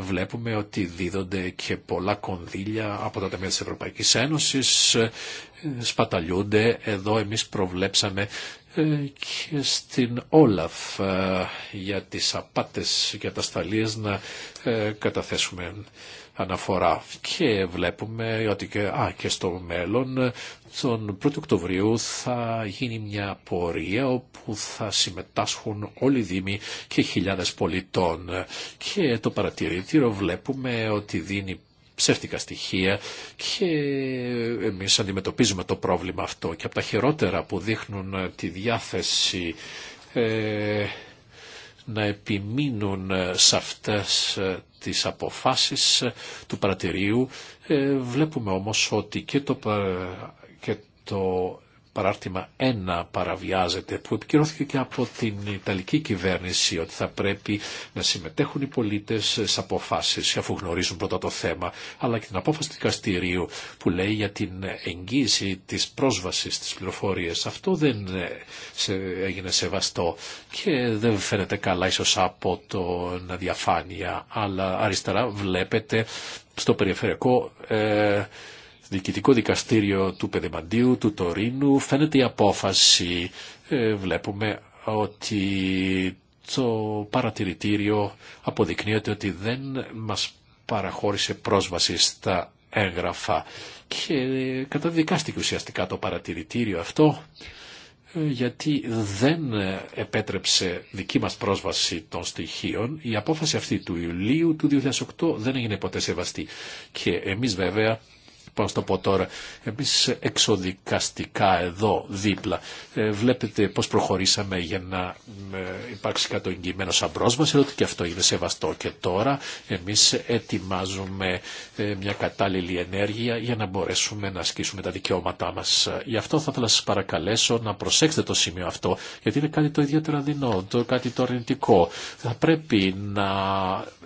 βλέπουμε ότι δίδονται και πολλά κονδύλια από τα ταμεία της Ευρωπαϊκής Ένωσης ε, σπαταλιούνται. Εδώ εμείς προβλέψαμε ε, και στην Όλαφ ε, για τις απάτες και τα σταλίες να καταθέσουμε αναφορά. Και βλέπουμε ότι και, στο μέλλον τον 1 Οκτωβρίου θα γίνει μια πορεία όπου θα συμμετάσχουν όλοι οι Δήμοι και χιλιάδες πολιτών. Και το παρατηρητήριο βλέπουμε ότι δίνει ψεύτικα στοιχεία και εμείς αντιμετωπίζουμε το πρόβλημα αυτό και από τα χειρότερα που δείχνουν τη διάθεση ε, να επιμείνουν σε αυτές τις αποφάσεις ε, του παρατηρίου. Ε, βλέπουμε όμως ότι και το, ε, και το παράρτημα 1 παραβιάζεται που επικυρώθηκε και από την Ιταλική κυβέρνηση ότι θα πρέπει να συμμετέχουν οι πολίτες σε αποφάσεις αφού γνωρίζουν πρώτα το θέμα αλλά και την απόφαση του δικαστηρίου που λέει για την εγγύηση της πρόσβασης της πληροφορίες. Αυτό δεν ε, έγινε σεβαστό και δεν φαίνεται καλά ίσως από τον αδιαφάνεια αλλά αριστερά βλέπετε στο περιφερειακό ε, Διοικητικό Δικαστήριο του Παιδεμαντίου, του Τωρίνου, φαίνεται η απόφαση. Ε, βλέπουμε ότι το παρατηρητήριο αποδεικνύεται ότι δεν μας παραχώρησε πρόσβαση στα έγγραφα και καταδικάστηκε ουσιαστικά το παρατηρητήριο αυτό ε, γιατί δεν επέτρεψε δική μας πρόσβαση των στοιχείων. Η απόφαση αυτή του Ιουλίου του 2008 δεν έγινε ποτέ σεβαστή. Και εμείς βέβαια πώς το πω τώρα, εμείς εξοδικαστικά εδώ δίπλα ε, βλέπετε πώς προχωρήσαμε για να ε, υπάρξει κάτω εγγυημένο σαν πρόσβαση, ότι και αυτό είναι σεβαστό και τώρα εμείς ετοιμάζουμε ε, μια κατάλληλη ενέργεια για να μπορέσουμε να ασκήσουμε τα δικαιώματά μας. Γι' αυτό θα ήθελα να σας παρακαλέσω να προσέξετε το σημείο αυτό, γιατί είναι κάτι το ιδιαίτερα δεινό, το κάτι το αρνητικό. Θα πρέπει να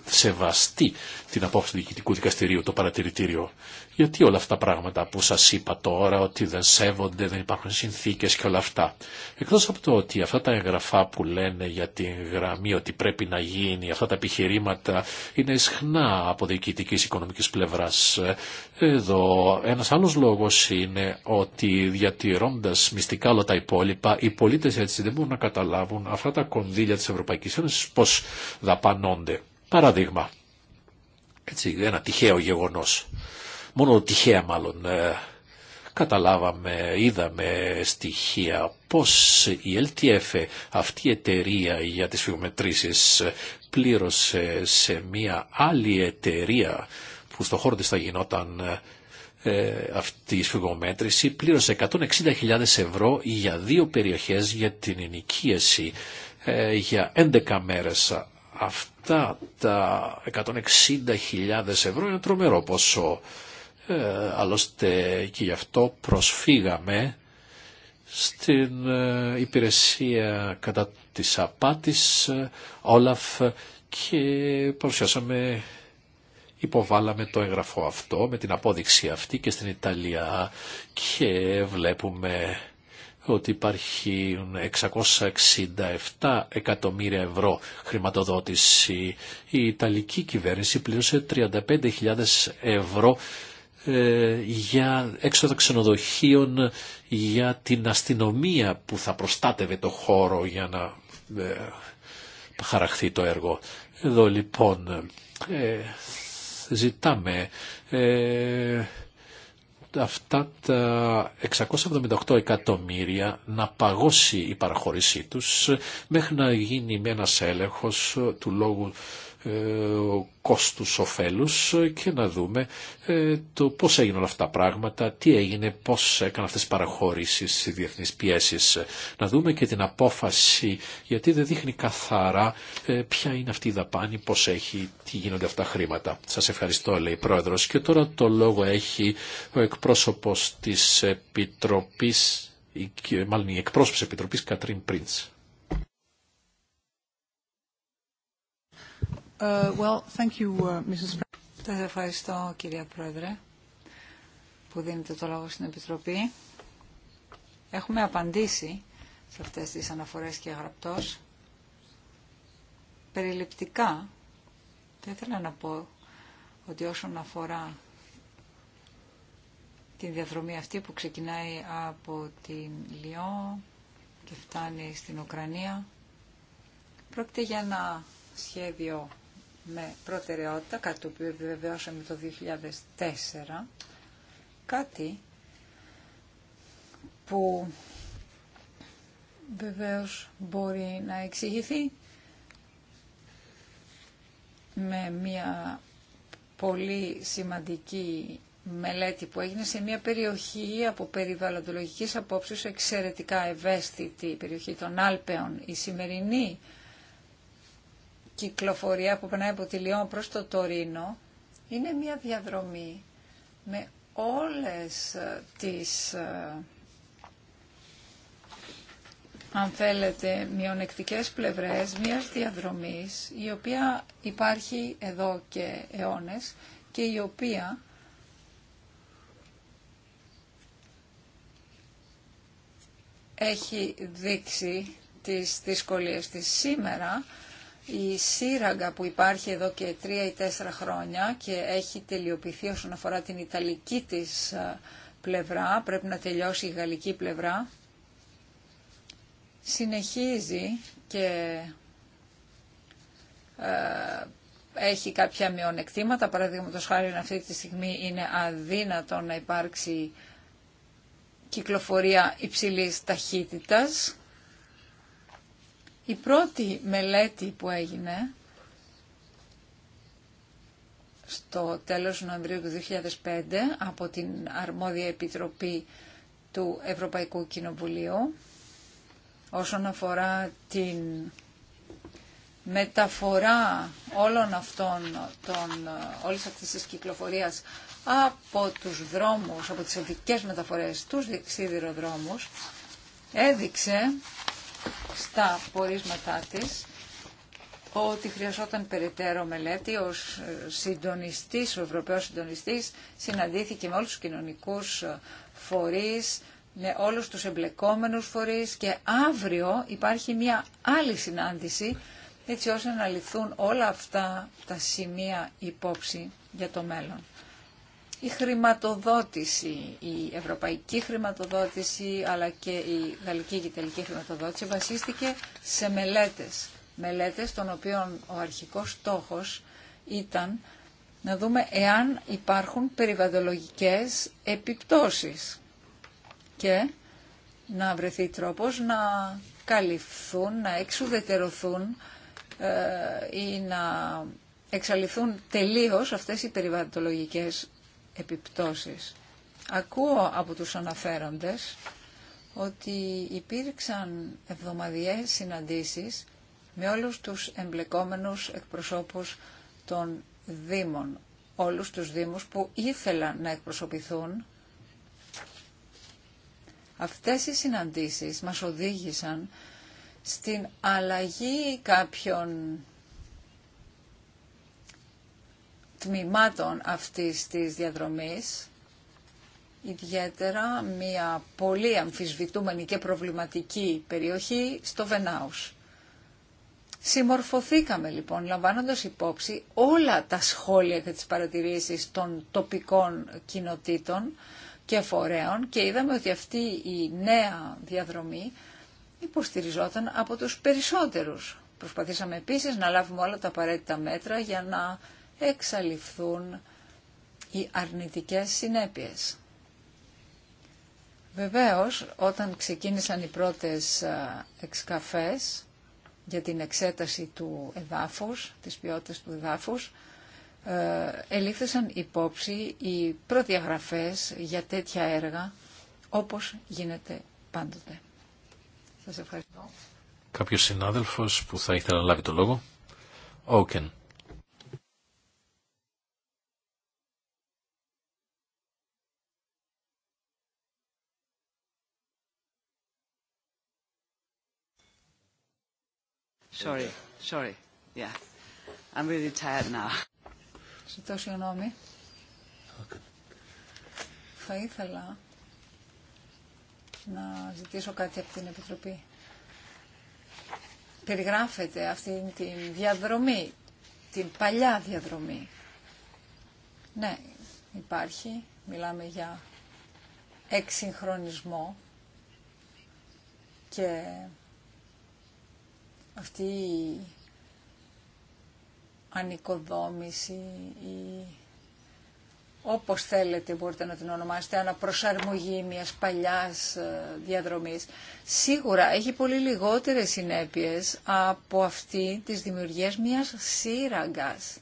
σεβαστεί την απόφαση του Διοικητικού Δικαστηρίου, το παρατηρητήριο. Γιατί όλα αυτά τα πράγματα που σα είπα τώρα, ότι δεν σέβονται, δεν υπάρχουν συνθήκε και όλα αυτά. Εκτό από το ότι αυτά τα εγγραφά που λένε για την γραμμή, ότι πρέπει να γίνει, αυτά τα επιχειρήματα είναι συχνά από διοικητική οικονομικής πλευράς. Εδώ ένας άλλος λόγος είναι ότι διατηρώντα μυστικά όλα τα υπόλοιπα, οι πολίτε έτσι δεν μπορούν να καταλάβουν αυτά τα κονδύλια τη Ευρωπαϊκή Ένωση πώ δαπανώνται. Παράδειγμα, έτσι, ένα τυχαίο γεγονός, μόνο τυχαία μάλλον, ε, καταλάβαμε, είδαμε στοιχεία πώς η LTF, αυτή η εταιρεία για τις φυγομετρήσεις, πλήρωσε σε μια άλλη εταιρεία που στο χώρο της θα γινόταν ε, αυτή η σφυγομέτρηση, πλήρωσε 160.000 ευρώ για δύο περιοχές για την ενοικίαση ε, για 11 μέρες αυτά τα 160.000 ευρώ είναι τρομερό ποσό. Ε, άλλωστε και γι' αυτό προσφύγαμε στην ε, υπηρεσία κατά της απάτης ε, Όλαφ και παρουσιάσαμε, υποβάλαμε το εγγραφό αυτό με την απόδειξη αυτή και στην Ιταλία και βλέπουμε ότι υπάρχει 667 εκατομμύρια ευρώ χρηματοδότηση. Η Ιταλική κυβέρνηση πλήρωσε 35.000 ευρώ ε, για έξοδα ξενοδοχείων για την αστυνομία που θα προστάτευε το χώρο για να ε, χαραχθεί το έργο. Εδώ λοιπόν ε, ζητάμε αυτά τα 678 εκατομμύρια να παγώσει η παραχώρησή τους μέχρι να γίνει με ένας έλεγχος του λόγου ε, κόστους οφέλους και να δούμε ε, το πώς έγιναν όλα αυτά τα πράγματα, τι έγινε, πώς έκαναν αυτές τις παραχώρησεις οι διεθνείς πιέσεις. Να δούμε και την απόφαση, γιατί δεν δείχνει καθαρά ε, ποια είναι αυτή η δαπάνη, πώς έχει, τι γίνονται αυτά τα χρήματα. Σας ευχαριστώ, λέει Πρόεδρος. Και τώρα το λόγο έχει ο εκπρόσωπος της Επιτροπής, μάλλον η εκπρόσωπος Επιτροπής Κατρίν Πρίντς.
Ε, well, uh, ευχαριστώ, κυρία Πρόεδρε, που δίνετε το λόγο στην Επιτροπή. Έχουμε απαντήσει σε αυτές τις αναφορές και γραπτός. Περιληπτικά, θα ήθελα να πω ότι όσον αφορά την διαδρομή αυτή που ξεκινάει από την Λιό και φτάνει στην Ουκρανία, πρόκειται για ένα σχέδιο με προτεραιότητα, κάτι το οποίο επιβεβαιώσαμε το 2004, κάτι που βεβαίως μπορεί να εξηγηθεί με μια πολύ σημαντική μελέτη που έγινε σε μια περιοχή από περιβαλλοντολογικής απόψεως εξαιρετικά ευαίσθητη, η περιοχή των Άλπαιων, η σημερινή κυκλοφορία που περνάει από τη Λιόν προς το Τωρίνο είναι μια διαδρομή με όλες ε, τις ε, αν θέλετε, μειονεκτικές πλευρές μιας διαδρομής η οποία υπάρχει εδώ και αιώνες και η οποία έχει δείξει τις δυσκολίες της σήμερα η σύραγγα που υπάρχει εδώ και τρία ή τέσσερα χρόνια και έχει τελειοποιηθεί όσον αφορά την Ιταλική της ε, πλευρά, πρέπει να τελειώσει η Γαλλική πλευρά, συνεχίζει και ε, έχει κάποια μειονεκτήματα. Παραδείγματο χάρη αυτή τη στιγμή είναι αδύνατο να υπάρξει κυκλοφορία υψηλής ταχύτητας η πρώτη μελέτη που έγινε στο τέλος Νοεμβρίου του 2005 από την Αρμόδια Επιτροπή του Ευρωπαϊκού Κοινοβουλίου όσον αφορά την μεταφορά όλων αυτών των, όλης αυτής της κυκλοφορίας από τους δρόμους, από τις ειδικές μεταφορές, τους σιδηροδρόμους, έδειξε στα πορίσματά της ότι χρειαζόταν περαιτέρω μελέτη. Ο ε, συντονιστής, ο Ευρωπαίος συντονιστής, συναντήθηκε με όλους τους κοινωνικούς ε, φορείς, με όλους τους εμπλεκόμενους φορείς και αύριο υπάρχει μια άλλη συνάντηση έτσι ώστε να λυθούν όλα αυτά τα σημεία υπόψη για το μέλλον η χρηματοδότηση, η ευρωπαϊκή χρηματοδότηση αλλά και η γαλλική και η τελική χρηματοδότηση βασίστηκε σε μελέτες. Μελέτες των οποίων ο αρχικός στόχος ήταν να δούμε εάν υπάρχουν περιβαλλοντολογικές επιπτώσεις και να βρεθεί τρόπος να καλυφθούν, να εξουδετερωθούν ε, ή να εξαλειφθούν τελείως αυτές οι περιβαλλοντολογικές επιπτώσεις. Ακούω από τους αναφέροντες ότι υπήρξαν εβδομαδιαίες συναντήσεις με όλους τους εμπλεκόμενους εκπροσώπους των Δήμων, όλους τους Δήμους που ήθελαν να εκπροσωπηθούν. Αυτές οι συναντήσεις μας οδήγησαν στην αλλαγή κάποιων τμήματων αυτής της διαδρομής, ιδιαίτερα μια πολύ αμφισβητούμενη και προβληματική περιοχή στο Βενάους. Συμμορφωθήκαμε λοιπόν λαμβάνοντας υπόψη όλα τα σχόλια και τις παρατηρήσεις των τοπικών κοινοτήτων και φορέων και είδαμε ότι αυτή η νέα διαδρομή υποστηριζόταν από τους περισσότερους. Προσπαθήσαμε επίσης να λάβουμε όλα τα απαραίτητα μέτρα για να εξαλειφθούν οι αρνητικές συνέπειες. Βεβαίως, όταν ξεκίνησαν οι πρώτες εξκαφές για την εξέταση του εδάφους, της ποιότητας του εδάφους, ε, ελήφθησαν υπόψη οι προδιαγραφές για τέτοια έργα, όπως γίνεται πάντοτε. Σας ευχαριστώ.
Κάποιος συνάδελφος που θα ήθελα να λάβει το λόγο. Όκεν.
Sorry, sorry. Yeah. I'm really tired now. Ζητώ συγγνώμη. Θα ήθελα να ζητήσω κάτι από την Επιτροπή. Περιγράφεται αυτή την διαδρομή, την παλιά διαδρομή. Ναι, υπάρχει. Μιλάμε για εξυγχρονισμό και αυτή η ανοικοδόμηση ή όπως θέλετε μπορείτε να την ονομάσετε, αναπροσαρμογή μιας παλιάς ε, διαδρομής, σίγουρα έχει πολύ λιγότερες συνέπειες από αυτή της δημιουργίας μιας σύραγγας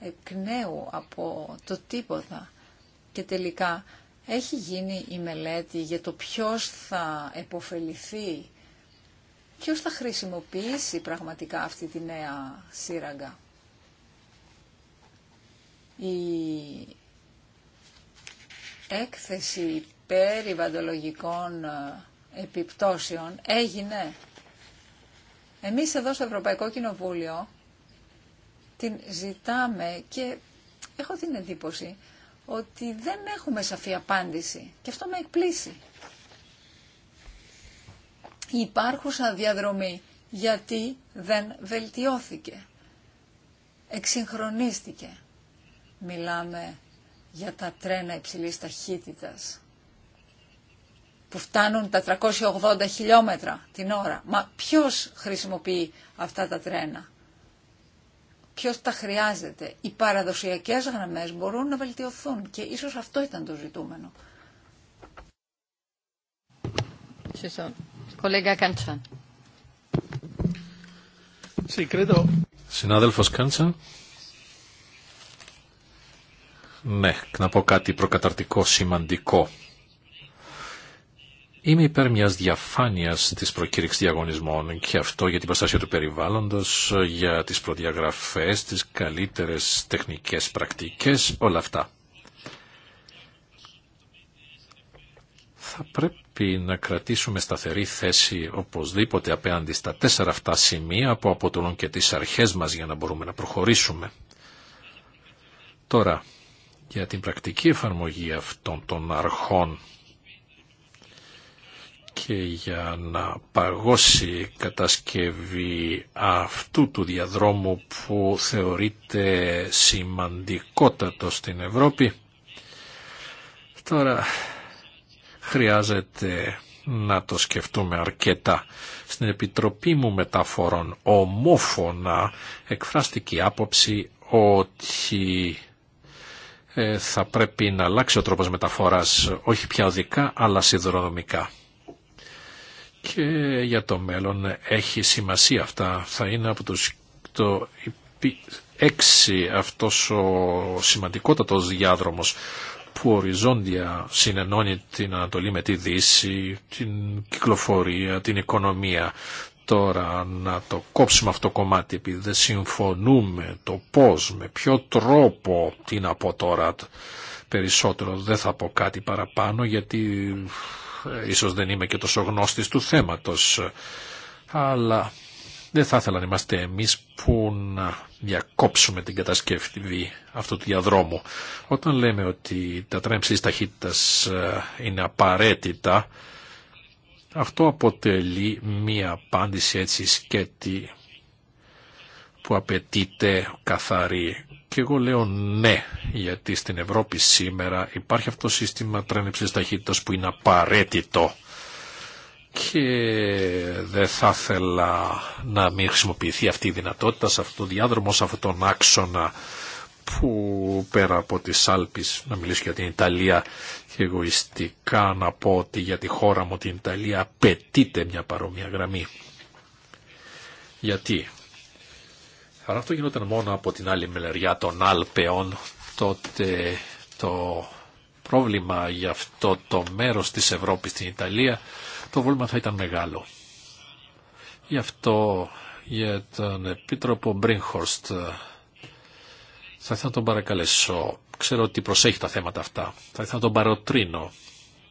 εκ νέου από το τίποτα. Και τελικά έχει γίνει η μελέτη για το ποιος θα επωφεληθεί Ποιο θα χρησιμοποιήσει πραγματικά αυτή τη νέα σύραγγα. Η έκθεση περιβαντολογικών ε, επιπτώσεων έγινε. Εμείς εδώ στο Ευρωπαϊκό Κοινοβούλιο την ζητάμε και έχω την εντύπωση ότι δεν έχουμε σαφή απάντηση και αυτό με εκπλήσει υπάρχουσα διαδρομή γιατί δεν βελτιώθηκε, εξυγχρονίστηκε. Μιλάμε για τα τρένα υψηλής ταχύτητας που φτάνουν τα 380 χιλιόμετρα την ώρα. Μα ποιος χρησιμοποιεί αυτά τα τρένα. Ποιος τα χρειάζεται. Οι παραδοσιακές γραμμές μπορούν να βελτιωθούν και ίσως αυτό ήταν το ζητούμενο.
Συνάδελφος Κάντσαν. Ναι, να πω κάτι προκαταρτικό σημαντικό. Είμαι υπέρ μια διαφάνεια τη προκήρυξη διαγωνισμών και αυτό για την προστασία του περιβάλλοντο, για τι προδιαγραφέ, τι καλύτερε τεχνικέ πρακτικέ, όλα αυτά. θα πρέπει να κρατήσουμε σταθερή θέση οπωσδήποτε απέναντι στα τέσσερα αυτά σημεία που αποτελούν και τις αρχές μας για να μπορούμε να προχωρήσουμε. Τώρα, για την πρακτική εφαρμογή αυτών των αρχών και για να παγώσει η κατασκευή αυτού του διαδρόμου που θεωρείται σημαντικότατο στην Ευρώπη. Τώρα, χρειάζεται να το σκεφτούμε αρκετά. Στην Επιτροπή μου Μεταφορών ομόφωνα εκφράστηκε η άποψη ότι ε, θα πρέπει να αλλάξει ο τρόπος μεταφοράς όχι πια οδικά αλλά σιδηροδρομικά. Και για το μέλλον έχει σημασία αυτά. Θα είναι από τους, το έξι αυτός ο σημαντικότατος διάδρομος που οριζόντια συνενώνει την Ανατολή με τη Δύση, την κυκλοφορία, την οικονομία. Τώρα να το κόψουμε αυτό το κομμάτι επειδή δεν συμφωνούμε το πώς, με ποιο τρόπο, τι να πω τώρα περισσότερο, δεν θα πω κάτι παραπάνω γιατί ε, ίσως δεν είμαι και τόσο γνώστης του θέματος. Αλλά δεν θα ήθελα να είμαστε εμείς που να διακόψουμε την κατασκευή αυτού του διαδρόμου. Όταν λέμε ότι τα τρένα ψηλής ταχύτητας ε, είναι απαραίτητα, αυτό αποτελεί μία απάντηση έτσι σκέτη που απαιτείται καθαρή. Και εγώ λέω ναι, γιατί στην Ευρώπη σήμερα υπάρχει αυτό το σύστημα τρένεψης ταχύτητας που είναι απαραίτητο και δεν θα ήθελα να μην χρησιμοποιηθεί αυτή η δυνατότητα σε αυτό το διάδρομο, σε αυτόν τον άξονα που πέρα από τις Αλπις να μιλήσω για την Ιταλία και εγωιστικά να πω ότι για τη χώρα μου την Ιταλία απαιτείται μια παρόμοια γραμμή. Γιατί, αν αυτό γινόταν μόνο από την άλλη μελεριά των Άλπαιων, τότε το πρόβλημα για αυτό το μέρος της Ευρώπης στην Ιταλία το βόλμα θα ήταν μεγάλο. Γι' αυτό για τον Επίτροπο Μπρίνχορστ θα ήθελα να τον παρακαλέσω. Ξέρω ότι προσέχει τα θέματα αυτά. Θα ήθελα να τον παροτρύνω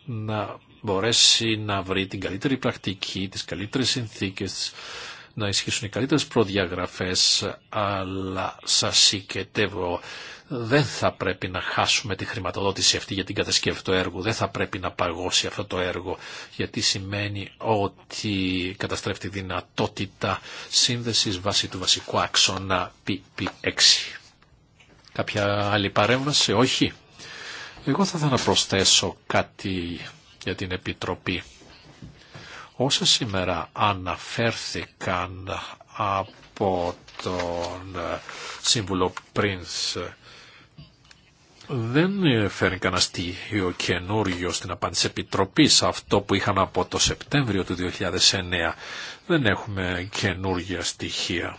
να μπορέσει να βρει την καλύτερη πρακτική, τις καλύτερες συνθήκες, να ισχύσουν οι καλύτερες προδιαγραφές, αλλά σας συγκετεύω δεν θα πρέπει να χάσουμε τη χρηματοδότηση αυτή για την κατασκευή του έργου, δεν θα πρέπει να παγώσει αυτό το έργο, γιατί σημαίνει ότι καταστρέφει τη δυνατότητα σύνδεσης βάσει του βασικού άξονα PP6. Κάποια άλλη παρέμβαση, όχι. Εγώ θα ήθελα να προσθέσω κάτι για την Επιτροπή. Όσα σήμερα αναφέρθηκαν από τον ε, σύμβουλο Πρινς δεν φέρνει κανένα στοιχείο καινούριο στην απάντηση επιτροπή αυτό που είχαμε από το Σεπτέμβριο του 2009. Δεν έχουμε καινούργια στοιχεία,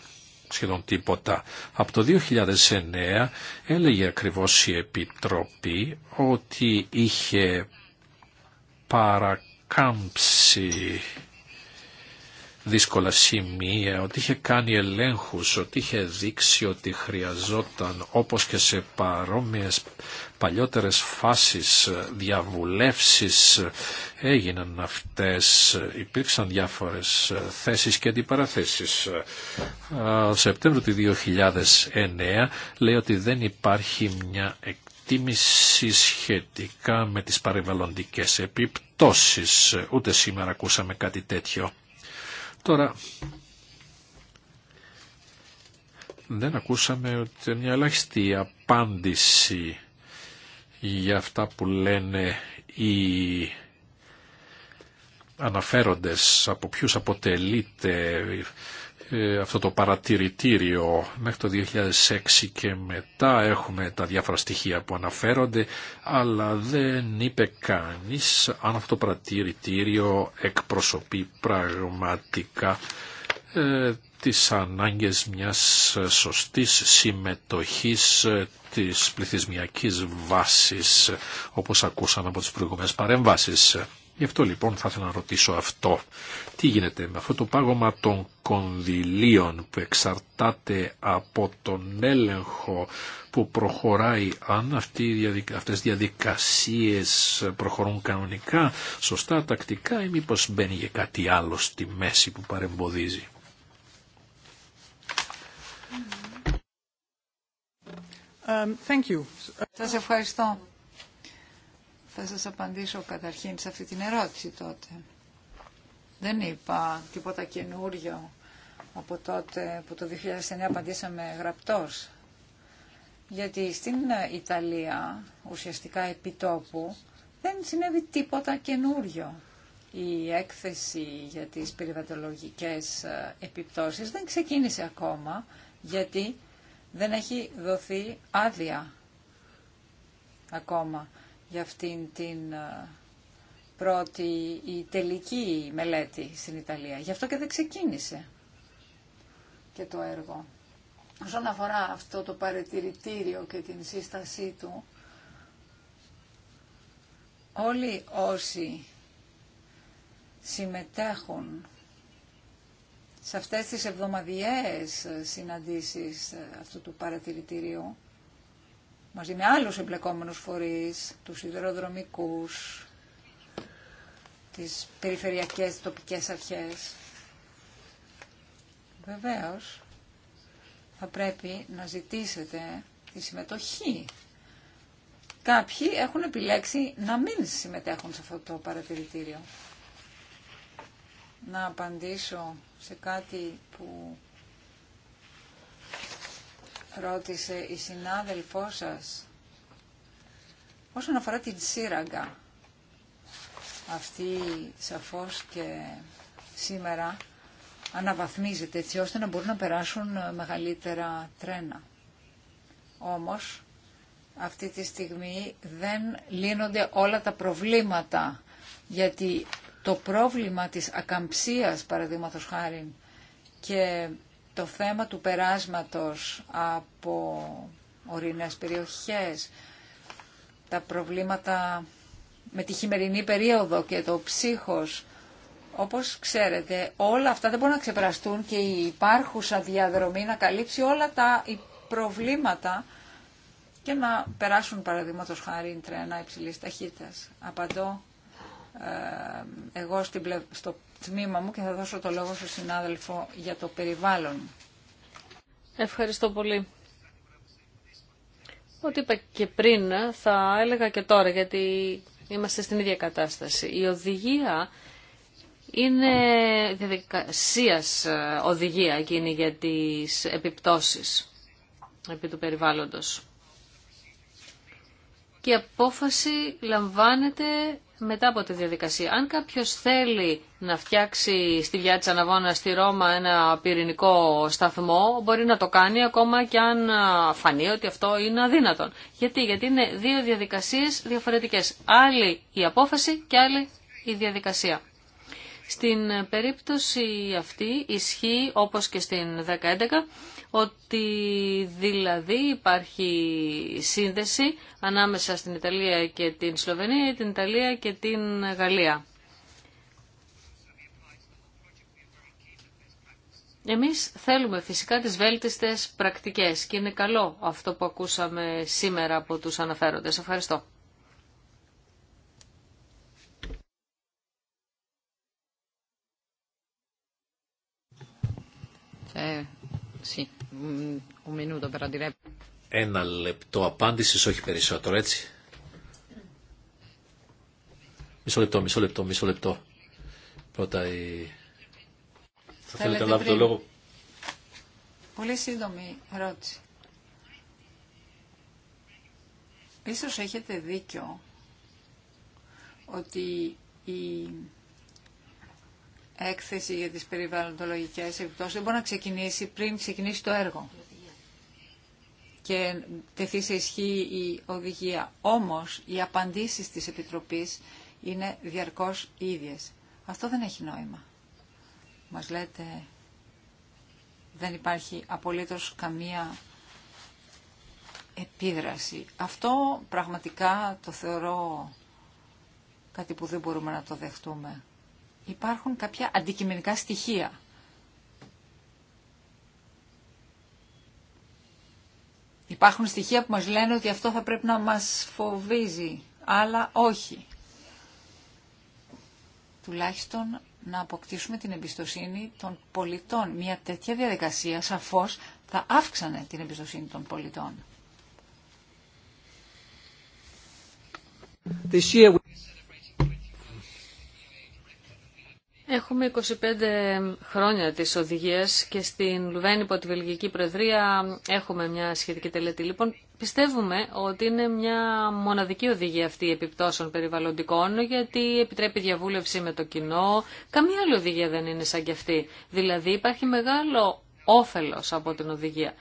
σχεδόν τίποτα. Από το 2009 έλεγε ακριβώς η Επιτροπή ότι είχε παρακολουθήσει Κάμψη, δύσκολα σημεία, ότι είχε κάνει ελέγχους, ότι είχε δείξει ότι χρειαζόταν όπως και σε παρόμοιες παλιότερες φάσεις διαβουλεύσεις έγιναν αυτές, υπήρξαν διάφορες θέσεις και αντιπαραθέσεις. Σεπτέμβριο του 2009 λέει ότι δεν υπάρχει μια εκτίμηση σχετικά με τις παρεμβαλλοντικές επιπτώσεις. Ούτε σήμερα ακούσαμε κάτι τέτοιο. Τώρα, δεν ακούσαμε ούτε μια ελάχιστη απάντηση για αυτά που λένε οι αναφέροντες από ποιους αποτελείται ε, αυτό το παρατηρητήριο μέχρι το 2006 και μετά έχουμε τα διάφορα στοιχεία που αναφέρονται αλλά δεν είπε κανείς αν αυτό το παρατηρητήριο εκπροσωπεί πραγματικά ε, τις ανάγκες μιας σωστής συμμετοχής ε, της πληθυσμιακής βάσης όπως ακούσαμε από τις προηγούμενες παρεμβάσεις. Γι' αυτό λοιπόν θα ήθελα να ρωτήσω αυτό. Τι γίνεται με αυτό το πάγωμα των κονδυλίων που εξαρτάται από τον έλεγχο που προχωράει αν αυτοί, αυτές οι διαδικασίες προχωρούν κανονικά, σωστά, τακτικά ή μήπως μπαίνει για κάτι άλλο στη μέση που παρεμποδίζει.
Um, Σας ευχαριστώ. Θα σας απαντήσω καταρχήν σε αυτή την ερώτηση τότε. Δεν είπα τίποτα καινούριο από τότε που το 2009 απαντήσαμε γραπτός. Γιατί στην Ιταλία, ουσιαστικά επιτόπου, δεν συνέβη τίποτα καινούριο. Η έκθεση για τις περιβατολογικές ε, επιπτώσεις δεν ξεκίνησε ακόμα, γιατί δεν έχει δοθεί άδεια ακόμα για αυτήν την ε, πρώτη η τελική μελέτη στην Ιταλία. Γι' αυτό και δεν ξεκίνησε και το έργο. Όσον αφορά αυτό το παρατηρητήριο και την σύστασή του, όλοι όσοι συμμετέχουν σε αυτές τις εβδομαδιαίες συναντήσεις ε, αυτού του παρατηρητηρίου, μαζί με άλλους εμπλεκόμενους φορείς, τους σιδηροδρομικούς, τις περιφερειακές τοπικές αρχές. Βεβαίως, θα πρέπει να ζητήσετε τη συμμετοχή. Κάποιοι έχουν επιλέξει να μην συμμετέχουν σε αυτό το παρατηρητήριο. Να απαντήσω σε κάτι που ρώτησε η συνάδελφό σας όσον αφορά την σύραγγα αυτή σαφώς και σήμερα αναβαθμίζεται έτσι ώστε να μπορούν να περάσουν μεγαλύτερα τρένα. Όμως αυτή τη στιγμή δεν λύνονται όλα τα προβλήματα γιατί το πρόβλημα της ακαμψίας παραδείγματος χάρη και το θέμα του περάσματος από ορεινές περιοχές, τα προβλήματα με τη χειμερινή περίοδο και το ψύχος. Όπως ξέρετε, όλα αυτά δεν μπορούν να ξεπεραστούν και η υπάρχουσα διαδρομή να καλύψει όλα τα προβλήματα και να περάσουν παραδείγματο χάρη τρένα υψηλής ταχύτητας. Απαντώ ε, εγώ στην στο τμήμα μου και θα δώσω το λόγο στον συνάδελφο για το περιβάλλον.
Ευχαριστώ πολύ. Ό,τι είπα και πριν, ε, θα έλεγα και τώρα, γιατί είμαστε στην ίδια κατάσταση. Η οδηγία είναι διαδικασία ε, οδηγία εκείνη για τις επιπτώσεις επί του περιβάλλοντος. Και η απόφαση λαμβάνεται μετά από τη διαδικασία. Αν κάποιος θέλει να φτιάξει στη Βιά τη Αναβόνα στη Ρώμα ένα πυρηνικό σταθμό, μπορεί να το κάνει ακόμα και αν φανεί ότι αυτό είναι αδύνατον. Γιατί, Γιατί είναι δύο διαδικασίες διαφορετικές. Άλλη η απόφαση και άλλη η διαδικασία. Στην περίπτωση αυτή ισχύει, όπως και στην 11 ότι δηλαδή υπάρχει σύνδεση ανάμεσα στην Ιταλία και την Σλοβενία ή την Ιταλία και την Γαλλία. Εμείς θέλουμε φυσικά τις βέλτιστες πρακτικές και είναι καλό αυτό που ακούσαμε σήμερα από τους αναφέροντες. Ευχαριστώ.
Sí. Ε,
ένα λεπτό απάντηση, όχι περισσότερο, έτσι. Μισό λεπτό, μισό λεπτό, μισό λεπτό. Πρώτα η... Θα θέλετε να λάβετε λόγο.
Πολύ σύντομη ερώτηση. Ίσως έχετε δίκιο ότι η έκθεση για τις περιβαλλοντολογικές επιπτώσεις δεν μπορεί να ξεκινήσει πριν ξεκινήσει το έργο και τεθεί σε ισχύ η οδηγία. Όμως, οι απαντήσεις της Επιτροπής είναι διαρκώς ίδιες. Αυτό δεν έχει νόημα. Μας λέτε δεν υπάρχει απολύτως καμία επίδραση. Αυτό πραγματικά το θεωρώ κάτι που δεν μπορούμε να το δεχτούμε υπάρχουν κάποια αντικειμενικά στοιχεία. Υπάρχουν στοιχεία που μας λένε ότι αυτό θα πρέπει να μας φοβίζει, αλλά όχι. Τουλάχιστον να αποκτήσουμε την εμπιστοσύνη των πολιτών. Μια τέτοια διαδικασία σαφώς θα αύξανε την εμπιστοσύνη των πολιτών. This
Έχουμε 25 χρόνια της οδηγίας και στην Λουβέννη υπό τη Βελγική Προεδρία έχουμε μια σχετική τελετή. Λοιπόν, πιστεύουμε ότι είναι μια μοναδική οδηγία αυτή επιπτώσεων περιβαλλοντικών γιατί επιτρέπει διαβούλευση με το κοινό. Καμία άλλη οδηγία δεν είναι σαν κι αυτή. Δηλαδή υπάρχει μεγάλο όφελος από την οδηγία.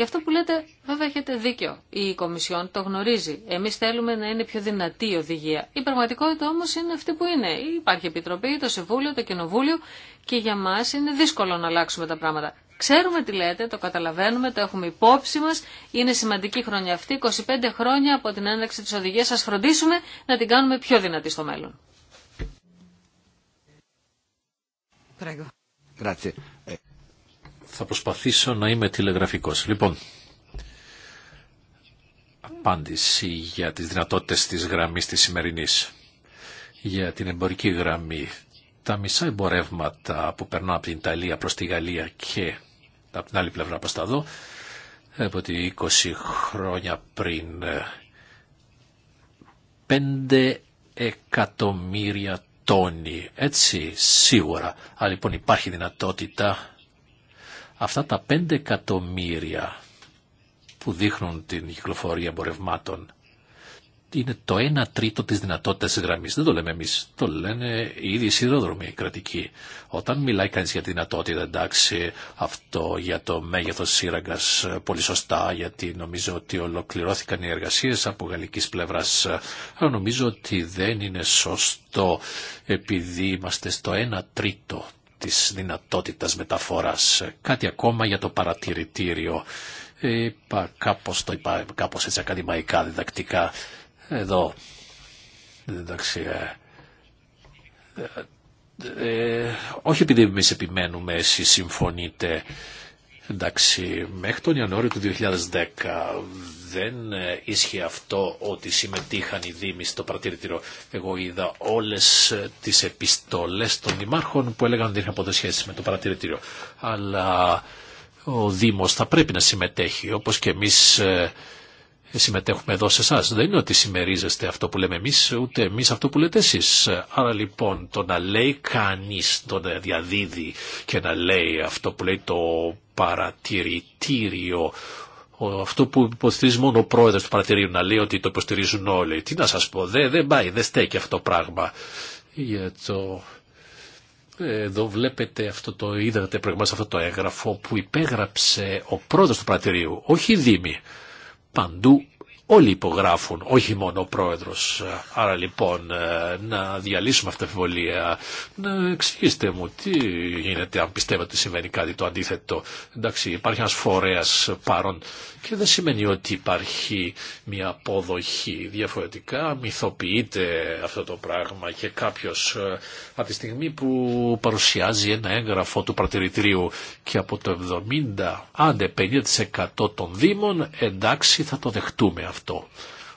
Γι' αυτό που λέτε, βέβαια έχετε δίκιο. Η Κομισιόν το γνωρίζει. Εμεί θέλουμε να είναι πιο δυνατή η οδηγία. Η πραγματικότητα όμω είναι αυτή που είναι. Υπάρχει Επιτροπή, το Συμβούλιο, το Κοινοβούλιο και για μα είναι δύσκολο να αλλάξουμε τα πράγματα. Ξέρουμε τι λέτε, το καταλαβαίνουμε, το έχουμε υπόψη μα. Είναι σημαντική χρονιά αυτή. 25 χρόνια από την έναρξη τη οδηγία σα φροντίσουμε να την κάνουμε πιο δυνατή στο μέλλον.
Θα προσπαθήσω να είμαι τηλεγραφικός. Λοιπόν, απάντηση για τις δυνατότητες της γραμμής της σημερινής. Για την εμπορική γραμμή. Τα μισά εμπορεύματα που περνάω από την Ιταλία προς τη Γαλλία και από την άλλη πλευρά προς τα δω, από ότι 20 χρόνια πριν 5 εκατομμύρια τόνοι, έτσι σίγουρα. Αλλά λοιπόν υπάρχει δυνατότητα Αυτά τα 5 εκατομμύρια που δείχνουν την κυκλοφορία εμπορευμάτων είναι το 1 τρίτο της δυνατότητας της γραμμής. Δεν το λέμε εμείς, το λένε οι ίδιοι σιδηρόδρομοι κρατικοί. Όταν μιλάει κανείς για τη δυνατότητα, εντάξει, αυτό για το μέγεθος σύραγγας, πολύ σωστά, γιατί νομίζω ότι ολοκληρώθηκαν οι εργασίες από γαλλικής πλευράς. Αλλά νομίζω ότι δεν είναι σωστό, επειδή είμαστε στο 1 τρίτο της δυνατότητας μεταφοράς. Κάτι ακόμα για το παρατηρητήριο. Είπα κάπως, το κάπως έτσι ακαδημαϊκά, διδακτικά. Εδώ, εντάξει, ε, όχι επειδή εμεί επιμένουμε, εσείς συμφωνείτε, εντάξει, μέχρι τον Ιανουάριο του 2010 δεν ε, ίσχυε αυτό ότι συμμετείχαν οι Δήμοι στο παρατηρητήριο. Εγώ είδα όλες ε, τις επιστολές των Δημάρχων που έλεγαν ότι δεν είχαν ποτέ σχέση με το παρατηρητήριο. Αλλά ο Δήμος θα πρέπει να συμμετέχει όπως και εμείς ε, συμμετέχουμε εδώ σε εσά. Δεν είναι ότι συμμερίζεστε αυτό που λέμε εμεί, ούτε εμεί αυτό που λέτε εσεί. Άρα λοιπόν το να λέει κανεί, το να διαδίδει και να λέει αυτό που λέει το παρατηρητήριο αυτό που υποστηρίζει μόνο ο πρόεδρος του παρατηρίου να λέει ότι το υποστηρίζουν όλοι. Τι να σας πω, δεν δε πάει, δεν στέκει αυτό το πράγμα. Για το... Εδώ βλέπετε αυτό το, είδατε προηγουμένως αυτό το έγγραφο που υπέγραψε ο πρόεδρος του παρατηρίου, όχι η Δήμη. Παντού Όλοι υπογράφουν, όχι μόνο ο πρόεδρος. Άρα λοιπόν ε, να διαλύσουμε αυτή την αμφιβολία. Να ε, εξηγήσετε μου τι γίνεται αν πιστεύετε ότι συμβαίνει κάτι το αντίθετο. Εντάξει υπάρχει ένας φορέας παρόν και δεν σημαίνει ότι υπάρχει μια αποδοχή. Διαφορετικά μυθοποιείται αυτό το πράγμα και κάποιος ε, από τη στιγμή που παρουσιάζει ένα έγγραφο του πρατηρητηρίου και από το 70 άντε 50% των δήμων εντάξει θα το δεχτούμε αυτό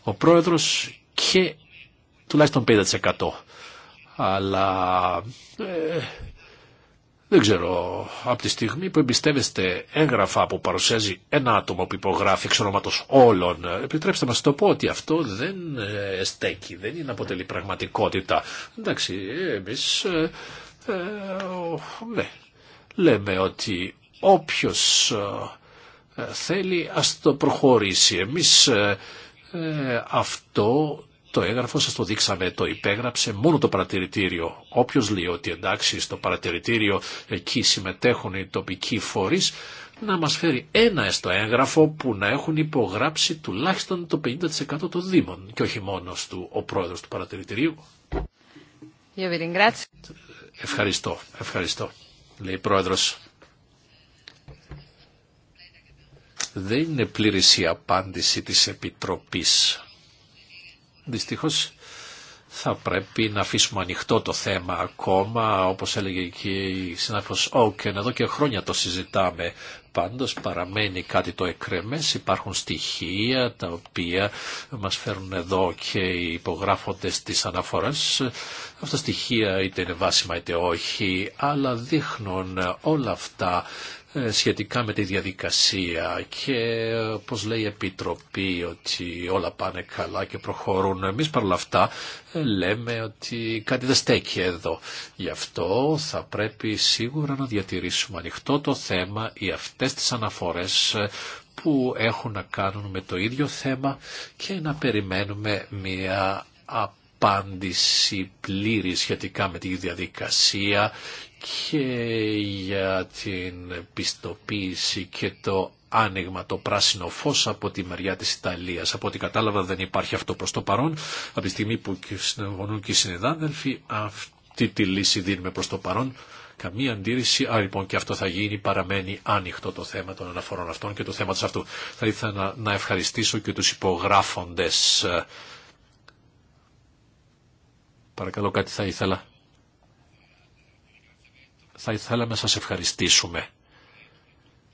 ο πρόεδρος και τουλάχιστον 50%. Αλλά ε, δεν ξέρω, από τη στιγμή που εμπιστεύεστε έγγραφα που παρουσιάζει ένα άτομο που υπογράφει εξ ονόματος όλων, επιτρέψτε μας το πω ότι αυτό δεν ε, στέκει, δεν είναι αποτελεί πραγματικότητα. Εντάξει, εμείς, ε, ε ναι, λέμε ότι όποιος θέλει ας το προχωρήσει. Εμείς ε, ε, αυτό το έγγραφο σας το δείξαμε, το υπέγραψε μόνο το παρατηρητήριο. Όποιος λέει ότι εντάξει στο παρατηρητήριο εκεί συμμετέχουν οι τοπικοί φορείς, να μας φέρει ένα στο έγγραφο που να έχουν υπογράψει τουλάχιστον το 50% των Δήμων και όχι μόνος του ο πρόεδρος του παρατηρητηρίου. Ευχαριστώ, ευχαριστώ, λέει πρόεδρος. δεν είναι πλήρης η απάντηση της Επιτροπής. Δυστυχώς θα πρέπει να αφήσουμε ανοιχτό το θέμα ακόμα, όπως έλεγε και η συνάδελφος Όκεν, εδώ και χρόνια το συζητάμε. Πάντως παραμένει κάτι το εκρεμές, υπάρχουν στοιχεία τα οποία μας φέρουν εδώ και οι υπογράφοντες τις αναφορές. Αυτά τα στοιχεία είτε είναι βάσιμα είτε όχι, αλλά δείχνουν όλα αυτά ε, σχετικά με τη διαδικασία και πως λέει η Επιτροπή ότι όλα πάνε καλά και προχωρούν. Εμείς παρ' αυτά ε, λέμε ότι κάτι δεν στέκει εδώ. Γι' αυτό θα πρέπει σίγουρα να διατηρήσουμε ανοιχτό το θέμα ή αυτές τις αναφορές ε, που έχουν να κάνουν με το ίδιο θέμα και να περιμένουμε μια απάντηση πλήρη σχετικά με τη διαδικασία και για την πιστοποίηση και το άνοιγμα, το πράσινο φως από τη μεριά της Ιταλίας. Από ό,τι κατάλαβα δεν υπάρχει αυτό προς το παρόν. Από τη στιγμή που συνεργονούν και οι συνεδάδελφοι, αυτή τη λύση δίνουμε προς το παρόν. Καμία αντίρρηση. Άρα λοιπόν και αυτό θα γίνει. Παραμένει άνοιχτο το θέμα των αναφορών αυτών και το θέμα της αυτού. Θα ήθελα να ευχαριστήσω και τους υπογράφοντες. Παρακαλώ κάτι θα ήθελα θα ήθελα να σας ευχαριστήσουμε.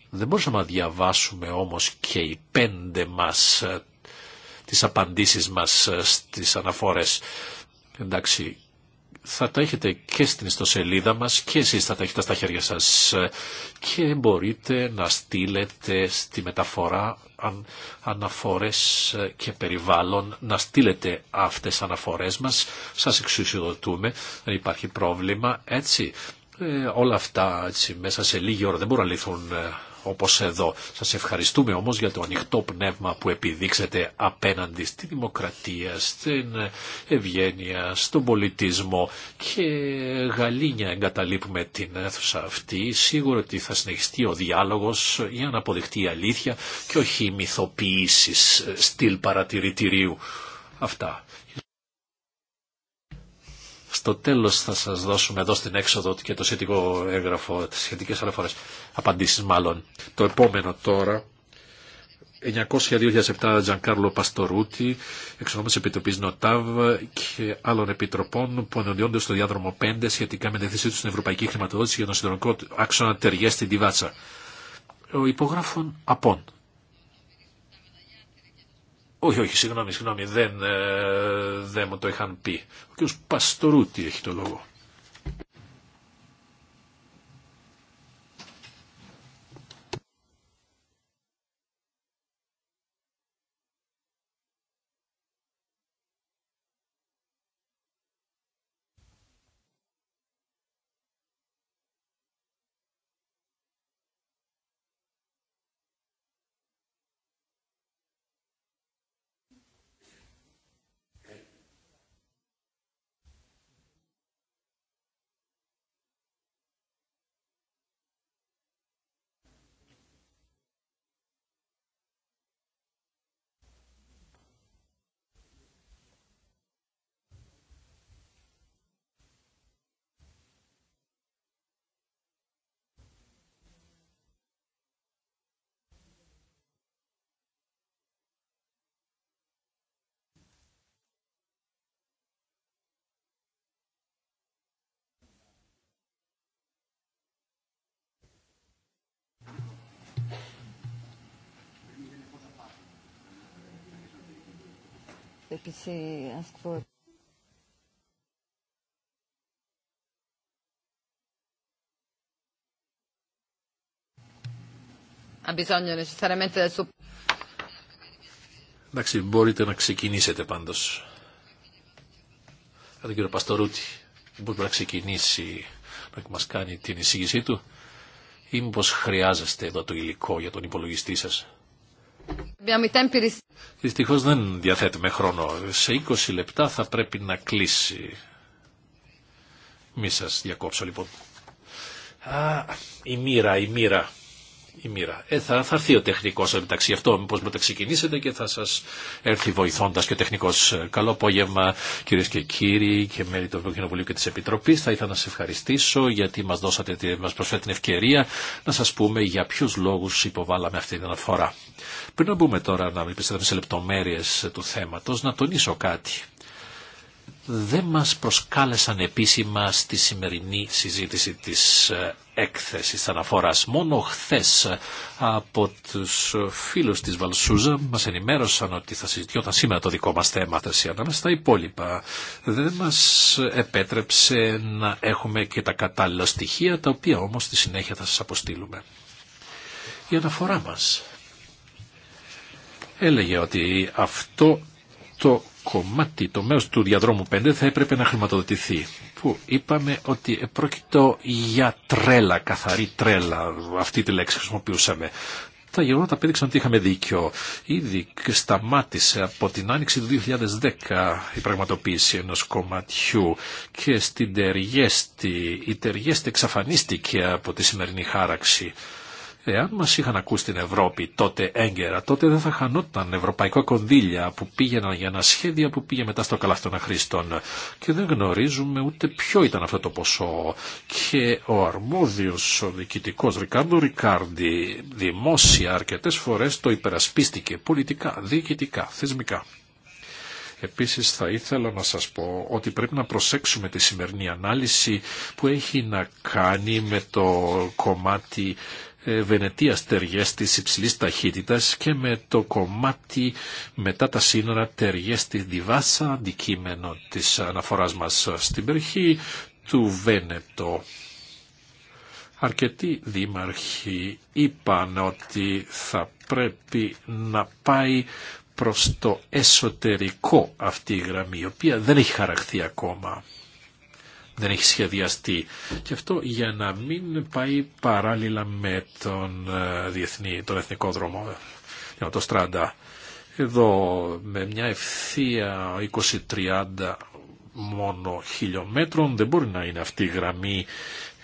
Δεν μπορούσαμε να διαβάσουμε όμως και οι πέντε μας ε, τις απαντήσεις μας ε, στις αναφορές. Εντάξει, θα τα έχετε και στην ιστοσελίδα μας και εσείς θα τα έχετε στα χέρια σας ε, και μπορείτε να στείλετε στη μεταφορά αναφορές και περιβάλλον να στείλετε αυτές αναφορές μας σας εξουσιοδοτούμε δεν υπάρχει πρόβλημα έτσι ε, όλα αυτά έτσι, μέσα σε λίγη ώρα δεν μπορούν να λυθούν ε, όπως εδώ. Σας ευχαριστούμε όμως για το ανοιχτό πνεύμα που επιδείξετε απέναντι στη δημοκρατία, στην ευγένεια, στον πολιτισμό και γαλήνια εγκαταλείπουμε την αίθουσα αυτή. Σίγουρα ότι θα συνεχιστεί ο διάλογος για να αποδειχτεί η αλήθεια και όχι οι μυθοποιήσεις ε, στυλ παρατηρητηρίου. Αυτά. Στο τέλος θα σας δώσουμε εδώ στην έξοδο και το σχετικό έγγραφο, τις σχετικές αναφορές, απαντήσεις μάλλον. Το επόμενο τώρα, 900-2007 Τζανκάρλο Παστορούτη, τη Επιτροπής ΝΟΤΑΒ και άλλων επιτροπών που ενωδιώνται στο διάδρομο 5 σχετικά με τη θέση του στην Ευρωπαϊκή Χρηματοδότηση για τον Συνδρομικό Άξονα ταιριέ στην Τιβάτσα. Ο υπογράφων Απών. Όχι, όχι, συγγνώμη, συγγνώμη, δεν, ε, δεν μου το είχαν πει. Ο κ. Παστορούτη έχει το λόγο.
Εντάξει,
μπορείτε να ξεκινήσετε πάντως. Αλλά κύριο Παστορούτη, μπορεί να ξεκινήσει να μας κάνει την εισήγησή του ή μήπως χρειάζεστε εδώ το υλικό για τον υπολογιστή σας. Δυστυχώ δεν διαθέτουμε χρόνο. Σε 20 λεπτά θα πρέπει να κλείσει. Μη σα διακόψω λοιπόν. Α, η μοίρα, η μοίρα η μοίρα. Ε, θα, θα έρθει ο τεχνικό μεταξύ αυτό, μήπω μπορείτε ξεκινήσετε και θα σα έρθει βοηθώντα και ο τεχνικό. Ε, καλό απόγευμα, κυρίε και κύριοι και μέλη του Ευρωκοινοβουλίου και τη Επιτροπή. Θα ήθελα να σα ευχαριστήσω γιατί μα δώσατε, μα προσφέρετε την ευκαιρία να σα πούμε για ποιου λόγου υποβάλαμε αυτή την αναφορά. Πριν να μπούμε τώρα να επιστρέψουμε σε λεπτομέρειε του θέματο, να τονίσω κάτι δεν μας προσκάλεσαν επίσημα στη σημερινή συζήτηση της ε, έκθεσης αναφοράς. Μόνο χθες ε, από τους φίλους της Βαλσούζα μας ενημέρωσαν ότι θα συζητιόταν σήμερα το δικό μας θέμα θέση ανάμεσα στα υπόλοιπα. Δεν μας επέτρεψε να έχουμε και τα κατάλληλα στοιχεία τα οποία όμως στη συνέχεια θα σας αποστείλουμε. Η αναφορά μας έλεγε ότι αυτό το κομμάτι, το μέρος του διαδρόμου 5 θα έπρεπε να χρηματοδοτηθεί. Που είπαμε ότι πρόκειτο για τρέλα, καθαρή τρέλα, αυτή τη λέξη χρησιμοποιούσαμε. Τα γεγονότα απέδειξαν ότι είχαμε δίκιο. Ήδη σταμάτησε από την άνοιξη του 2010 η πραγματοποίηση ενός κομματιού και στην Τεργέστη, Η Τεργέστη εξαφανίστηκε από τη σημερινή χάραξη εάν μας είχαν ακούσει στην Ευρώπη τότε έγκαιρα, τότε δεν θα χανόταν ευρωπαϊκό κονδύλια που πήγαιναν για ένα σχέδιο που πήγε μετά στο καλαχτώνα χρήστων. Και δεν γνωρίζουμε ούτε ποιο ήταν αυτό το ποσό. Και ο αρμόδιος, ο διοικητικός Ρικάρντο Ρικάρντι, δημόσια αρκετές φορές το υπερασπίστηκε πολιτικά, διοικητικά, θεσμικά. Επίσης θα ήθελα να σας πω ότι πρέπει να προσέξουμε τη σημερινή ανάλυση που έχει να κάνει με το κομμάτι ε, Βενετία τεριέ τη υψηλή ταχύτητα και με το κομμάτι μετά τα σύνορα τεριέ τη Διβάσα αντικείμενο τη αναφορά μα στην περιοχή του Βένετο. Αρκετοί δήμαρχοι είπαν ότι θα πρέπει να πάει προς το εσωτερικό αυτή η γραμμή, η οποία δεν έχει χαραχθεί ακόμα δεν έχει σχεδιαστεί. Και αυτό για να μην πάει παράλληλα με τον, ε, διεθνή, τον εθνικό δρόμο, για το Στράντα. Εδώ με μια ευθεία 20-30 μόνο χιλιόμετρων δεν μπορεί να είναι αυτή η γραμμή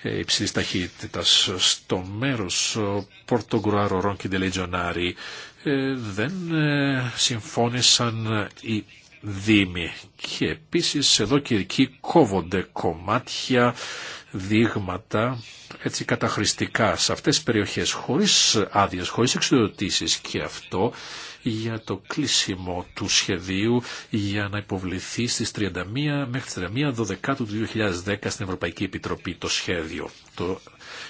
ε, υψηλής ταχύτητας στο μέρος Πορτογκουάρο Ρόνκι Ντελετζονάρι δεν ε, συμφώνησαν οι Δήμη. Και επίσης εδώ και εκεί κόβονται κομμάτια, δείγματα, έτσι καταχρηστικά σε αυτές τις περιοχές, χωρίς άδειε, χωρίς εξοδοτήσεις και αυτό για το κλείσιμο του σχεδίου για να υποβληθεί στις 31 μέχρι 31 12 του 2010 στην Ευρωπαϊκή Επιτροπή το σχέδιο. Το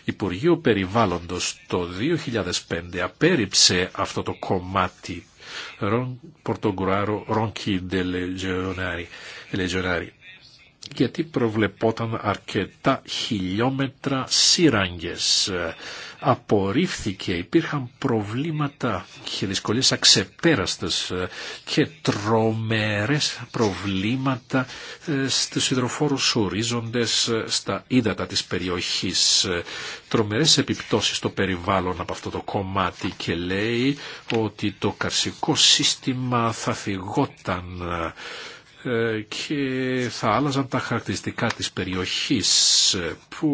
Υπουργείο Περιβάλλοντος το 2005 απέρριψε αυτό το κομμάτι Ρον Πορτογκουράρο Ρονκί Γιατί προβλεπόταν αρκετά χιλιόμετρα σύραγγες απορρίφθηκε, υπήρχαν προβλήματα και δυσκολίες αξεπέραστες ε, και τρομερές προβλήματα ε, στους υδροφόρους ορίζοντες ε, στα ύδατα της περιοχής. Τρομερές επιπτώσεις στο περιβάλλον από αυτό το κομμάτι και λέει ότι το καρσικό σύστημα θα φυγόταν και θα άλλαζαν τα χαρακτηριστικά της περιοχής που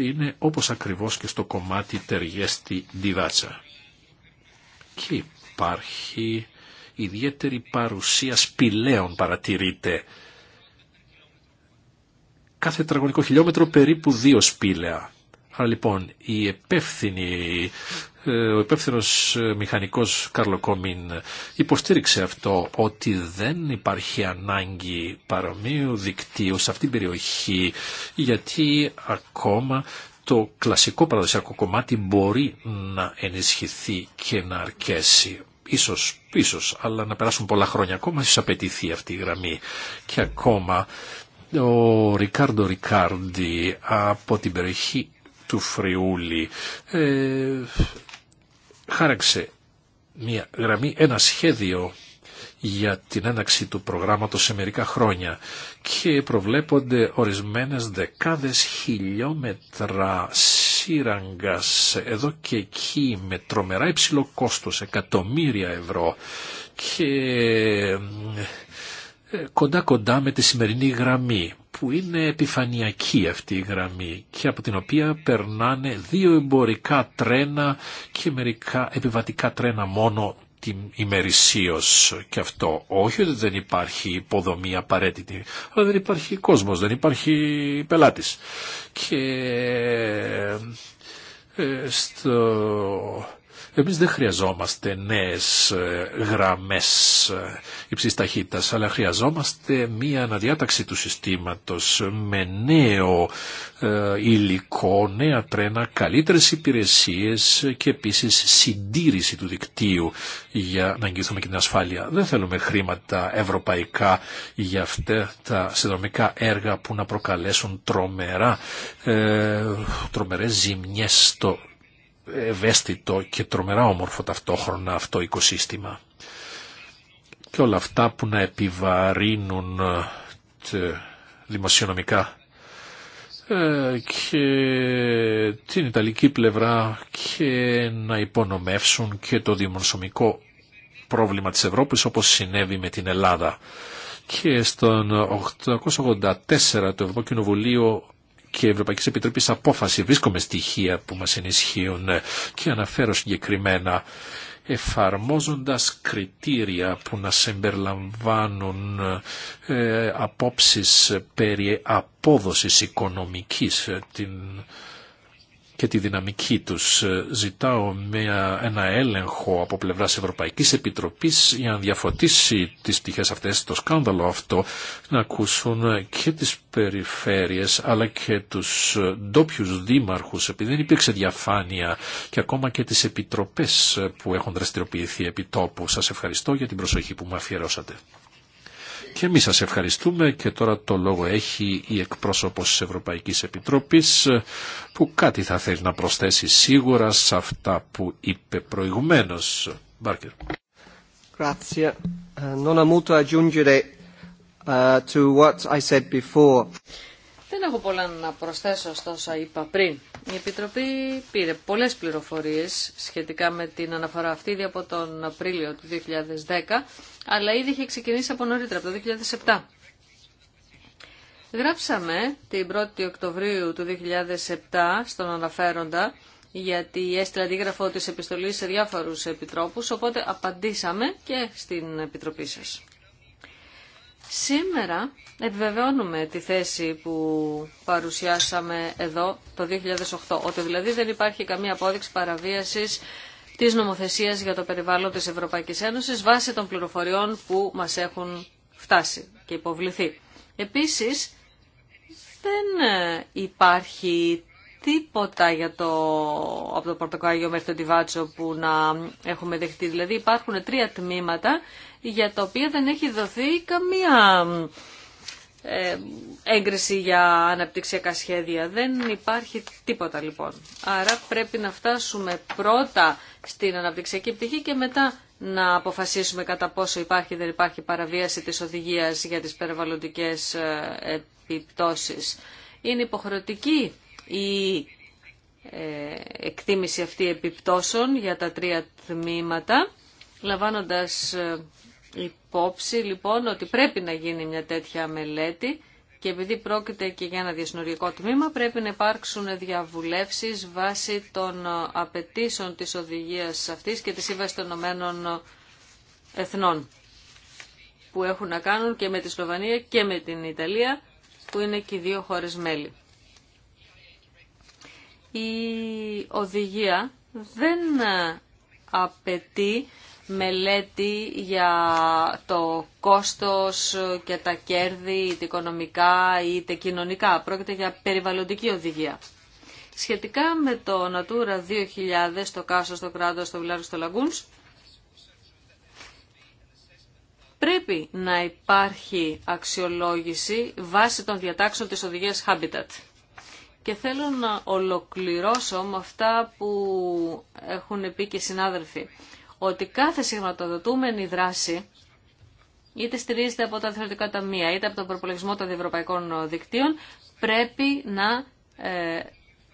είναι όπως ακριβώς και στο κομμάτι Τεργέστη διδάτσα. Και υπάρχει ιδιαίτερη παρουσία σπηλαίων παρατηρείται. Κάθε τετραγωνικό χιλιόμετρο περίπου δύο σπήλαια. Άρα λοιπόν η επεύθυνη ε, ο υπεύθυνο ε, μηχανικός Κάρλο Κόμιν ε, υποστήριξε αυτό ότι δεν υπάρχει ανάγκη παρομοίου δικτύου σε αυτήν την περιοχή γιατί ακόμα το κλασικό παραδοσιακό κομμάτι μπορεί να ενισχυθεί και να αρκέσει. Ίσως, ίσως, αλλά να περάσουν πολλά χρόνια ακόμα, ίσως απαιτηθεί αυτή η γραμμή. Και ακόμα ο Ρικάρντο Ρικάρντι από την περιοχή του Φριούλη χάραξε μια γραμμή, ένα σχέδιο για την έναξη του προγράμματος σε μερικά χρόνια και προβλέπονται ορισμένες δεκάδες χιλιόμετρα σύραγγας εδώ και εκεί με τρομερά υψηλό κόστος, εκατομμύρια ευρώ και ε, κοντά κοντά με τη σημερινή γραμμή που είναι επιφανειακή αυτή η γραμμή και από την οποία περνάνε δύο εμπορικά τρένα και μερικά επιβατικά τρένα μόνο την ημερησίως και αυτό. Όχι ότι δεν υπάρχει υποδομή απαραίτητη, αλλά δεν υπάρχει κόσμος, δεν υπάρχει πελάτης. Και ε, στο εμείς δεν χρειαζόμαστε νέες ε, γραμμές ε, υψής ταχύτητας, αλλά χρειαζόμαστε μία αναδιάταξη του συστήματος με νέο ε, υλικό, νέα τρένα, καλύτερες υπηρεσίες και επίσης συντήρηση του δικτύου για να αγγιθούμε και την ασφάλεια. Δεν θέλουμε χρήματα ευρωπαϊκά για αυτά τα συνδρομικά έργα που να προκαλέσουν τρομερά, τρομερές ζημιές στο ευαίσθητο και τρομερά όμορφο ταυτόχρονα αυτό οικοσύστημα. Και όλα αυτά που να επιβαρύνουν ε, δημοσιονομικά ε, και την Ιταλική πλευρά και να υπονομεύσουν και το δημοσιομικό πρόβλημα της Ευρώπης όπως συνέβη με την Ελλάδα. Και στον 884 το Ευρωκοινοβουλίο και Ευρωπαϊκής Επιτροπής απόφαση βρίσκομαι στοιχεία που μας ενισχύουν και αναφέρω συγκεκριμένα εφαρμόζοντας κριτήρια που να συμπεριλαμβάνουν ε, απόψεις περί απόδοσης οικονομικής ε, την και τη δυναμική τους. Ζητάω μια, ένα έλεγχο από πλευράς Ευρωπαϊκής Επιτροπής για να διαφωτίσει τις πτυχές αυτές, το σκάνδαλο αυτό, να ακούσουν και τις περιφέρειες αλλά και τους ντόπιου δήμαρχους επειδή δεν υπήρξε διαφάνεια και ακόμα και τις επιτροπές που έχουν δραστηριοποιηθεί επί τόπου. Σας ευχαριστώ για την προσοχή που μου αφιερώσατε. Και εμείς σας ευχαριστούμε και τώρα το λόγο έχει η εκπρόσωπος της Ευρωπαϊκής Επιτροπής που κάτι θα θέλει να προσθέσει σίγουρα σε αυτά που είπε προηγουμένως. Μπάρκερ.
Eh, Δεν έχω πολλά να προσθέσω στο όσα είπα πριν. Η Επιτροπή πήρε πολλές πληροφορίες σχετικά με την αναφορά αυτή από τον Απρίλιο του 2010 αλλά ήδη είχε ξεκινήσει από νωρίτερα, από το 2007. Γράψαμε την 1η Οκτωβρίου του 2007 στον αναφέροντα γιατί έστειλε αντίγραφο τη επιστολή σε διάφορους επιτρόπους, οπότε απαντήσαμε και στην επιτροπή σας. Σήμερα επιβεβαιώνουμε τη θέση που παρουσιάσαμε εδώ το 2008, ότι δηλαδή δεν υπάρχει καμία απόδειξη παραβίασης τη νομοθεσία για το περιβάλλον της Ευρωπαϊκής Ένωσης βάσει των πληροφοριών που μας έχουν φτάσει και υποβληθεί. Επίσης, δεν ε, υπάρχει τίποτα για το, από το Πορτοκάγιο μέχρι το Τιβάτσο που να έχουμε δεχτεί. Δηλαδή υπάρχουν τρία τμήματα για τα οποία δεν έχει δοθεί καμία ε, έγκριση για αναπτυξιακά σχέδια. Δεν υπάρχει τίποτα λοιπόν. Άρα πρέπει να φτάσουμε πρώτα στην αναπτυξιακή πτυχή και μετά να αποφασίσουμε κατά πόσο υπάρχει ή δεν υπάρχει παραβίαση της οδηγίας για τις περιβαλλοντικές ε, επιπτώσεις. Είναι υποχρεωτική η ε, εκτίμηση αυτή επιπτώσεων για τα τρία τμήματα, λαμβάνοντας υπόψη λοιπόν ότι πρέπει να γίνει μια τέτοια μελέτη και επειδή πρόκειται και για ένα διασυνοριακό τμήμα πρέπει να υπάρξουν διαβουλεύσεις βάσει των απαιτήσεων της οδηγίας αυτής και της Σύμβασης των Ηνωμένων Εθνών που έχουν να κάνουν και με τη Σλοβανία και με την Ιταλία που είναι και οι δύο χώρες μέλη. Η οδηγία δεν απαιτεί μελέτη για το κόστος και τα κέρδη, είτε οικονομικά είτε κοινωνικά. Πρόκειται για περιβαλλοντική οδηγία. Σχετικά με το Natura 2000, το Κάσο, στο Κράτος, το Βιλάριο, στο Λαγκούνς, πρέπει να υπάρχει αξιολόγηση βάσει των διατάξεων της οδηγίας Habitat. Και θέλω να ολοκληρώσω με αυτά που έχουν πει και οι συνάδελφοι ότι κάθε συγχρηματοδοτούμενη δράση είτε στηρίζεται από τα θεωρητικά ταμεία είτε από τον προπολογισμό των διευρωπαϊκών δικτύων πρέπει να ε,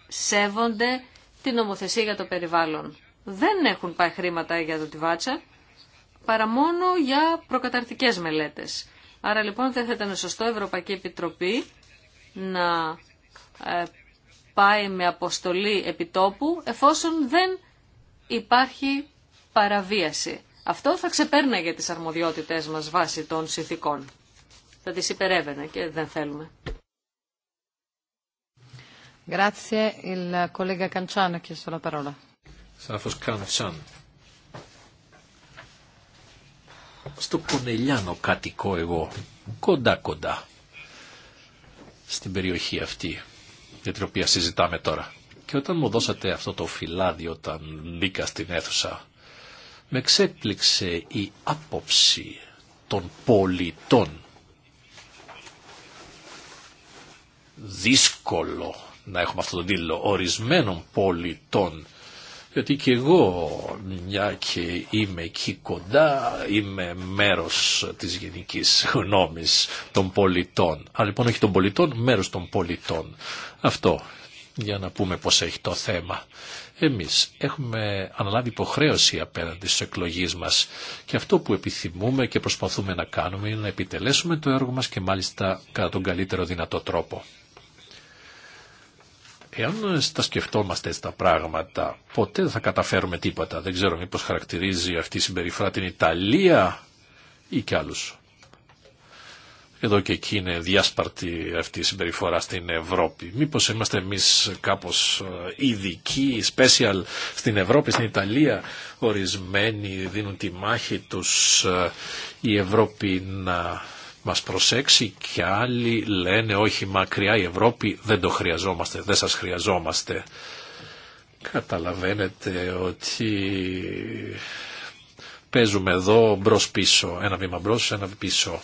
σέβονται την νομοθεσία για το περιβάλλον. Δεν έχουν πάει χρήματα για το τιβάτσα παρά μόνο για προκαταρτικές μελέτες. Άρα λοιπόν δεν θα ήταν σωστό η Ευρωπαϊκή Επιτροπή να ε, πάει με αποστολή επιτόπου εφόσον δεν υπάρχει παραβίαση. Αυτό θα ξεπέρναγε τις αρμοδιότητες μας βάσει των συνθηκών. Θα τις υπερεύαινε και δεν θέλουμε.
Grazie,
Στο Κονελιάνο κατοικώ εγώ, κοντά κοντά, στην περιοχή αυτή, για την οποία συζητάμε τώρα. Και όταν μου δώσατε αυτό το φυλάδι όταν μπήκα στην αίθουσα, με ξέπληξε η άποψη των πολιτών. Δύσκολο να έχουμε αυτό τον τίτλο ορισμένων πολιτών γιατί και εγώ, μια και είμαι εκεί κοντά, είμαι μέρος της γενικής γνώμης των πολιτών. Αλλά λοιπόν όχι των πολιτών, μέρος των πολιτών. Αυτό για να πούμε πώς έχει το θέμα. Εμείς έχουμε αναλάβει υποχρέωση απέναντι στις εκλογές μας και αυτό που επιθυμούμε και προσπαθούμε να κάνουμε είναι να επιτελέσουμε το έργο μας και μάλιστα κατά τον καλύτερο δυνατό τρόπο. Εάν τα σκεφτόμαστε τα πράγματα, ποτέ δεν θα καταφέρουμε τίποτα. Δεν ξέρω μήπως χαρακτηρίζει αυτή η συμπεριφορά την Ιταλία ή κι άλλους εδώ και εκεί είναι διάσπαρτη αυτή η συμπεριφορά στην Ευρώπη. Μήπως είμαστε εμείς κάπως ε, ειδικοί, special στην Ευρώπη, στην Ιταλία. Ορισμένοι δίνουν τη μάχη τους ε, η Ευρώπη να μας προσέξει και άλλοι λένε όχι μακριά η Ευρώπη δεν το χρειαζόμαστε, δεν σας χρειαζόμαστε. Καταλαβαίνετε ότι παίζουμε εδώ μπρος πίσω, ένα βήμα μπρος, ένα πίσω.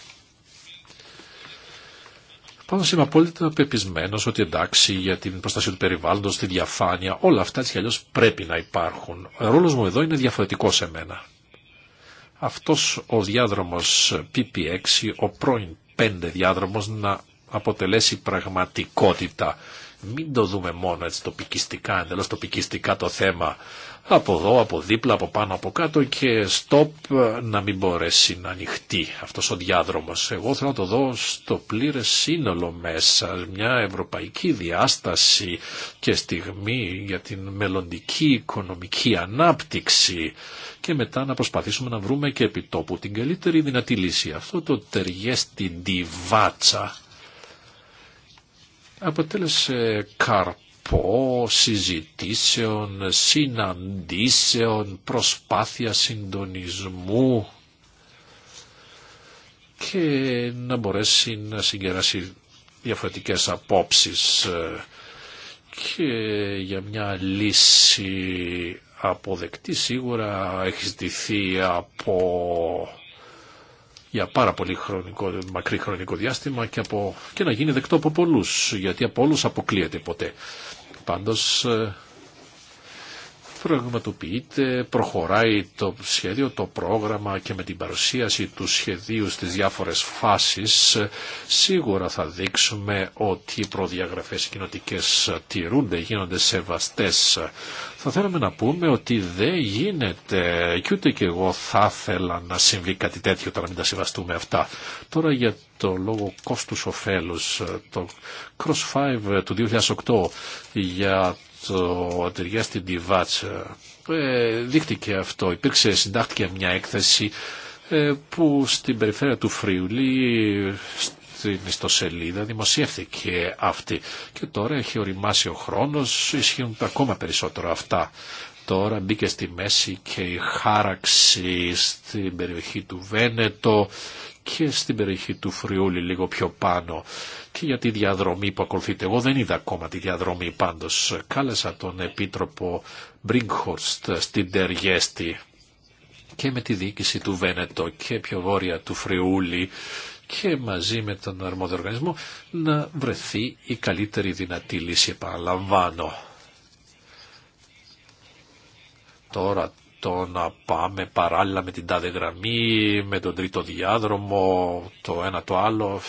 Πάντως είμαι απόλυτα πεπισμένο ότι εντάξει για την προστασία του περιβάλλοντος, τη διαφάνεια, όλα αυτά έτσι αλλιώς πρέπει να υπάρχουν. Ο ρόλος μου εδώ είναι διαφορετικό σε μένα. Αυτός ο διάδρομος PP6, ο πρώην πέντε διάδρομος να αποτελέσει πραγματικότητα. Μην το δούμε μόνο έτσι τοπικιστικά, εντελώ τοπικιστικά το θέμα. Από εδώ, από δίπλα, από πάνω, από κάτω και stop να μην μπορέσει να ανοιχτεί αυτός ο διάδρομος. Εγώ θέλω να το δω στο πλήρες σύνολο μέσα, μια ευρωπαϊκή διάσταση και στιγμή για την μελλοντική οικονομική ανάπτυξη και μετά να προσπαθήσουμε να βρούμε και επιτόπου την καλύτερη δυνατή λύση. Αυτό το ταιριέ στην τιβάτσα αποτέλεσε καρπό συζητήσεων, συναντήσεων, προσπάθεια συντονισμού και να μπορέσει να συγκεράσει διαφορετικές απόψεις ε, και για μια λύση αποδεκτή σίγουρα έχει ζητηθεί από για πάρα πολύ χρονικό, μακρύ χρονικό διάστημα και, από, και να γίνει δεκτό από πολλούς, γιατί από όλους αποκλείεται ποτέ. Πάντως ε, πραγματοποιείται, προχωράει το σχέδιο, το πρόγραμμα και με την παρουσίαση του σχεδίου στις διάφορες φάσεις ε, σίγουρα θα δείξουμε ότι οι προδιαγραφές κοινοτικές τηρούνται, γίνονται σεβαστές θα θέλαμε να πούμε ότι δεν γίνεται και ούτε και εγώ θα ήθελα να συμβεί κάτι τέτοιο τώρα μην τα συμβαστούμε αυτά. Τώρα για το λόγο κόστους κόστους-οφέλους, το Cross 5 του 2008 για το εταιρεία στην Τιβάτς ε, δείχτηκε αυτό, υπήρξε, συντάχθηκε μια έκθεση ε, που στην περιφέρεια του Φρίουλη στην ιστοσελίδα δημοσιεύθηκε αυτή και τώρα έχει οριμάσει ο χρόνος, ισχύουν ακόμα περισσότερο αυτά. Τώρα μπήκε στη μέση και η χάραξη στην περιοχή του Βένετο και στην περιοχή του Φριούλη λίγο πιο πάνω και για τη διαδρομή που ακολουθείτε. Εγώ δεν είδα ακόμα τη διαδρομή πάντως. Κάλεσα τον Επίτροπο Μπρίγχορστ στην Τεργέστη και με τη διοίκηση του Βένετο και πιο βόρεια του Φριούλη και μαζί με τον αρμόδιο οργανισμό να βρεθεί η καλύτερη δυνατή λύση, επαναλαμβάνω. Τώρα το να πάμε παράλληλα με την τάδε γραμμή, με τον τρίτο διάδρομο, το ένα το άλλο,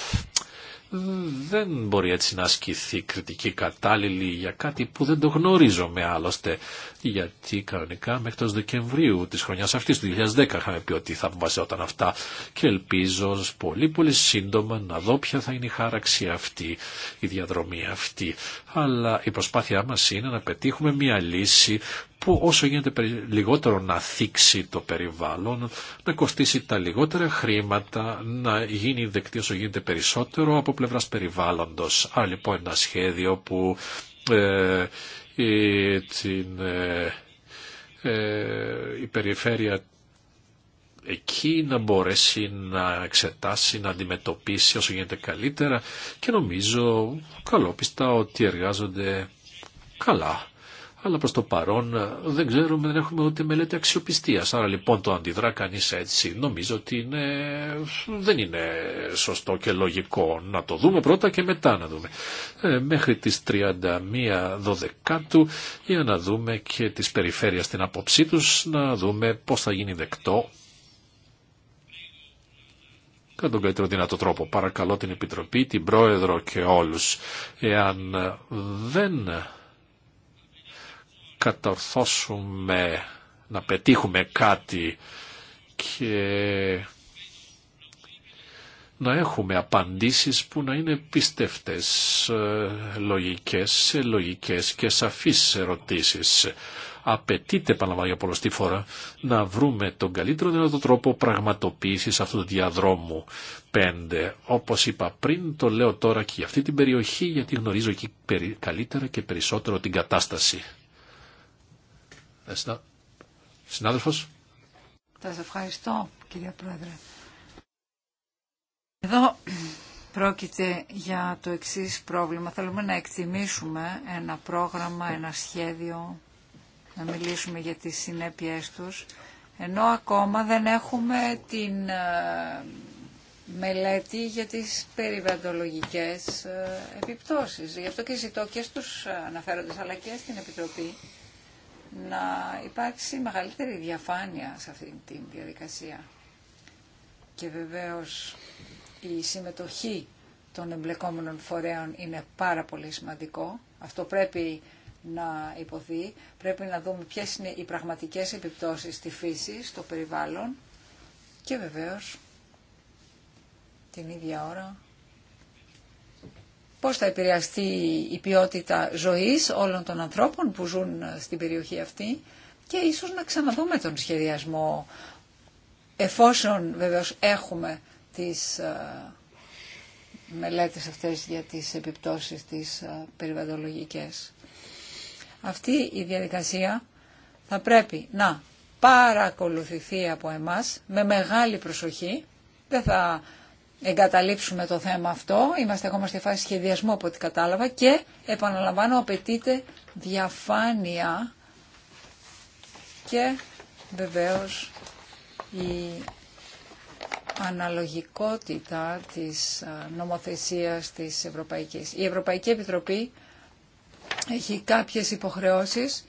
δεν μπορεί έτσι να ασκηθεί κριτική κατάλληλη για κάτι που δεν το γνωρίζομαι άλλωστε. Γιατί κανονικά μέχρι το Δεκεμβρίου της χρονιάς αυτής του 2010 είχαμε πει ότι θα βασιόταν αυτά και ελπίζω πολύ πολύ σύντομα να δω ποια θα είναι η χάραξη αυτή, η διαδρομή αυτή. Αλλά η προσπάθειά μας είναι να πετύχουμε μια λύση που όσο γίνεται λιγότερο να θίξει το περιβάλλον, να κοστίσει τα λιγότερα χρήματα, να γίνει δεκτή όσο γίνεται περισσότερο από πλευράς περιβάλλοντος. Άρα λοιπόν ένα σχέδιο που ε, η, ε, ε, η περιφέρεια εκεί να μπορέσει να εξετάσει, να αντιμετωπίσει όσο γίνεται καλύτερα και νομίζω καλόπιστα ότι εργάζονται καλά αλλά προς το παρόν ε, δεν ξέρουμε, δεν έχουμε ούτε μελέτη αξιοπιστίας. Άρα λοιπόν το αντιδρά κανεί έτσι νομίζω ότι δεν είναι σωστό και λογικό να το δούμε πρώτα και μετά να δούμε. Ε, μέχρι τις 31 Δοδεκάτου για να δούμε και τις περιφέρειες στην απόψή τους, να δούμε πώς θα γίνει δεκτό κατά τον καλύτερο δυνατό τρόπο. Παρακαλώ την Επιτροπή, την Πρόεδρο και όλους. Εάν δεν καταρθώσουμε να πετύχουμε κάτι και να έχουμε απαντήσεις που να είναι πιστευτές, ε, λογικές, λογικές και σαφείς ερωτήσεις. Απαιτείται, επαναλαμβάνω για πολλωστή φορά, να βρούμε τον καλύτερο δυνατό τρόπο πραγματοποίησης αυτού του διαδρόμου Πέντε. Όπως είπα πριν, το λέω τώρα και για αυτή την περιοχή, γιατί γνωρίζω εκεί καλύτερα και περισσότερο την κατάσταση. Ε,
συνάδελφος. Θα ευχαριστώ κυρία Πρόεδρε. Εδώ πρόκειται για το εξής πρόβλημα. Θέλουμε να εκτιμήσουμε ένα πρόγραμμα, ένα σχέδιο, να μιλήσουμε για τις συνέπειές τους, ενώ ακόμα δεν έχουμε την ε, μελέτη για τις περιβαλλοντολογικές ε, επιπτώσεις. Γι' αυτό και ζητώ και στους αναφέροντες αλλά και στην Επιτροπή να υπάρξει μεγαλύτερη διαφάνεια σε αυτή τη διαδικασία. Και βεβαίως η συμμετοχή των εμπλεκόμενων φορέων είναι πάρα πολύ σημαντικό. Αυτό πρέπει να υποθεί. Πρέπει να δούμε ποιες είναι οι πραγματικές επιπτώσεις στη φύση, στο περιβάλλον και βεβαίως την ίδια ώρα πώς θα επηρεαστεί η ποιότητα ζωής όλων των ανθρώπων που ζουν ε, στην περιοχή αυτή και ίσως να ξαναδούμε τον σχεδιασμό εφόσον βεβαίως έχουμε τις ε, μελέτες αυτές για τις επιπτώσεις τις ε, περιβαλλοντολογικές. Αυτή η διαδικασία θα πρέπει να παρακολουθηθεί από εμάς με μεγάλη προσοχή. Δεν θα εγκαταλείψουμε το θέμα αυτό. Είμαστε ακόμα στη φάση σχεδιασμού από ό,τι κατάλαβα και επαναλαμβάνω απαιτείται διαφάνεια και βεβαίως η αναλογικότητα της νομοθεσίας της Ευρωπαϊκής. Η Ευρωπαϊκή Επιτροπή έχει κάποιες υποχρεώσεις,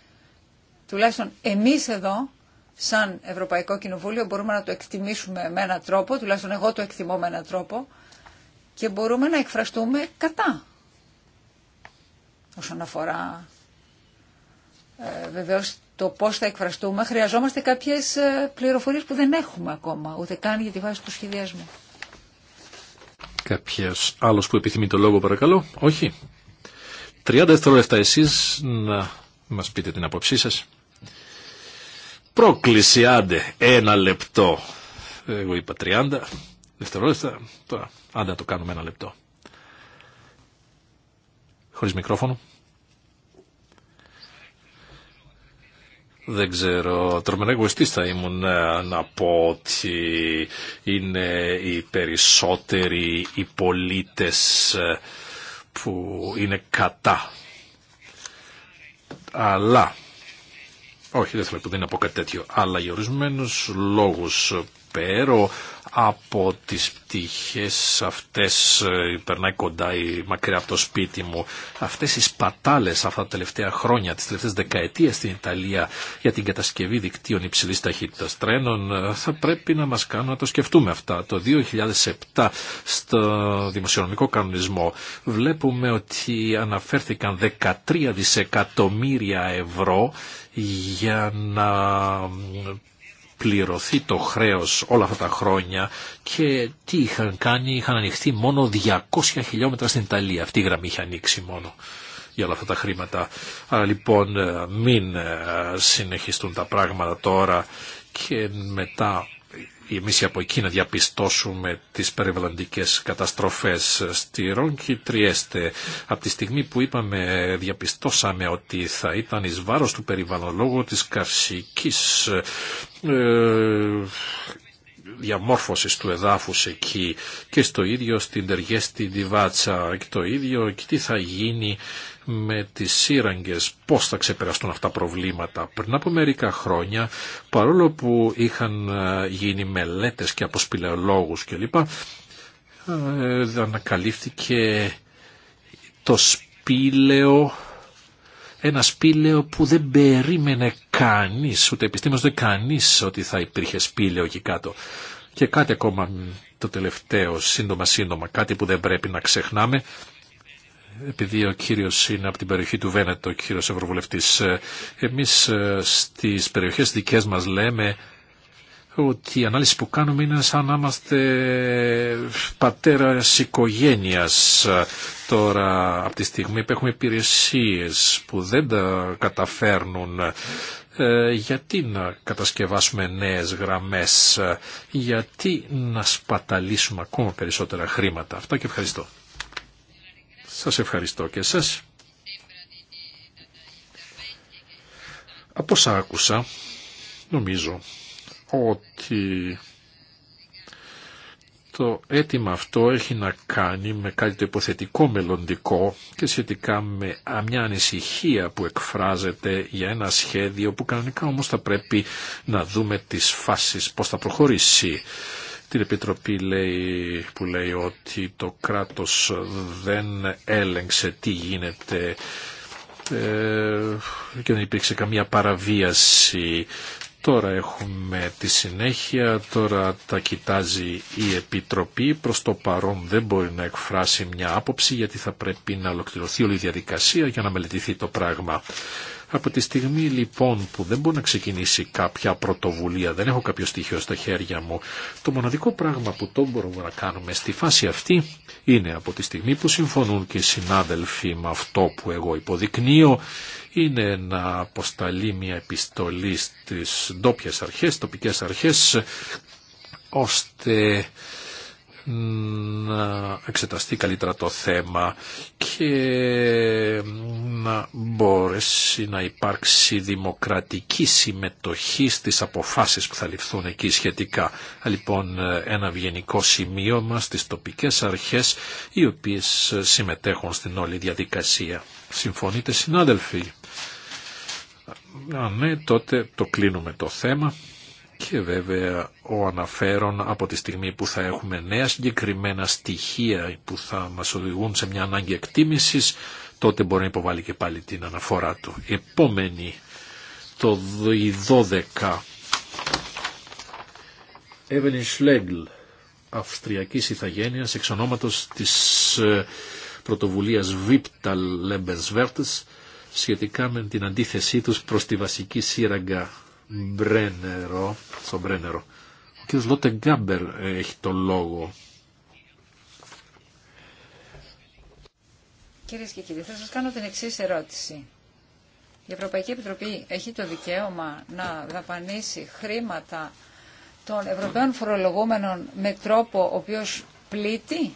τουλάχιστον εμείς εδώ σαν Ευρωπαϊκό Κοινοβούλιο μπορούμε να το εκτιμήσουμε με έναν τρόπο, τουλάχιστον εγώ το εκτιμώ με έναν τρόπο, και μπορούμε να εκφραστούμε κατά. Όσον αφορά ε, το πώς θα εκφραστούμε, χρειαζόμαστε κάποιες ε, πληροφορίες που δεν έχουμε ακόμα, ούτε καν για τη βάση του σχεδιασμού.
Κάποιος άλλος που επιθυμεί το λόγο παρακαλώ, όχι. 30 δευτερόλεπτα εσείς να μας πείτε την απόψή σας. Πρόκληση, άντε, ένα λεπτό. Εγώ είπα 30 δευτερόλεπτα. Τώρα, άντε να το κάνουμε ένα λεπτό. Χωρίς μικρόφωνο. Δεν ξέρω, τρομερά εγωιστής θα ήμουν ε, να πω ότι είναι οι περισσότεροι οι πολίτες ε, που είναι κατά. Αλλά όχι, δεν θέλω να πω κάτι τέτοιο. Αλλά για ορισμένου λόγου από τις πτυχές αυτές ε, περνάει κοντά ή μακριά από το σπίτι μου. Αυτές οι σπατάλες αυτά τα τελευταία χρόνια, τις τελευταίες δεκαετίες στην Ιταλία για την κατασκευή δικτύων υψηλής ταχύτητας τρένων ε, θα πρέπει να μας κάνουν να το σκεφτούμε αυτά. Το 2007 στο δημοσιονομικό κανονισμό βλέπουμε ότι αναφέρθηκαν 13 δισεκατομμύρια ευρώ για να πληρωθεί το χρέος όλα αυτά τα χρόνια και τι είχαν κάνει, είχαν ανοιχθεί μόνο 200 χιλιόμετρα στην Ιταλία. Αυτή η γραμμή είχε ανοίξει μόνο για όλα αυτά τα χρήματα. Άρα λοιπόν ε, μην ε, συνεχιστούν τα πράγματα τώρα και μετά εμείς από εκεί να διαπιστώσουμε τις περιβαλλοντικές καταστροφές στη Ρόνκη Τριέστε. Από τη στιγμή που είπαμε, διαπιστώσαμε ότι θα ήταν εις βάρος του περιβαλλοντολόγου της καρσικής ε, διαμόρφωσης του εδάφους εκεί και στο ίδιο στην Τεργέστη τη Διβάτσα και το ίδιο και τι θα γίνει με τις σύραγγες πώς θα ξεπεραστούν αυτά τα προβλήματα. Πριν από μερικά χρόνια, παρόλο που είχαν ε, γίνει μελέτες και από σπηλαιολόγους κλπ, ε, ανακαλύφθηκε το σπήλαιο ένα σπήλαιο που δεν περίμενε κανείς, ούτε δεν κανείς ότι θα υπήρχε σπήλαιο εκεί κάτω. Και κάτι ακόμα το τελευταίο, σύντομα σύντομα, κάτι που δεν πρέπει να ξεχνάμε, επειδή ο κύριος είναι από την περιοχή του Βένετο, ο κύριος Ευρωβουλευτής, ε, εμείς ε, στις περιοχές δικές μας λέμε ότι η ανάλυση που κάνουμε είναι σαν να είμαστε πατέρας οικογένειας τώρα από τη στιγμή που έχουμε υπηρεσίες που δεν τα καταφέρνουν ε, γιατί να κατασκευάσουμε νέες γραμμές, γιατί να σπαταλήσουμε ακόμα περισσότερα χρήματα. Αυτά και ευχαριστώ. Σας ευχαριστώ και σας. Από όσα άκουσα, νομίζω ότι το αίτημα αυτό έχει να κάνει με κάτι το υποθετικό μελλοντικό και σχετικά με μια ανησυχία που εκφράζεται για ένα σχέδιο που κανονικά όμως θα πρέπει να δούμε τις φάσεις πώς θα προχωρήσει την Επιτροπή λέει, που λέει ότι το κράτος δεν έλεγξε τι γίνεται ε, και δεν υπήρξε καμία παραβίαση. Τώρα έχουμε τη συνέχεια, τώρα τα κοιτάζει η Επιτροπή. Προς το παρόν δεν μπορεί να εκφράσει μια άποψη γιατί θα πρέπει να ολοκληρωθεί όλη η διαδικασία για να μελετηθεί το πράγμα. Από τη στιγμή λοιπόν που δεν μπορεί να ξεκινήσει κάποια πρωτοβουλία, δεν έχω κάποιο στοιχείο στα χέρια μου, το μοναδικό πράγμα που το μπορούμε να κάνουμε στη φάση αυτή είναι από τη στιγμή που συμφωνούν και οι συνάδελφοι με αυτό που εγώ υποδεικνύω, είναι να αποσταλεί μια επιστολή στις ντόπιε αρχές, τοπικές αρχές, ώστε να εξεταστεί καλύτερα το θέμα και να μπορέσει να υπάρξει δημοκρατική συμμετοχή στις αποφάσεις που θα ληφθούν εκεί σχετικά. Λοιπόν, ένα βιενικό σημείο μας στις τοπικές αρχές οι οποίες συμμετέχουν στην όλη διαδικασία. Συμφωνείτε συνάδελφοι. Α, ναι, τότε το κλείνουμε το θέμα. Και βέβαια ο αναφέρον από τη στιγμή που θα έχουμε νέα συγκεκριμένα στοιχεία που θα μας οδηγούν σε μια ανάγκη εκτίμησης, τότε μπορεί να υποβάλει και πάλι την αναφορά του. Επόμενη, το 12. Εύελιν Σλέγγλ, Αυστριακής Ιθαγένειας, εξ ονόματος της ε, πρωτοβουλίας Βίπταλ Λέμπενσβέρτες, σχετικά με την αντίθεσή τους προς τη βασική σύραγγα Μπρένερο, στον Μπρένερο. Ο κ. Λότε Γκάμπερ ε, έχει το λόγο.
Κυρίες και κύριοι, θα σας κάνω την εξής ερώτηση. Η Ευρωπαϊκή Επιτροπή έχει το δικαίωμα να δαπανίσει χρήματα των Ευρωπαίων φορολογούμενων με τρόπο ο οποίος πλήττει.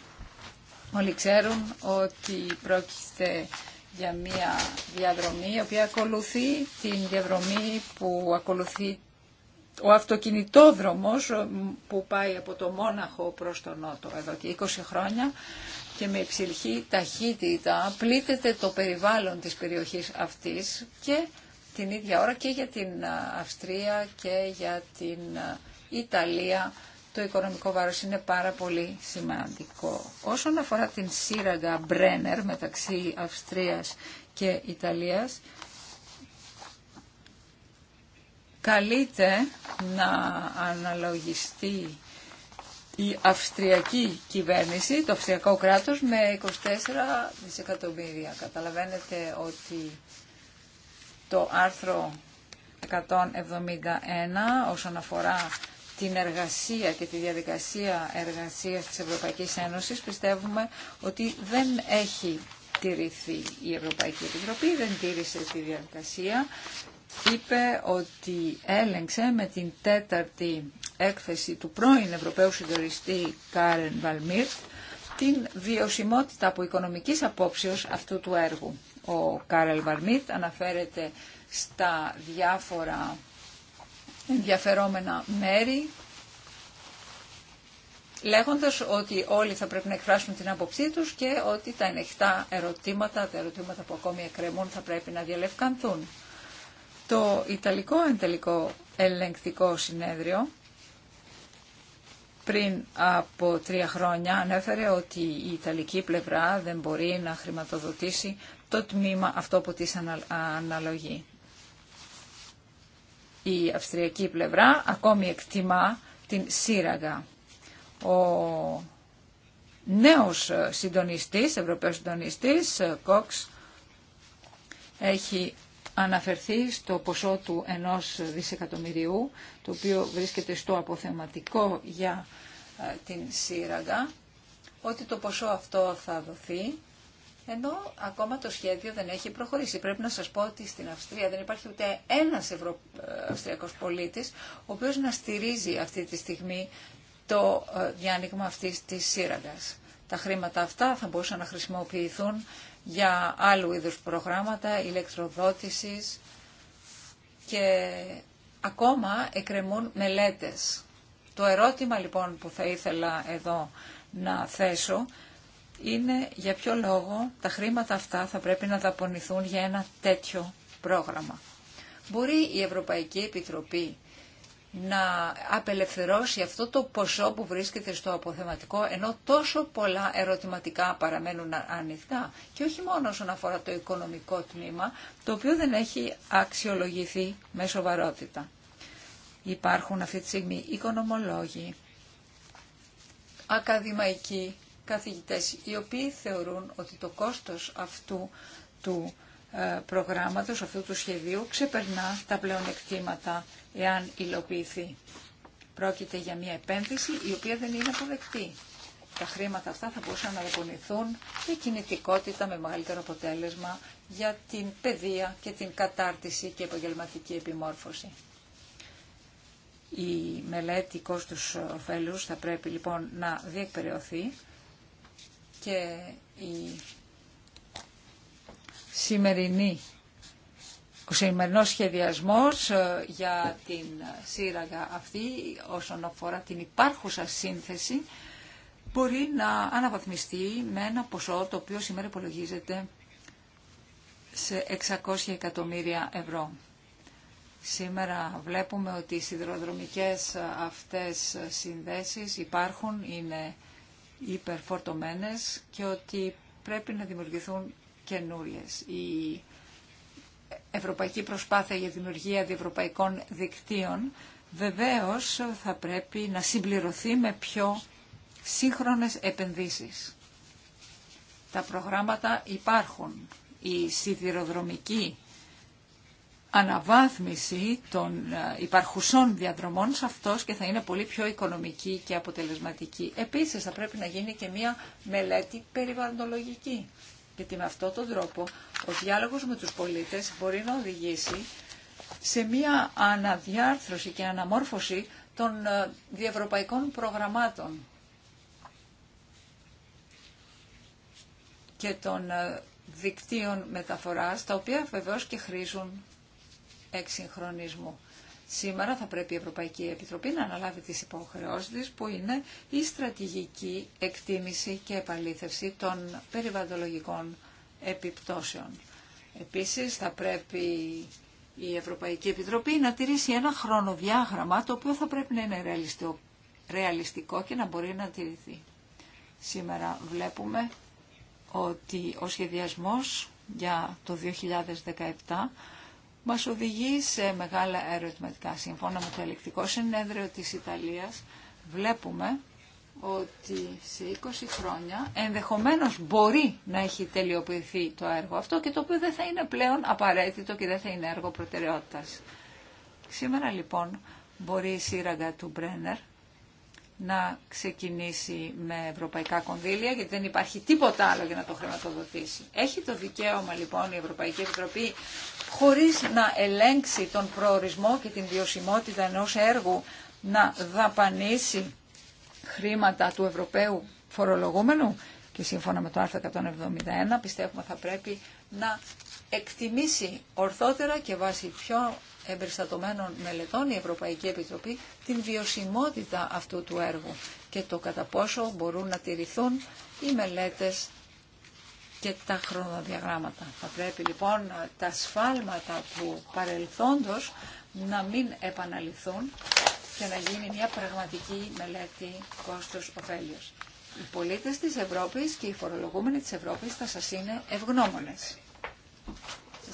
Όλοι ξέρουν ότι πρόκειται για μια διαδρομή η οποία ακολουθεί την διαδρομή που ακολουθεί ο αυτοκινητόδρομος που πάει από το Μόναχο προς τον Νότο εδώ και 20 χρόνια και με υψηλή ταχύτητα πλήττεται το περιβάλλον της περιοχής αυτής και την ίδια ώρα και για την Αυστρία και για την Ιταλία το οικονομικό βάρος είναι πάρα πολύ σημαντικό. Όσον αφορά την σύραγγα Μπρένερ μεταξύ Αυστρίας και Ιταλίας, καλείται να αναλογιστεί η αυστριακή κυβέρνηση, το αυστριακό κράτος, με 24 δισεκατομμύρια. Καταλαβαίνετε ότι το άρθρο 171 όσον αφορά την εργασία και τη διαδικασία εργασίας της Ευρωπαϊκής Ένωσης πιστεύουμε ότι δεν έχει τηρηθεί η Ευρωπαϊκή Επιτροπή, δεν τήρησε τη διαδικασία. Είπε ότι έλεγξε με την τέταρτη έκθεση του πρώην Ευρωπαίου Συντοριστή Κάρεν Βαλμίρτ την βιωσιμότητα από οικονομικής απόψεως αυτού του έργου. Ο Κάρελ Βαλμίρτ αναφέρεται στα διάφορα ενδιαφερόμενα μέρη λέγοντας ότι όλοι θα πρέπει να εκφράσουν την άποψή τους και ότι τα ενεχτά ερωτήματα, τα ερωτήματα που ακόμη εκκρεμούν θα πρέπει να διαλευκανθούν. Το Ιταλικό Εντελικό Ελεγκτικό Συνέδριο πριν από τρία χρόνια ανέφερε ότι η Ιταλική πλευρά δεν μπορεί να χρηματοδοτήσει το τμήμα αυτό που της αναλογεί. Η αυστριακή πλευρά ακόμη εκτιμά την σύραγα. Ο νέος συντονιστής, ευρωπαίος συντονιστής, Κόξ, έχει αναφερθεί στο ποσό του ενός δισεκατομμυριού, το οποίο βρίσκεται στο αποθεματικό για ε, την σύραγα, ότι το ποσό αυτό θα δοθεί ενώ ακόμα το σχέδιο δεν έχει προχωρήσει. Πρέπει να σας πω ότι στην Αυστρία δεν υπάρχει ούτε ένας ε, Αυστριακός πολίτης ο οποίος να στηρίζει αυτή τη στιγμή το ε, διάνοιγμα αυτής της σύραγγας. Τα χρήματα αυτά θα μπορούσαν να χρησιμοποιηθούν για άλλου είδους προγράμματα, ηλεκτροδότησης και ακόμα εκκρεμούν μελέτες. Το ερώτημα λοιπόν που θα ήθελα εδώ να θέσω είναι για ποιο λόγο τα χρήματα αυτά θα πρέπει να δαπονηθούν για ένα τέτοιο πρόγραμμα. Μπορεί η Ευρωπαϊκή Επιτροπή να απελευθερώσει αυτό το ποσό που βρίσκεται στο αποθεματικό, ενώ τόσο πολλά ερωτηματικά παραμένουν ανοιχτά. Και όχι μόνο όσον αφορά το οικονομικό τμήμα, το οποίο δεν έχει αξιολογηθεί με σοβαρότητα. Υπάρχουν αυτή τη στιγμή οικονομολόγοι, ακαδημαϊκοί, καθηγητές, οι οποίοι θεωρούν ότι το κόστος αυτού του ε, προγράμματος, αυτού του σχεδίου, ξεπερνά τα πλεονεκτήματα εάν υλοποιηθεί. Πρόκειται για μια επένδυση η οποία δεν είναι αποδεκτή. Τα χρήματα αυτά θα μπορούσαν να δαπονηθούν για κινητικότητα με μεγαλύτερο αποτέλεσμα, για την παιδεία και την κατάρτιση και επαγγελματική επιμόρφωση. Η μελέτη κόστους ωφέλους θα πρέπει λοιπόν να διεκπαιρεωθεί και η σημερινή ο σημερινός σχεδιασμός ε, για την σύραγγα αυτή όσον αφορά την υπάρχουσα σύνθεση μπορεί να αναβαθμιστεί με ένα ποσό το οποίο σήμερα υπολογίζεται σε 600 εκατομμύρια ευρώ. Σήμερα βλέπουμε ότι οι σιδηροδρομικές αυτές συνδέσεις υπάρχουν, είναι υπερφορτωμένες και ότι πρέπει να δημιουργηθούν καινούριε. Η ευρωπαϊκή προσπάθεια για δημιουργία διευρωπαϊκών δικτύων βεβαίως θα πρέπει να συμπληρωθεί με πιο σύγχρονες επενδύσεις. Τα προγράμματα υπάρχουν. Η σιδηροδρομική αναβάθμιση των ε, υπαρχουσών διαδρομών σε αυτός και θα είναι πολύ πιο οικονομική και αποτελεσματική. Επίσης θα πρέπει να γίνει και μια μελέτη περιβαλλοντολογική. Γιατί με αυτόν τον τρόπο ο διάλογος με τους πολίτες μπορεί να οδηγήσει σε μια αναδιάρθρωση και αναμόρφωση των ε, διευρωπαϊκών προγραμμάτων και των ε, δικτύων μεταφοράς, τα οποία βεβαίως και χρήζουν εξυγχρονισμού. Σήμερα θα πρέπει η Ευρωπαϊκή Επιτροπή να αναλάβει τις υποχρεώσεις της που είναι η στρατηγική εκτίμηση και επαλήθευση των περιβαλλοντολογικών επιπτώσεων. Επίσης θα πρέπει η Ευρωπαϊκή Επιτροπή να τηρήσει ένα χρονοδιάγραμμα το οποίο θα πρέπει να είναι ρεαλιστικό και να μπορεί να τηρηθεί. Σήμερα βλέπουμε ότι ο σχεδιασμός για το 2017 μας οδηγεί σε μεγάλα ερωτηματικά. Σύμφωνα με το ελεκτικό συνέδριο της Ιταλίας βλέπουμε ότι σε 20 χρόνια ενδεχομένως μπορεί να έχει τελειοποιηθεί το έργο αυτό και το οποίο δεν θα είναι πλέον απαραίτητο και δεν θα είναι έργο προτεραιότητας. Σήμερα λοιπόν μπορεί η σύραγγα του Μπρένερ να ξεκινήσει με ευρωπαϊκά κονδύλια, γιατί δεν υπάρχει τίποτα άλλο για να το χρηματοδοτήσει. Έχει το δικαίωμα λοιπόν η Ευρωπαϊκή Επιτροπή, χωρίς να ελέγξει τον προορισμό και την βιωσιμότητα ενός έργου, να δαπανίσει χρήματα του Ευρωπαίου φορολογούμενου και σύμφωνα με το άρθρο 171 πιστεύουμε θα πρέπει να εκτιμήσει ορθότερα και βάσει πιο εμπεριστατωμένων μελετών η Ευρωπαϊκή Επιτροπή την βιωσιμότητα αυτού του έργου και το κατά πόσο μπορούν να τηρηθούν οι μελέτες και τα χρονοδιαγράμματα. Θα πρέπει λοιπόν τα σφάλματα του παρελθόντος να μην επαναληφθούν και να γίνει μια πραγματική μελέτη κόστος-οφέλιος. Οι πολίτες της Ευρώπης και οι φορολογούμενοι της Ευρώπης θα σας είναι ευγνώμονες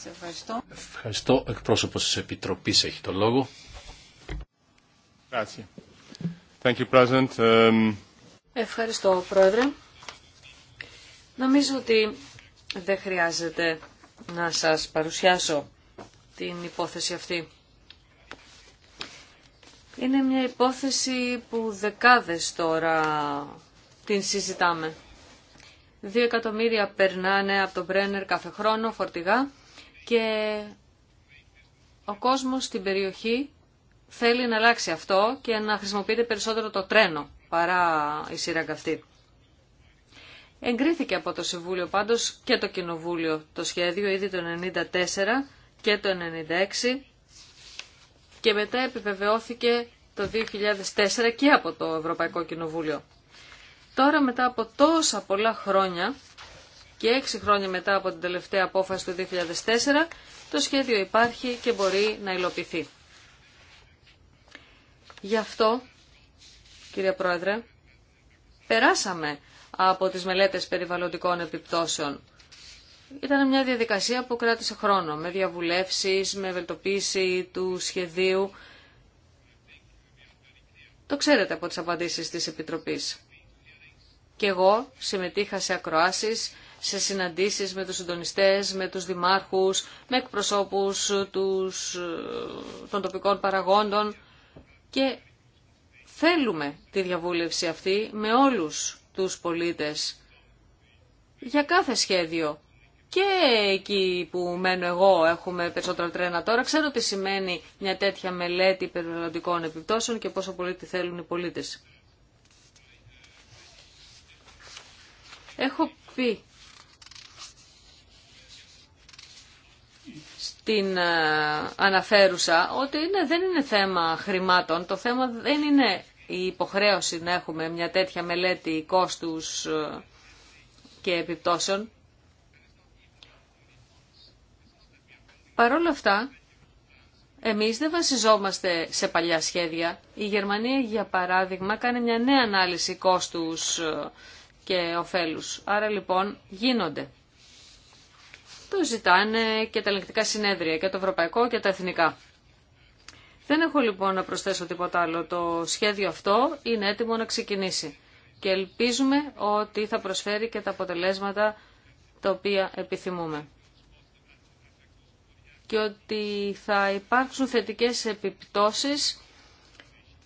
ευχαριστώ.
Ευχαριστώ. Εκπρόσωπος της Επιτροπής έχει το λόγο. Thank you, President. Um,
ευχαριστώ, Πρόεδρε. Νομίζω ότι δεν χρειάζεται να σας παρουσιάσω την υπόθεση αυτή. Είναι μια υπόθεση που δεκάδες τώρα την συζητάμε. Δύο εκατομμύρια περνάνε από τον Μπρένερ κάθε χρόνο φορτηγά και ο κόσμος στην περιοχή θέλει να αλλάξει αυτό και να χρησιμοποιείται περισσότερο το τρένο παρά η σειρά αυτή. Εγκρίθηκε από το Συμβούλιο πάντως και το Κοινοβούλιο το σχέδιο ήδη το 1994 και το 1996 και μετά επιβεβαιώθηκε το 2004 και από το Ευρωπαϊκό Κοινοβούλιο. Τώρα μετά από τόσα πολλά χρόνια και έξι χρόνια μετά από την τελευταία απόφαση του 2004, το σχέδιο υπάρχει και μπορεί να υλοποιηθεί. Γι' αυτό, κύριε Πρόεδρε, περάσαμε από τις μελέτες περιβαλλοντικών επιπτώσεων. Ήταν μια διαδικασία που κράτησε χρόνο, με διαβουλεύσεις, με βελτοποίηση του σχεδίου. Το ξέρετε από τις απαντήσεις της Επιτροπής. Και εγώ συμμετείχα σε ακροάσεις σε συναντήσεις με τους συντονιστές, με τους δημάρχους, με εκπροσώπους τους, ε, των τοπικών παραγόντων και θέλουμε τη διαβούλευση αυτή με όλους τους πολίτες για κάθε σχέδιο. Και εκεί που μένω εγώ έχουμε περισσότερα τρένα τώρα. Ξέρω τι σημαίνει μια τέτοια μελέτη περιβαλλοντικών επιπτώσεων και πόσο πολύ τη θέλουν οι πολίτες. Έχω πει την ε, αναφέρουσα ότι είναι, δεν είναι θέμα χρημάτων. Το θέμα δεν είναι η υποχρέωση να έχουμε μια τέτοια μελέτη κόστους ε, και επιπτώσεων. Παρ' όλα αυτά, εμείς δεν βασιζόμαστε σε παλιά σχέδια. Η Γερμανία, για παράδειγμα, κάνει μια νέα ανάλυση κόστους ε, και ωφέλους. Άρα λοιπόν γίνονται. Το ζητάνε και τα ελεγκτικά συνέδρια, και το ευρωπαϊκό και τα εθνικά. Δεν έχω λοιπόν να προσθέσω τίποτα άλλο. Το σχέδιο αυτό είναι έτοιμο να ξεκινήσει και ελπίζουμε ότι θα προσφέρει και τα αποτελέσματα τα οποία επιθυμούμε και ότι θα υπάρξουν θετικές επιπτώσεις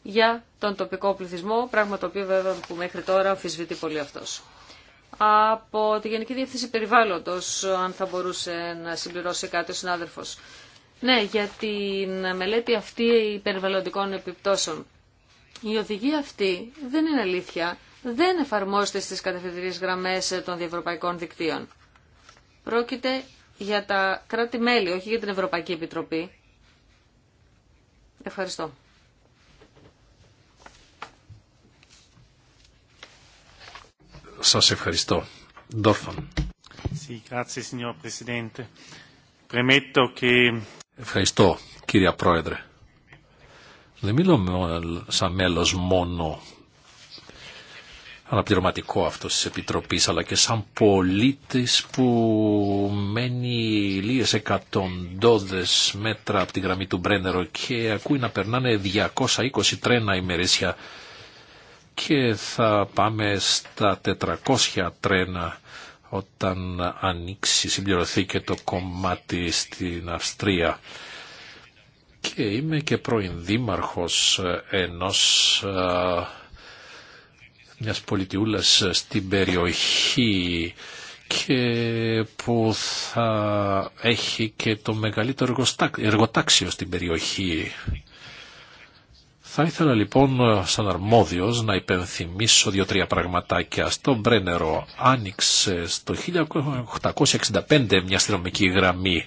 για τον τοπικό πληθυσμό, πράγμα το οποίο βέβαια που μέχρι τώρα αμφισβητεί πολύ αυτός από τη Γενική Διεύθυνση Περιβάλλοντος, αν θα μπορούσε να συμπληρώσει κάτι ο συνάδελφος. Ναι, για την μελέτη αυτή η περιβαλλοντικών επιπτώσεων. Η οδηγία αυτή δεν είναι αλήθεια, δεν εφαρμόζεται στις κατευθυντηρίες γραμμές των διευρωπαϊκών δικτύων. Πρόκειται για τα κράτη-μέλη, όχι για την Ευρωπαϊκή Επιτροπή. Ευχαριστώ.
Σας ευχαριστώ. Ντόρφαν. Ευχαριστώ, κύριε Πρόεδρε. Δεν μιλώ σαν μέλος μόνο αναπληρωματικό αυτό τη Επιτροπή, αλλά και σαν πολίτη που μένει λίγε εκατοντόδε μέτρα από τη γραμμή του Μπρένερο και ακούει να περνάνε 220 τρένα ημερήσια και θα πάμε στα 400 τρένα όταν ανοίξει, συμπληρωθεί και το κομμάτι στην Αυστρία. Και είμαι και πρώην δήμαρχος ενός μιας πολιτιούλας στην περιοχή και που θα έχει και το μεγαλύτερο εργοτάξιο στην περιοχή. Θα ήθελα λοιπόν ε, σαν αρμόδιος να υπενθυμίσω δύο-τρία πραγματάκια. Στο Μπρένερο άνοιξε στο 1865 μια αστυνομική γραμμή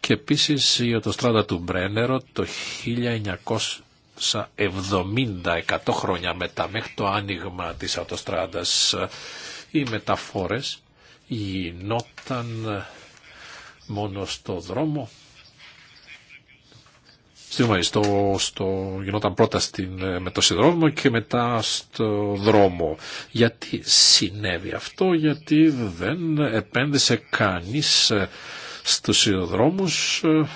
και επίσης η οτοστράτα του Μπρένερο το 1970, 100 χρόνια μετά, μέχρι το άνοιγμα της οτοστράτας, οι μεταφόρες γινόταν μόνο στο δρόμο στην στο, γινόταν πρώτα στην, ε, με το και μετά στο δρόμο. Γιατί συνέβη αυτό, γιατί δεν επένδυσε κανείς ε, στους σιδηροδρόμους ε,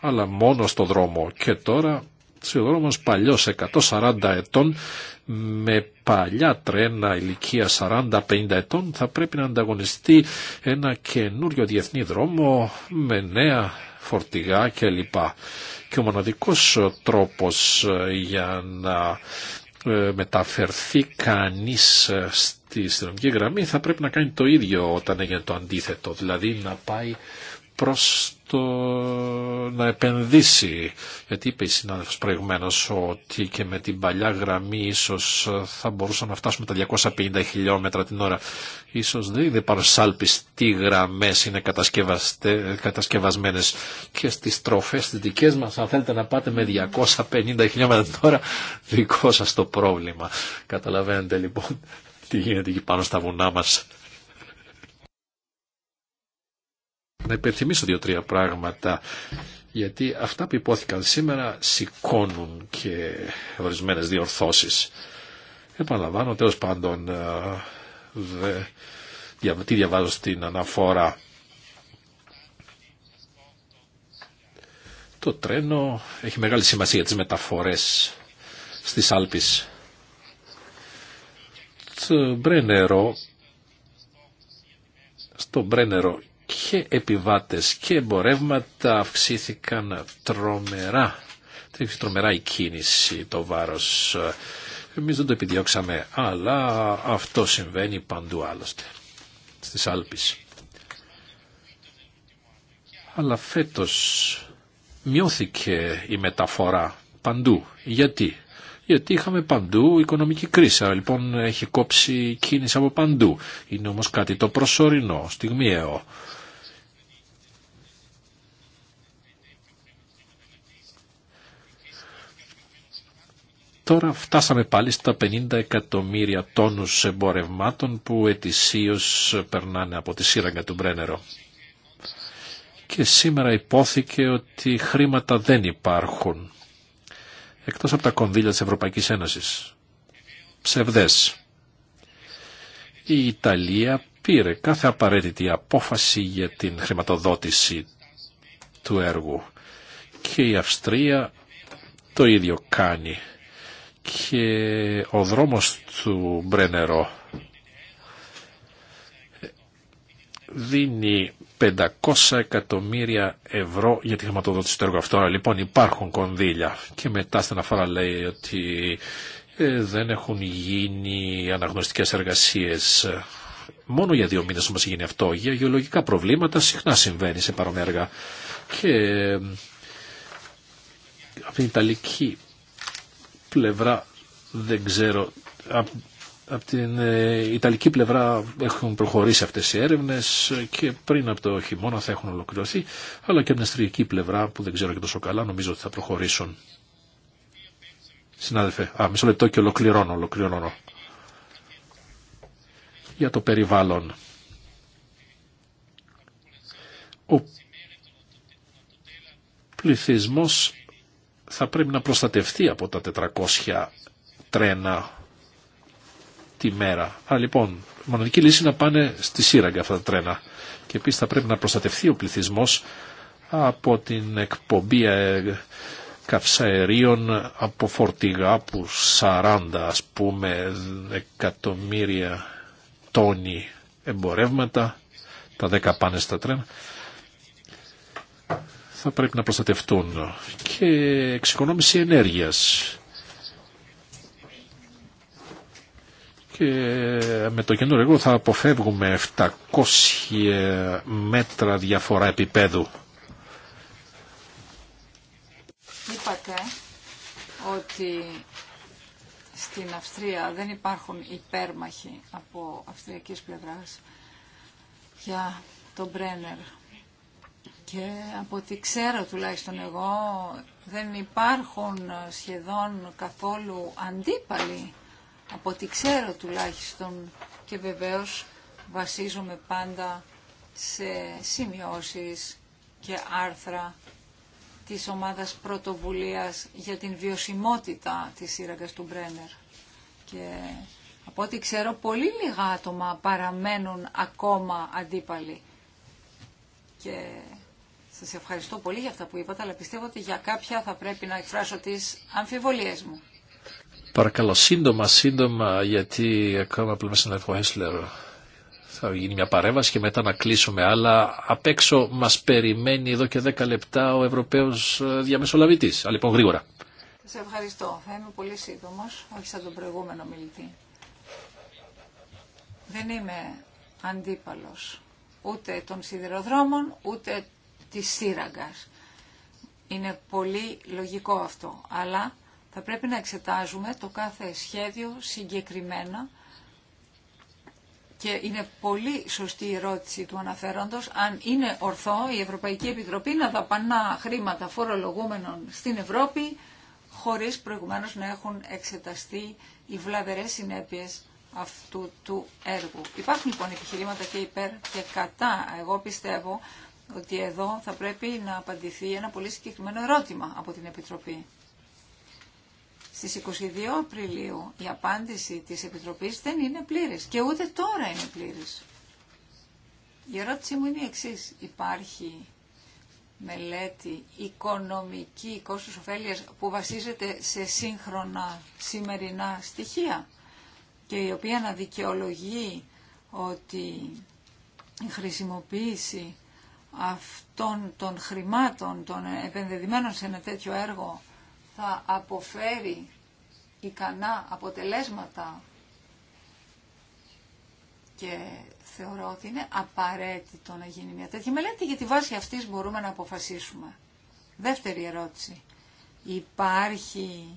αλλά μόνο στο δρόμο. Και τώρα σιδηρόδρομος παλιός 140 ετών με παλιά τρένα ηλικία 40-50 ετών θα πρέπει να ανταγωνιστεί ένα καινούριο διεθνή δρόμο με νέα φορτηγά κλπ και ο μοναδικός ε, τρόπος ε, για να ε, μεταφερθεί κανείς στη συνομική γραμμή θα πρέπει να κάνει το ίδιο όταν έγινε το αντίθετο, δηλαδή να πάει προς το να επενδύσει. Γιατί είπε η συνάδελφος προηγουμένως ότι και με την παλιά γραμμή ίσως θα μπορούσαμε να φτάσουμε τα 250 χιλιόμετρα την ώρα. Ίσως δεν είναι παρσάλπις τι γραμμές είναι κατασκευασμένες και στις τροφές τι δικές μας αν θέλετε να πάτε με 250 χιλιόμετρα την ώρα δικό σας το πρόβλημα. Καταλαβαίνετε λοιπόν τι γίνεται εκεί πάνω στα βουνά μας. να υπενθυμίσω δύο-τρία πράγματα γιατί αυτά που υπόθηκαν σήμερα σηκώνουν και ορισμένες διορθώσεις. Επαναλαμβάνω, τέλος πάντων, ε, τι διαβάζω στην αναφορά. Το τρένο έχει μεγάλη σημασία για τις μεταφορές στις Άλπεις. Το Μπρένερο, στο Μπρένερο και επιβάτες και εμπορεύματα αυξήθηκαν τρομερά. Τρομερά η κίνηση, το βάρος. Εμείς δεν το επιδιώξαμε, αλλά αυτό συμβαίνει παντού άλλωστε, στις Άλπεις. Αλλά φέτος μειώθηκε η μεταφορά παντού. Γιατί? Γιατί είχαμε παντού οικονομική κρίση, λοιπόν έχει κόψει κίνηση από παντού. Είναι όμως κάτι το προσωρινό, στιγμιαίο. Τώρα φτάσαμε πάλι στα 50 εκατομμύρια τόνους εμπορευμάτων που ετησίως περνάνε από τη σύραγγα του Μπρένερο. Και σήμερα υπόθηκε ότι χρήματα δεν υπάρχουν, εκτός από τα κονδύλια της Ευρωπαϊκής Ένωσης. Ψευδές. Η Ιταλία πήρε κάθε απαραίτητη απόφαση για την χρηματοδότηση του έργου και η Αυστρία το ίδιο κάνει και ο δρόμος του Μπρένερο δίνει 500 εκατομμύρια ευρώ για τη χρηματοδότηση του έργου αυτό. Λοιπόν υπάρχουν κονδύλια και μετά στην αφορά λέει ότι ε, δεν έχουν γίνει αναγνωστικές εργασίες. Μόνο για δύο μήνες όμως γίνει αυτό. Για γεωλογικά προβλήματα συχνά συμβαίνει σε παρόμοια έργα. Και ε, από την Ιταλική πλευρά δεν ξέρω. Από, απ' την ε, Ιταλική πλευρά έχουν προχωρήσει αυτές οι έρευνες και πριν από το χειμώνα θα έχουν ολοκληρωθεί, αλλά και από την Αστριακή πλευρά που δεν ξέρω και τόσο καλά νομίζω ότι θα προχωρήσουν. Συνάδελφε, α, μισό λεπτό και ολοκληρώνω, ολοκληρώνω. Για το περιβάλλον. Ο πληθυσμός θα πρέπει να προστατευτεί από τα 400 τρένα τη μέρα. Άρα λοιπόν, η μοναδική λύση είναι να πάνε στη σύραγγα αυτά τα τρένα. Και επίσης θα πρέπει να προστατευτεί ο πληθυσμός από την εκπομπή ε, καυσαερίων από φορτηγά που 40 ας πούμε εκατομμύρια τόνοι εμπορεύματα, τα 10 πάνε στα τρένα θα πρέπει να προστατευτούν και εξοικονόμηση ενέργειας. Και με το καινούργιο θα αποφεύγουμε 700 μέτρα διαφορά επίπεδου.
Είπατε ότι στην Αυστρία δεν υπάρχουν υπέρμαχοι από αυστριακής πλευράς για τον Μπρένερ και από ό,τι ξέρω τουλάχιστον εγώ δεν υπάρχουν σχεδόν καθόλου αντίπαλοι από ό,τι ξέρω τουλάχιστον και βεβαίως βασίζομαι πάντα σε σημειώσεις και άρθρα της ομάδας πρωτοβουλίας για την βιωσιμότητα της σύραγγας του Μπρένερ. Και από ό,τι ξέρω πολύ λίγα άτομα παραμένουν ακόμα αντίπαλοι. Και σας ευχαριστώ πολύ για αυτά που είπατε, αλλά πιστεύω ότι για κάποια θα πρέπει να εκφράσω τις αμφιβολίες μου.
Παρακαλώ, σύντομα, σύντομα, γιατί ακόμα πλέον συνάδελφο Χέσλερ θα γίνει μια παρέμβαση και μετά να κλείσουμε. Αλλά απ' έξω μας περιμένει εδώ και 10 λεπτά ο Ευρωπαίος ε, διαμεσολαβητής. Αλλά λοιπόν γρήγορα.
Σας ευχαριστώ. Θα είμαι πολύ σύντομο όχι σαν τον προηγούμενο μιλητή. Δεν είμαι αντίπαλος ούτε των σιδηροδρόμων, ούτε της σύραγγας. Είναι πολύ λογικό αυτό, αλλά θα πρέπει να εξετάζουμε το κάθε σχέδιο συγκεκριμένα και είναι πολύ σωστή η ερώτηση του αναφέροντος αν είναι ορθό η Ευρωπαϊκή Επιτροπή να δαπανά χρήματα φορολογούμενων στην Ευρώπη χωρίς προηγουμένως να έχουν εξεταστεί οι βλαβερές συνέπειες αυτού του έργου. Υπάρχουν λοιπόν επιχειρήματα και υπέρ και κατά. Εγώ πιστεύω ότι εδώ θα πρέπει να απαντηθεί ένα πολύ συγκεκριμένο ερώτημα από την Επιτροπή. Στις 22 Απριλίου η απάντηση της Επιτροπής δεν είναι πλήρης και ούτε τώρα είναι πλήρης. Η ερώτησή μου είναι η εξής. Υπάρχει μελέτη οικονομική κόστος ωφέλειας που βασίζεται σε σύγχρονα σημερινά στοιχεία και η οποία να δικαιολογεί ότι η χρησιμοποίηση αυτών των χρημάτων, των επενδεδημένων σε ένα τέτοιο έργο, θα αποφέρει ικανά αποτελέσματα και θεωρώ ότι είναι απαραίτητο να γίνει μια τέτοια μελέτη γιατί βάσει αυτής μπορούμε να αποφασίσουμε. Δεύτερη ερώτηση. Υπάρχει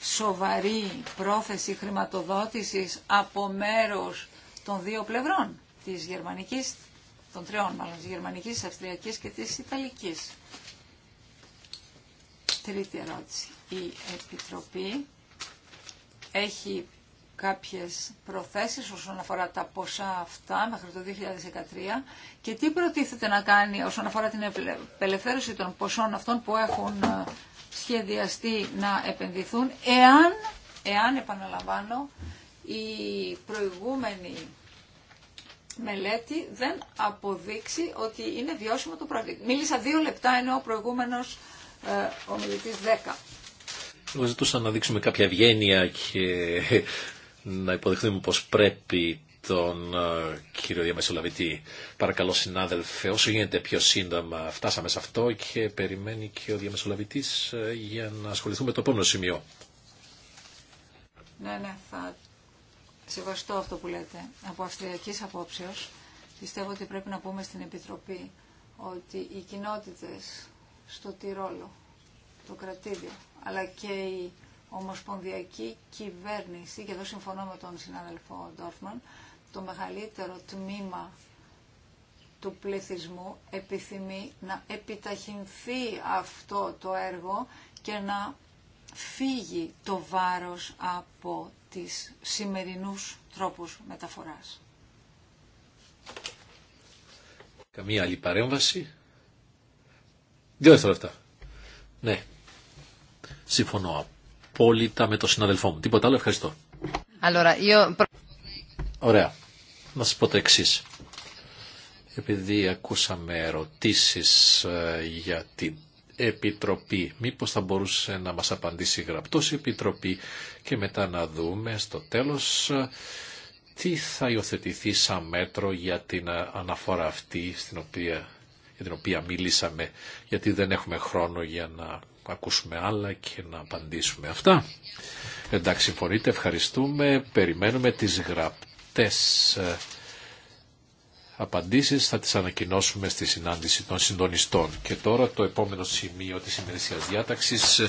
σοβαρή πρόθεση χρηματοδότησης από μέρος των δύο πλευρών της γερμανικής των τριών μάλλον, της γερμανικής, της αυστριακής και της ιταλικής. Τρίτη ερώτηση. Η Επιτροπή έχει κάποιες προθέσεις όσον αφορά τα ποσά αυτά μέχρι το 2013 και τι προτίθεται να κάνει όσον αφορά την απελευθέρωση των ποσών αυτών που έχουν ε, σχεδιαστεί να επενδυθούν εάν, εάν επαναλαμβάνω, η προηγούμενη μελέτη δεν αποδείξει ότι είναι βιώσιμο το project. Μίλησα δύο λεπτά ενώ ο προηγούμενος ε, ομιλητής δέκα.
Εγώ ζητούσα να δείξουμε κάποια ευγένεια και να υποδεχθούμε πως πρέπει τον ε, κύριο Διαμεσολαβητή. Παρακαλώ συνάδελφε, όσο γίνεται πιο σύντομα φτάσαμε σε αυτό και περιμένει και ο Διαμεσολαβητής ε, για να ασχοληθούμε το επόμενο σημείο.
Ναι, ναι, θα σεβαστό αυτό που λέτε. Από αυστριακή απόψεω, πιστεύω ότι πρέπει να πούμε στην Επιτροπή ότι οι κοινότητε, στο Τυρόλο, το κρατήδιο, αλλά και η ομοσπονδιακή κυβέρνηση, και εδώ συμφωνώ με τον συνάδελφο Ντόρφμαν, το μεγαλύτερο τμήμα του πληθυσμού επιθυμεί να επιταχυνθεί αυτό το έργο και να φύγει το βάρος από τις σημερινούς τρόπους μεταφοράς.
Καμία άλλη παρέμβαση. Δύο λεπτά. Ναι. Συμφωνώ απόλυτα με τον συναδελφό μου. Τίποτα άλλο. Ευχαριστώ. Ωραία. Να σας πω το εξή. Επειδή ακούσαμε ερωτήσεις ε, για την Επιτροπή. Μήπως θα μπορούσε να μας απαντήσει γραπτός η Επιτροπή και μετά να δούμε στο τέλος ε, τι θα υιοθετηθεί σαν μέτρο για την ε, αναφορά αυτή στην οποία, για την οποία μίλησαμε γιατί δεν έχουμε χρόνο για να ακούσουμε άλλα και να απαντήσουμε αυτά. Εντάξει, συμφωνείτε, ευχαριστούμε, περιμένουμε τις γραπτές ε, απαντήσεις θα τις ανακοινώσουμε στη συνάντηση των συντονιστών. Και τώρα το επόμενο σημείο της ημερησίας διάταξης. Ε,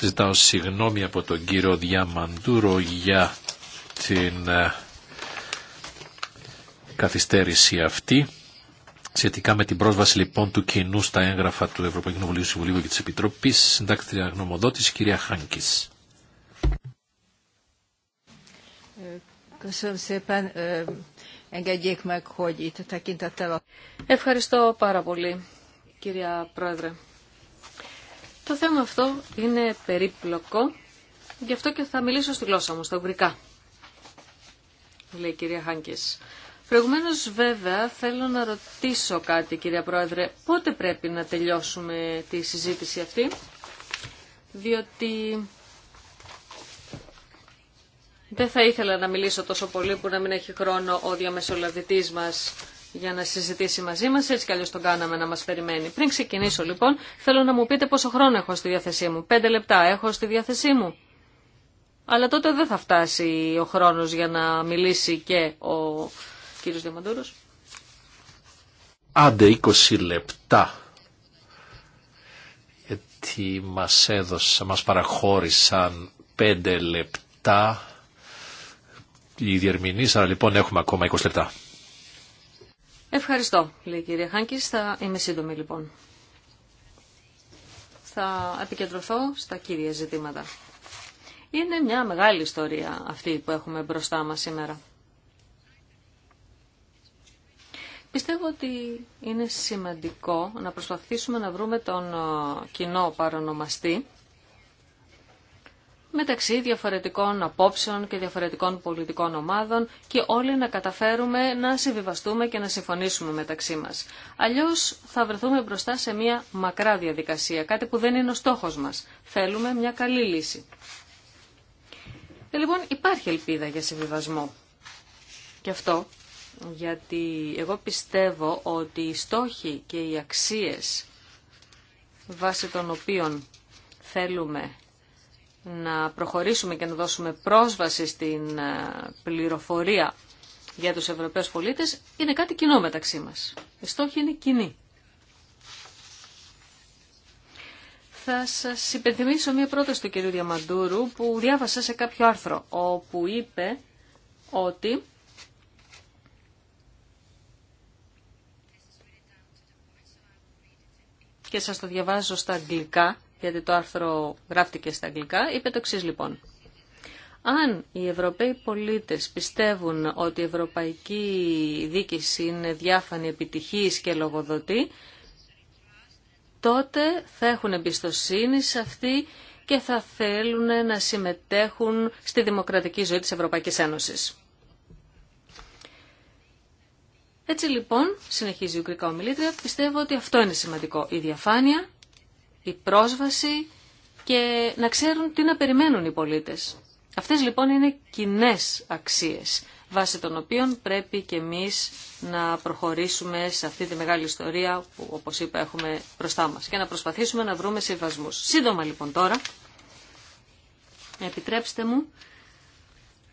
ζητάω συγγνώμη από τον κύριο Διαμαντούρο για την ε, καθυστέρηση αυτή. Σχετικά με την πρόσβαση λοιπόν του κοινού στα έγγραφα του Ευρωπαϊκού Νομολίου Συμβουλίου και της Επιτροπής, συντάκτρια τη, κυρία Χάνκης.
Ε,
Ευχαριστώ πάρα πολύ, κυρία Πρόεδρε. Το θέμα αυτό είναι περίπλοκο, γι' αυτό και θα μιλήσω στη γλώσσα μου, στα ουγγρικά, λέει η κυρία Χάνκης. Προηγουμένως βέβαια θέλω να ρωτήσω κάτι κυρία Πρόεδρε, πότε πρέπει να τελειώσουμε τη συζήτηση αυτή, διότι δεν θα ήθελα να μιλήσω τόσο πολύ που να μην έχει χρόνο ο διαμεσολαβητής μας για να συζητήσει μαζί μας, έτσι κι αλλιώς τον κάναμε να μας περιμένει. Πριν ξεκινήσω λοιπόν, θέλω να μου πείτε πόσο χρόνο έχω στη διάθεσή μου. Πέντε λεπτά έχω στη διάθεσή μου. Αλλά τότε δεν θα φτάσει ο χρόνος για να μιλήσει και ο κύριος Διαμαντούρος.
Άντε 20 λεπτά. Γιατί μας έδωσαν, μας παραχώρησαν πέντε λεπτά η διερμηνή, αλλά λοιπόν έχουμε ακόμα 20 λεπτά.
Ευχαριστώ, λέει η κυρία Χάνκη. Θα είμαι σύντομη λοιπόν. Θα επικεντρωθώ στα κύρια ζητήματα. Είναι μια μεγάλη ιστορία αυτή που έχουμε μπροστά μας σήμερα. Πιστεύω ότι είναι σημαντικό να προσπαθήσουμε να βρούμε τον ε, κοινό παρονομαστή μεταξύ διαφορετικών απόψεων και διαφορετικών πολιτικών ομάδων και όλοι να καταφέρουμε να συμβιβαστούμε και να συμφωνήσουμε μεταξύ μας. Αλλιώς θα βρεθούμε μπροστά σε μια μακρά διαδικασία, κάτι που δεν είναι ο στόχος μας. Θέλουμε μια καλή λύση. Ε, λοιπόν, υπάρχει ελπίδα για συμβιβασμό. Και αυτό γιατί εγώ πιστεύω ότι οι στόχοι και οι αξίες βάσει των οποίων θέλουμε να προχωρήσουμε και να δώσουμε πρόσβαση στην ε, πληροφορία για τους Ευρωπαίους πολίτες είναι κάτι κοινό μεταξύ μας. Η στόχη είναι κοινή. Θα σας υπενθυμίσω μία πρόταση του κ. Διαμαντούρου που διάβασα σε κάποιο άρθρο όπου είπε ότι και σας το διαβάζω στα αγγλικά γιατί το άρθρο γράφτηκε στα αγγλικά, είπε το εξή λοιπόν. Αν οι Ευρωπαίοι πολίτες πιστεύουν ότι η ευρωπαϊκή δίκηση είναι διάφανη, επιτυχής και λογοδοτή, τότε θα έχουν εμπιστοσύνη σε αυτή και θα θέλουν να συμμετέχουν στη δημοκρατική ζωή της Ευρωπαϊκής Ένωσης. Έτσι λοιπόν, συνεχίζει η Ουγγρικά Ομιλήτρια, πιστεύω ότι αυτό είναι σημαντικό. Η διαφάνεια η πρόσβαση και να ξέρουν τι να περιμένουν οι πολίτες. Αυτές λοιπόν είναι κοινέ αξίες, βάσει των οποίων πρέπει και εμείς να προχωρήσουμε σε αυτή τη μεγάλη ιστορία που όπως είπα έχουμε μπροστά μας και να προσπαθήσουμε να βρούμε συμβασμούς. Σύντομα λοιπόν τώρα, επιτρέψτε μου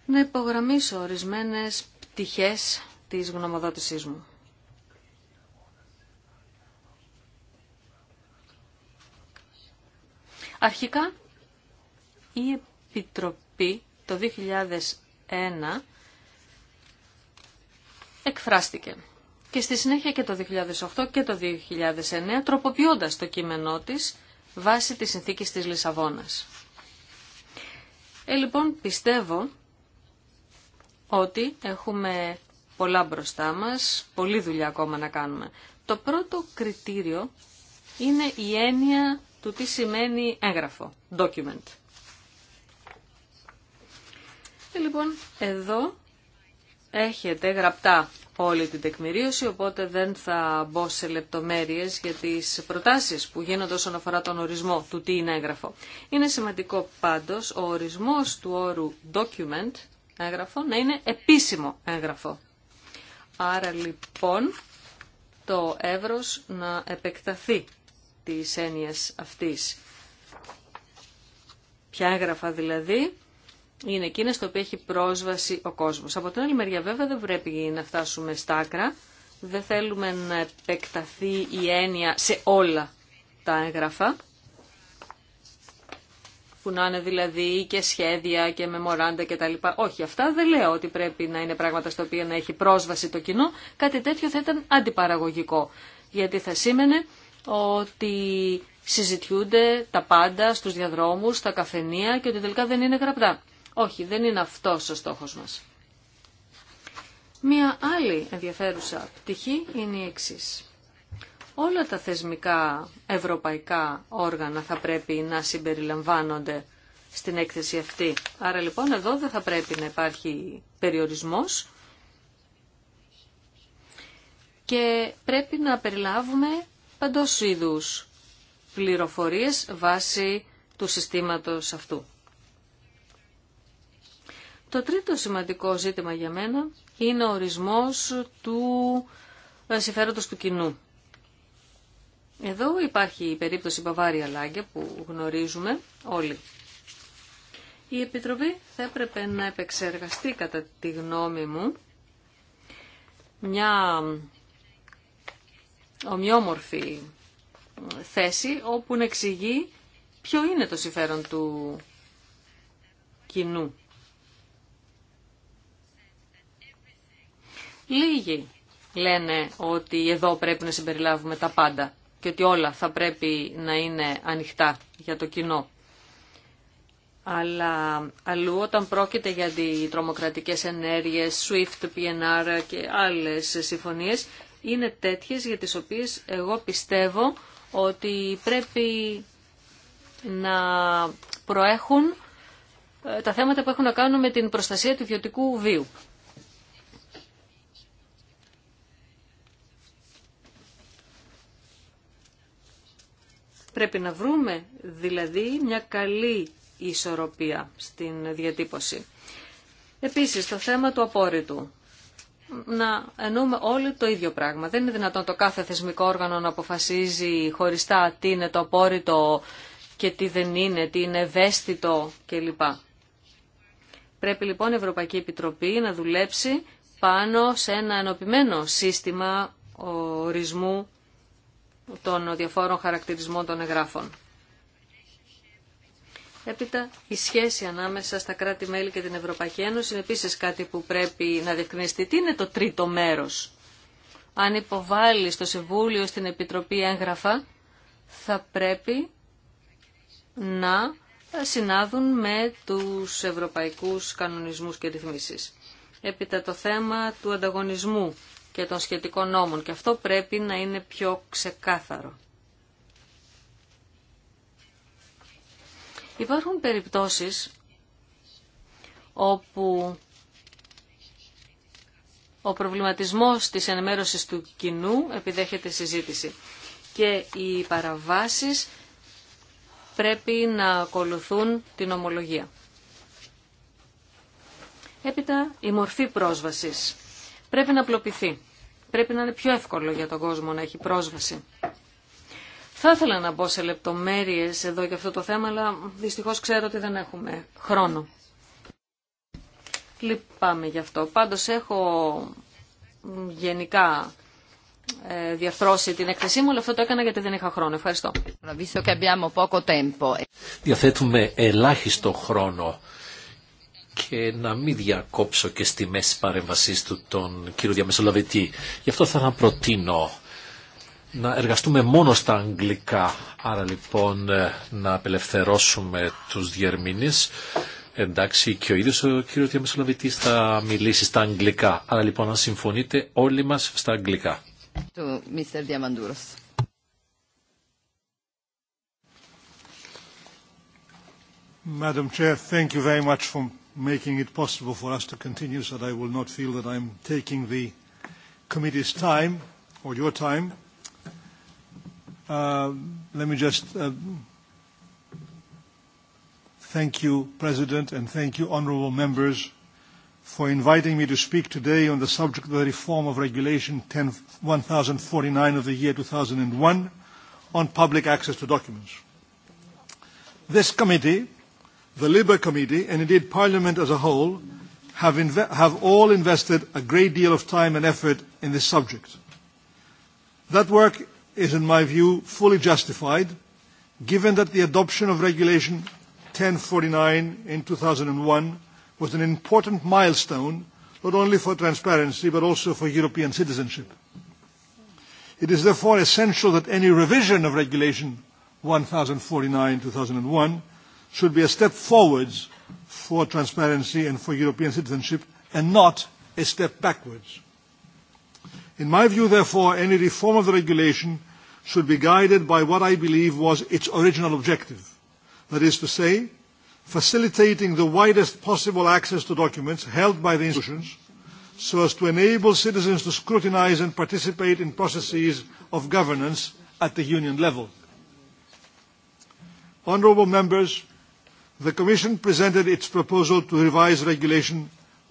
να υπογραμμίσω ορισμένες πτυχές της γνωμοδότησής μου. Αρχικά η Επιτροπή το 2001 εκφράστηκε και στη συνέχεια και το 2008 και το 2009 τροποποιώντας το κείμενό της βάσει της συνθήκης της Λισαβόνας. Ε, λοιπόν, πιστεύω ότι έχουμε πολλά μπροστά μας, πολλή δουλειά ακόμα να κάνουμε. Το πρώτο κριτήριο είναι η έννοια του τι σημαίνει έγγραφο, document. Και ε, λοιπόν, εδώ έχετε γραπτά όλη την τεκμηρίωση, οπότε δεν θα μπω σε λεπτομέρειες για τις προτάσεις που γίνονται όσον αφορά τον ορισμό του τι είναι έγγραφο. Είναι σημαντικό πάντως ο ορισμός του όρου document, έγγραφο, να είναι επίσημο έγγραφο. Άρα λοιπόν το εύρος να επεκταθεί της έννοιας αυτής. Ποια έγγραφα δηλαδή είναι εκείνα στο οποίο έχει πρόσβαση ο κόσμος. Από την άλλη μεριά βέβαια δεν πρέπει να φτάσουμε στα άκρα. Δεν θέλουμε να επεκταθεί η έννοια σε όλα τα έγγραφα που να είναι δηλαδή και σχέδια και μεμοράντα και τα λοιπά. Όχι, αυτά δεν λέω ότι πρέπει να είναι πράγματα στο οποία να έχει πρόσβαση το κοινό. Κάτι τέτοιο θα ήταν αντιπαραγωγικό, γιατί θα σήμαινε ότι συζητιούνται τα πάντα στους διαδρόμους, στα καφενεία και ότι τελικά δεν είναι γραπτά. Όχι, δεν είναι αυτός ο στόχος μας. Μία άλλη ενδιαφέρουσα πτυχή είναι η εξή. Όλα τα θεσμικά ευρωπαϊκά όργανα θα πρέπει να συμπεριλαμβάνονται στην έκθεση αυτή. Άρα λοιπόν εδώ δεν θα πρέπει να υπάρχει περιορισμός και πρέπει να περιλάβουμε παντός είδους πληροφορίες βάσει του συστήματος αυτού. Το τρίτο σημαντικό ζήτημα για μένα είναι ο ορισμός του ε, συμφέροντος του κοινού. Εδώ υπάρχει η περίπτωση Μπαβάρια Λάγκε που γνωρίζουμε όλοι. Η Επιτροπή θα έπρεπε να επεξεργαστεί κατά τη γνώμη μου μια ομοιόμορφη θέση όπου να εξηγεί ποιο είναι το συμφέρον του κοινού. Λίγοι λένε ότι εδώ πρέπει να συμπεριλάβουμε τα πάντα και ότι όλα θα πρέπει να είναι ανοιχτά για το κοινό. Αλλά αλλού όταν πρόκειται για αντιτρομοκρατικές ενέργειες, SWIFT, PNR και άλλες συμφωνίες, είναι τέτοιες για τις οποίες εγώ πιστεύω ότι πρέπει να προέχουν ε, τα θέματα που έχουν να κάνουν με την προστασία του ιδιωτικού βίου. Πρέπει να βρούμε δηλαδή μια καλή ισορροπία στην διατύπωση. Επίσης, το θέμα του απόρριτου να εννοούμε όλοι το ίδιο πράγμα. Δεν είναι δυνατόν το κάθε θεσμικό όργανο να αποφασίζει χωριστά τι είναι το απόρριτο και τι δεν είναι, τι είναι ευαίσθητο κλπ. Πρέπει λοιπόν η Ευρωπαϊκή Επιτροπή να δουλέψει πάνω σε ένα ενωπημένο σύστημα ορισμού των διαφόρων χαρακτηρισμών των εγγράφων. Έπειτα, η σχέση ανάμεσα στα κράτη-μέλη και την Ευρωπαϊκή Ένωση είναι επίσης κάτι που πρέπει να διευκρινιστεί. Τι είναι το τρίτο μέρος. Αν υποβάλει στο Συμβούλιο, στην Επιτροπή έγγραφα, θα πρέπει να συνάδουν με τους ευρωπαϊκούς κανονισμούς και ρυθμίσεις. Έπειτα το θέμα του ανταγωνισμού και των σχετικών νόμων και αυτό πρέπει να είναι πιο ξεκάθαρο. Υπάρχουν περιπτώσεις όπου ο προβληματισμός της ενημέρωσης του κοινού επιδέχεται συζήτηση και οι παραβάσεις πρέπει να ακολουθούν την ομολογία. Έπειτα η μορφή πρόσβασης πρέπει να απλοποιηθεί. Πρέπει να είναι πιο εύκολο για τον κόσμο να έχει πρόσβαση. Θα ήθελα να μπω σε λεπτομέρειες εδώ για αυτό το θέμα, αλλά δυστυχώς ξέρω ότι δεν έχουμε χρόνο. Λυπάμαι γι' αυτό. Πάντως έχω γενικά ε, διαφθρώσει την έκθεσή μου, αλλά αυτό το έκανα γιατί δεν είχα χρόνο. Ευχαριστώ. Eh.
Διαθέτουμε ελάχιστο χρόνο και να μην διακόψω και στη μέση παρέμβασή του τον κύριο Διαμεσολαβητή. Γι' αυτό θα προτείνω να εργαστούμε μόνο στα αγγλικά. Άρα λοιπόν ε, να απελευθερώσουμε τους διερμήνες. Εντάξει και ο ίδιος ο κύριος Διαμεσολαβητής θα μιλήσει στα αγγλικά. Άρα λοιπόν να συμφωνείτε όλοι μας στα αγγλικά.
Mr. Diamandouros.
Madam Chair, thank you very much for making it possible for us to continue so that I will not feel that I'm taking the committee's time or your time. Let me just thank you, President, and thank you, honourable members, for inviting me to speak today on the subject of the reform of Regulation 1049 of the year 2001 on public access to documents. This committee, the Libre Committee, and indeed Parliament as a whole, have have all invested a great deal of time and effort in this subject. That work is, in my view, fully justified, given that the adoption of Regulation 1049 in 2001 was an important milestone, not only for transparency, but also for European citizenship. It is therefore essential that any revision of Regulation 1049-2001 should be a step forwards for transparency and for European citizenship, and not a step backwards. In my view, therefore, any reform of the regulation should be guided by what I believe was its original objective. That is to say, facilitating the widest possible access to documents held by the institutions so as to enable citizens to scrutinise and participate in processes of governance at the Union level. Honourable Members, the Commission presented its proposal to revise Regulation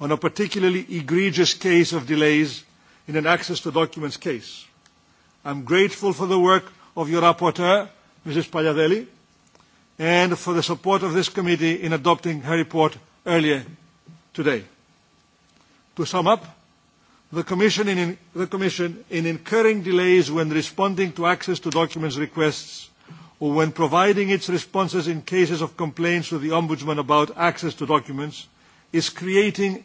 on a particularly egregious case of delays in an access to documents case. I am grateful for the work of your rapporteur, Mrs. Pagliadelli, and for the support of this committee in adopting her report earlier today. To sum up, the Commission, in, incurring delays when responding to access to documents requests or when providing its responses in cases of complaints to the Ombudsman about access to documents, is creating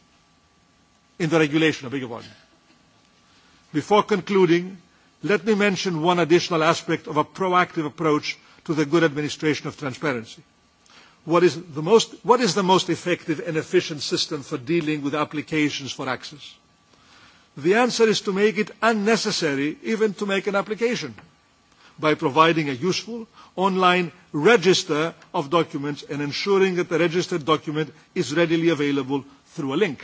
in the regulation, I beg your Before concluding, let me mention one additional aspect of a proactive approach to the good administration of transparency. What is the most effective and efficient system for dealing with applications for access? The answer is to make it unnecessary even to make an application by providing a useful online register of documents and ensuring that the registered document is readily available through a link.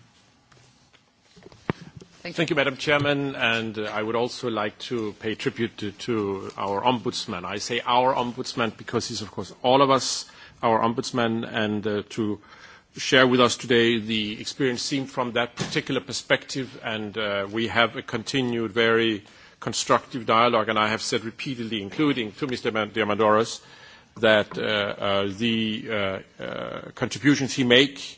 Thank you, Madam Chairman, and I would also like to pay tribute to our ombudsman. I say our ombudsman because he's, of course, all of us, our ombudsman, and to share with us today the experience seen from that particular perspective, and we have a continued, very constructive dialogue, and I have said repeatedly, including to Mr. Diamandouros, that the contributions he makes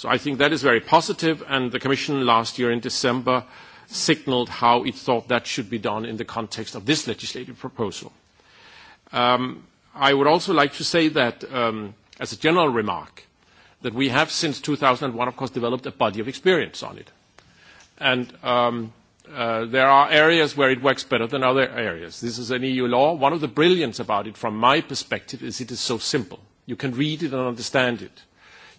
So I think that is very positive, and the Commission last year in December signalled how it thought that should be done in the context of this legislative proposal. I would also like to say that, as a general remark, that we have since 2001, of course, developed a body of experience on it. And there are areas where it works better than other areas. This is an EU law. One of the brilliance about it, from my perspective, is it is so simple. You can read it and understand it.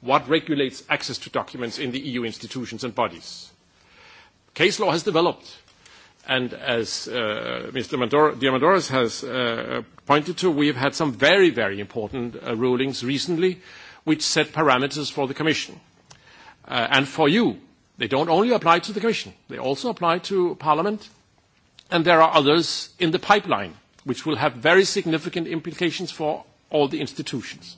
what regulates access to documents in the EU institutions and bodies. Case law has developed, and as Mr. Diamandouros has pointed to, we have had some very, very important rulings recently which set parameters for the Commission and for you. They don't only apply to the Commission. They also apply to Parliament, and there are others in the pipeline which will have very significant implications for all the institutions.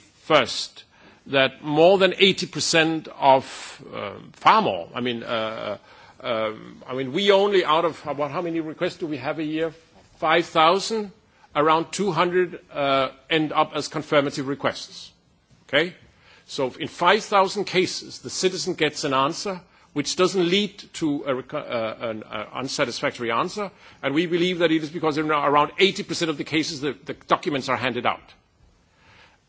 First, that more than 80% of, far more, I mean, I mean, we only out of, about how many requests do we have a year? 5,000, around 200 end up as confirmative requests. Okay? So in 5,000 cases, the citizen gets an answer which doesn't lead to an unsatisfactory answer, and we believe that it is because in around 80% of the cases the documents are handed out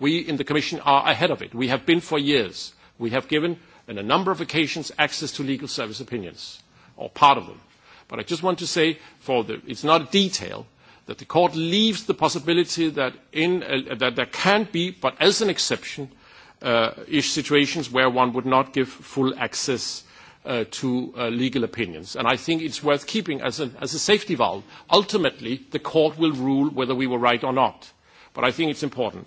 We in the Commission are ahead of it. We have been for years. We have given, on a number of occasions, access to legal service opinions, or part of them. But I just want to say, for it's not a detail, that the Court leaves the possibility that in that there can be, but as an exception, situations where one would not give full access to legal opinions. And I think it's worth keeping as a safety valve. Ultimately, the Court will rule whether we were right or not. But I think it's important.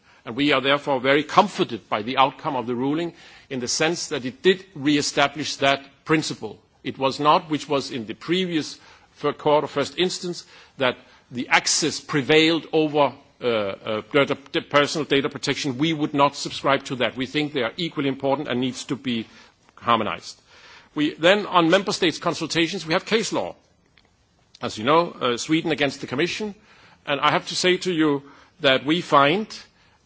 and we are therefore very comforted by the outcome of the ruling in the sense that it did re-establish that principle. It was not, which was in the previous court of first instance, that the access prevailed over personal data protection. We would not subscribe to that. We think they are equally important and needs to be harmonized. Then on member states' consultations, we have case law. As you know, Sweden against the Commission. And I have to say to you that we find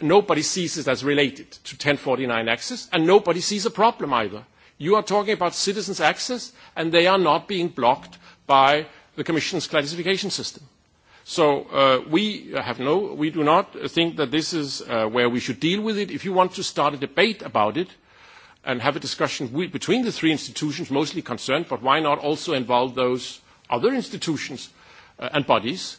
nobody sees it as related to 1049 access, and nobody sees a problem either. You are talking about citizens' access, and they are not being blocked by the Commission's classification system. So we have no, we do not think that this is where we should deal with it. If you want to start a debate about it and have a discussion between the three institutions mostly concerned, but why not also involve those other institutions and bodies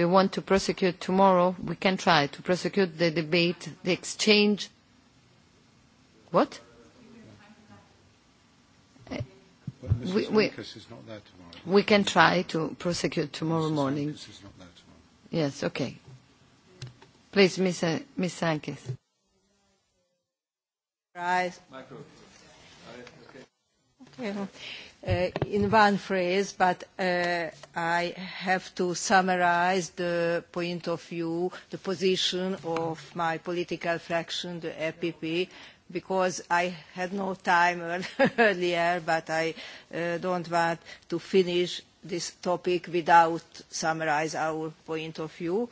you want to prosecute tomorrow, we can try to prosecute the debate, the exchange. What? We can try to prosecute tomorrow morning. Yes, okay. Please, Ms. Sankis.
Okay in one phrase, but I have to summarize the point of view, the position of my political fraction, the EPP, because I had no time earlier, but I don't want to finish this topic without summarize our point of view.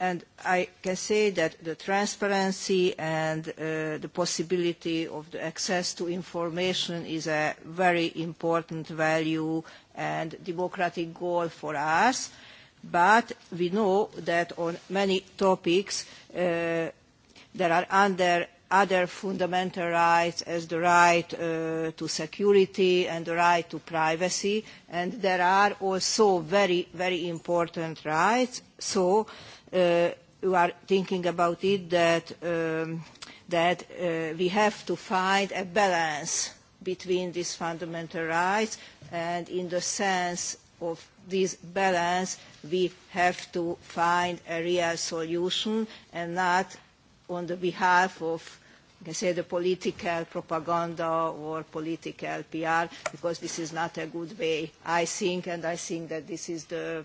I can say that the transparency and the possibility of the access to information is a very important value and democratic goal for us, but we know that on many topics there are under other fundamental rights as the right to security and the right to privacy, and there are also very, very important rights. So who are thinking about it that we have to find a balance between these fundamental rights and in the sense of this balance we have to find a real solution and not on the behalf of say the political propaganda or political PR because this is not a good way I think and I think that this is the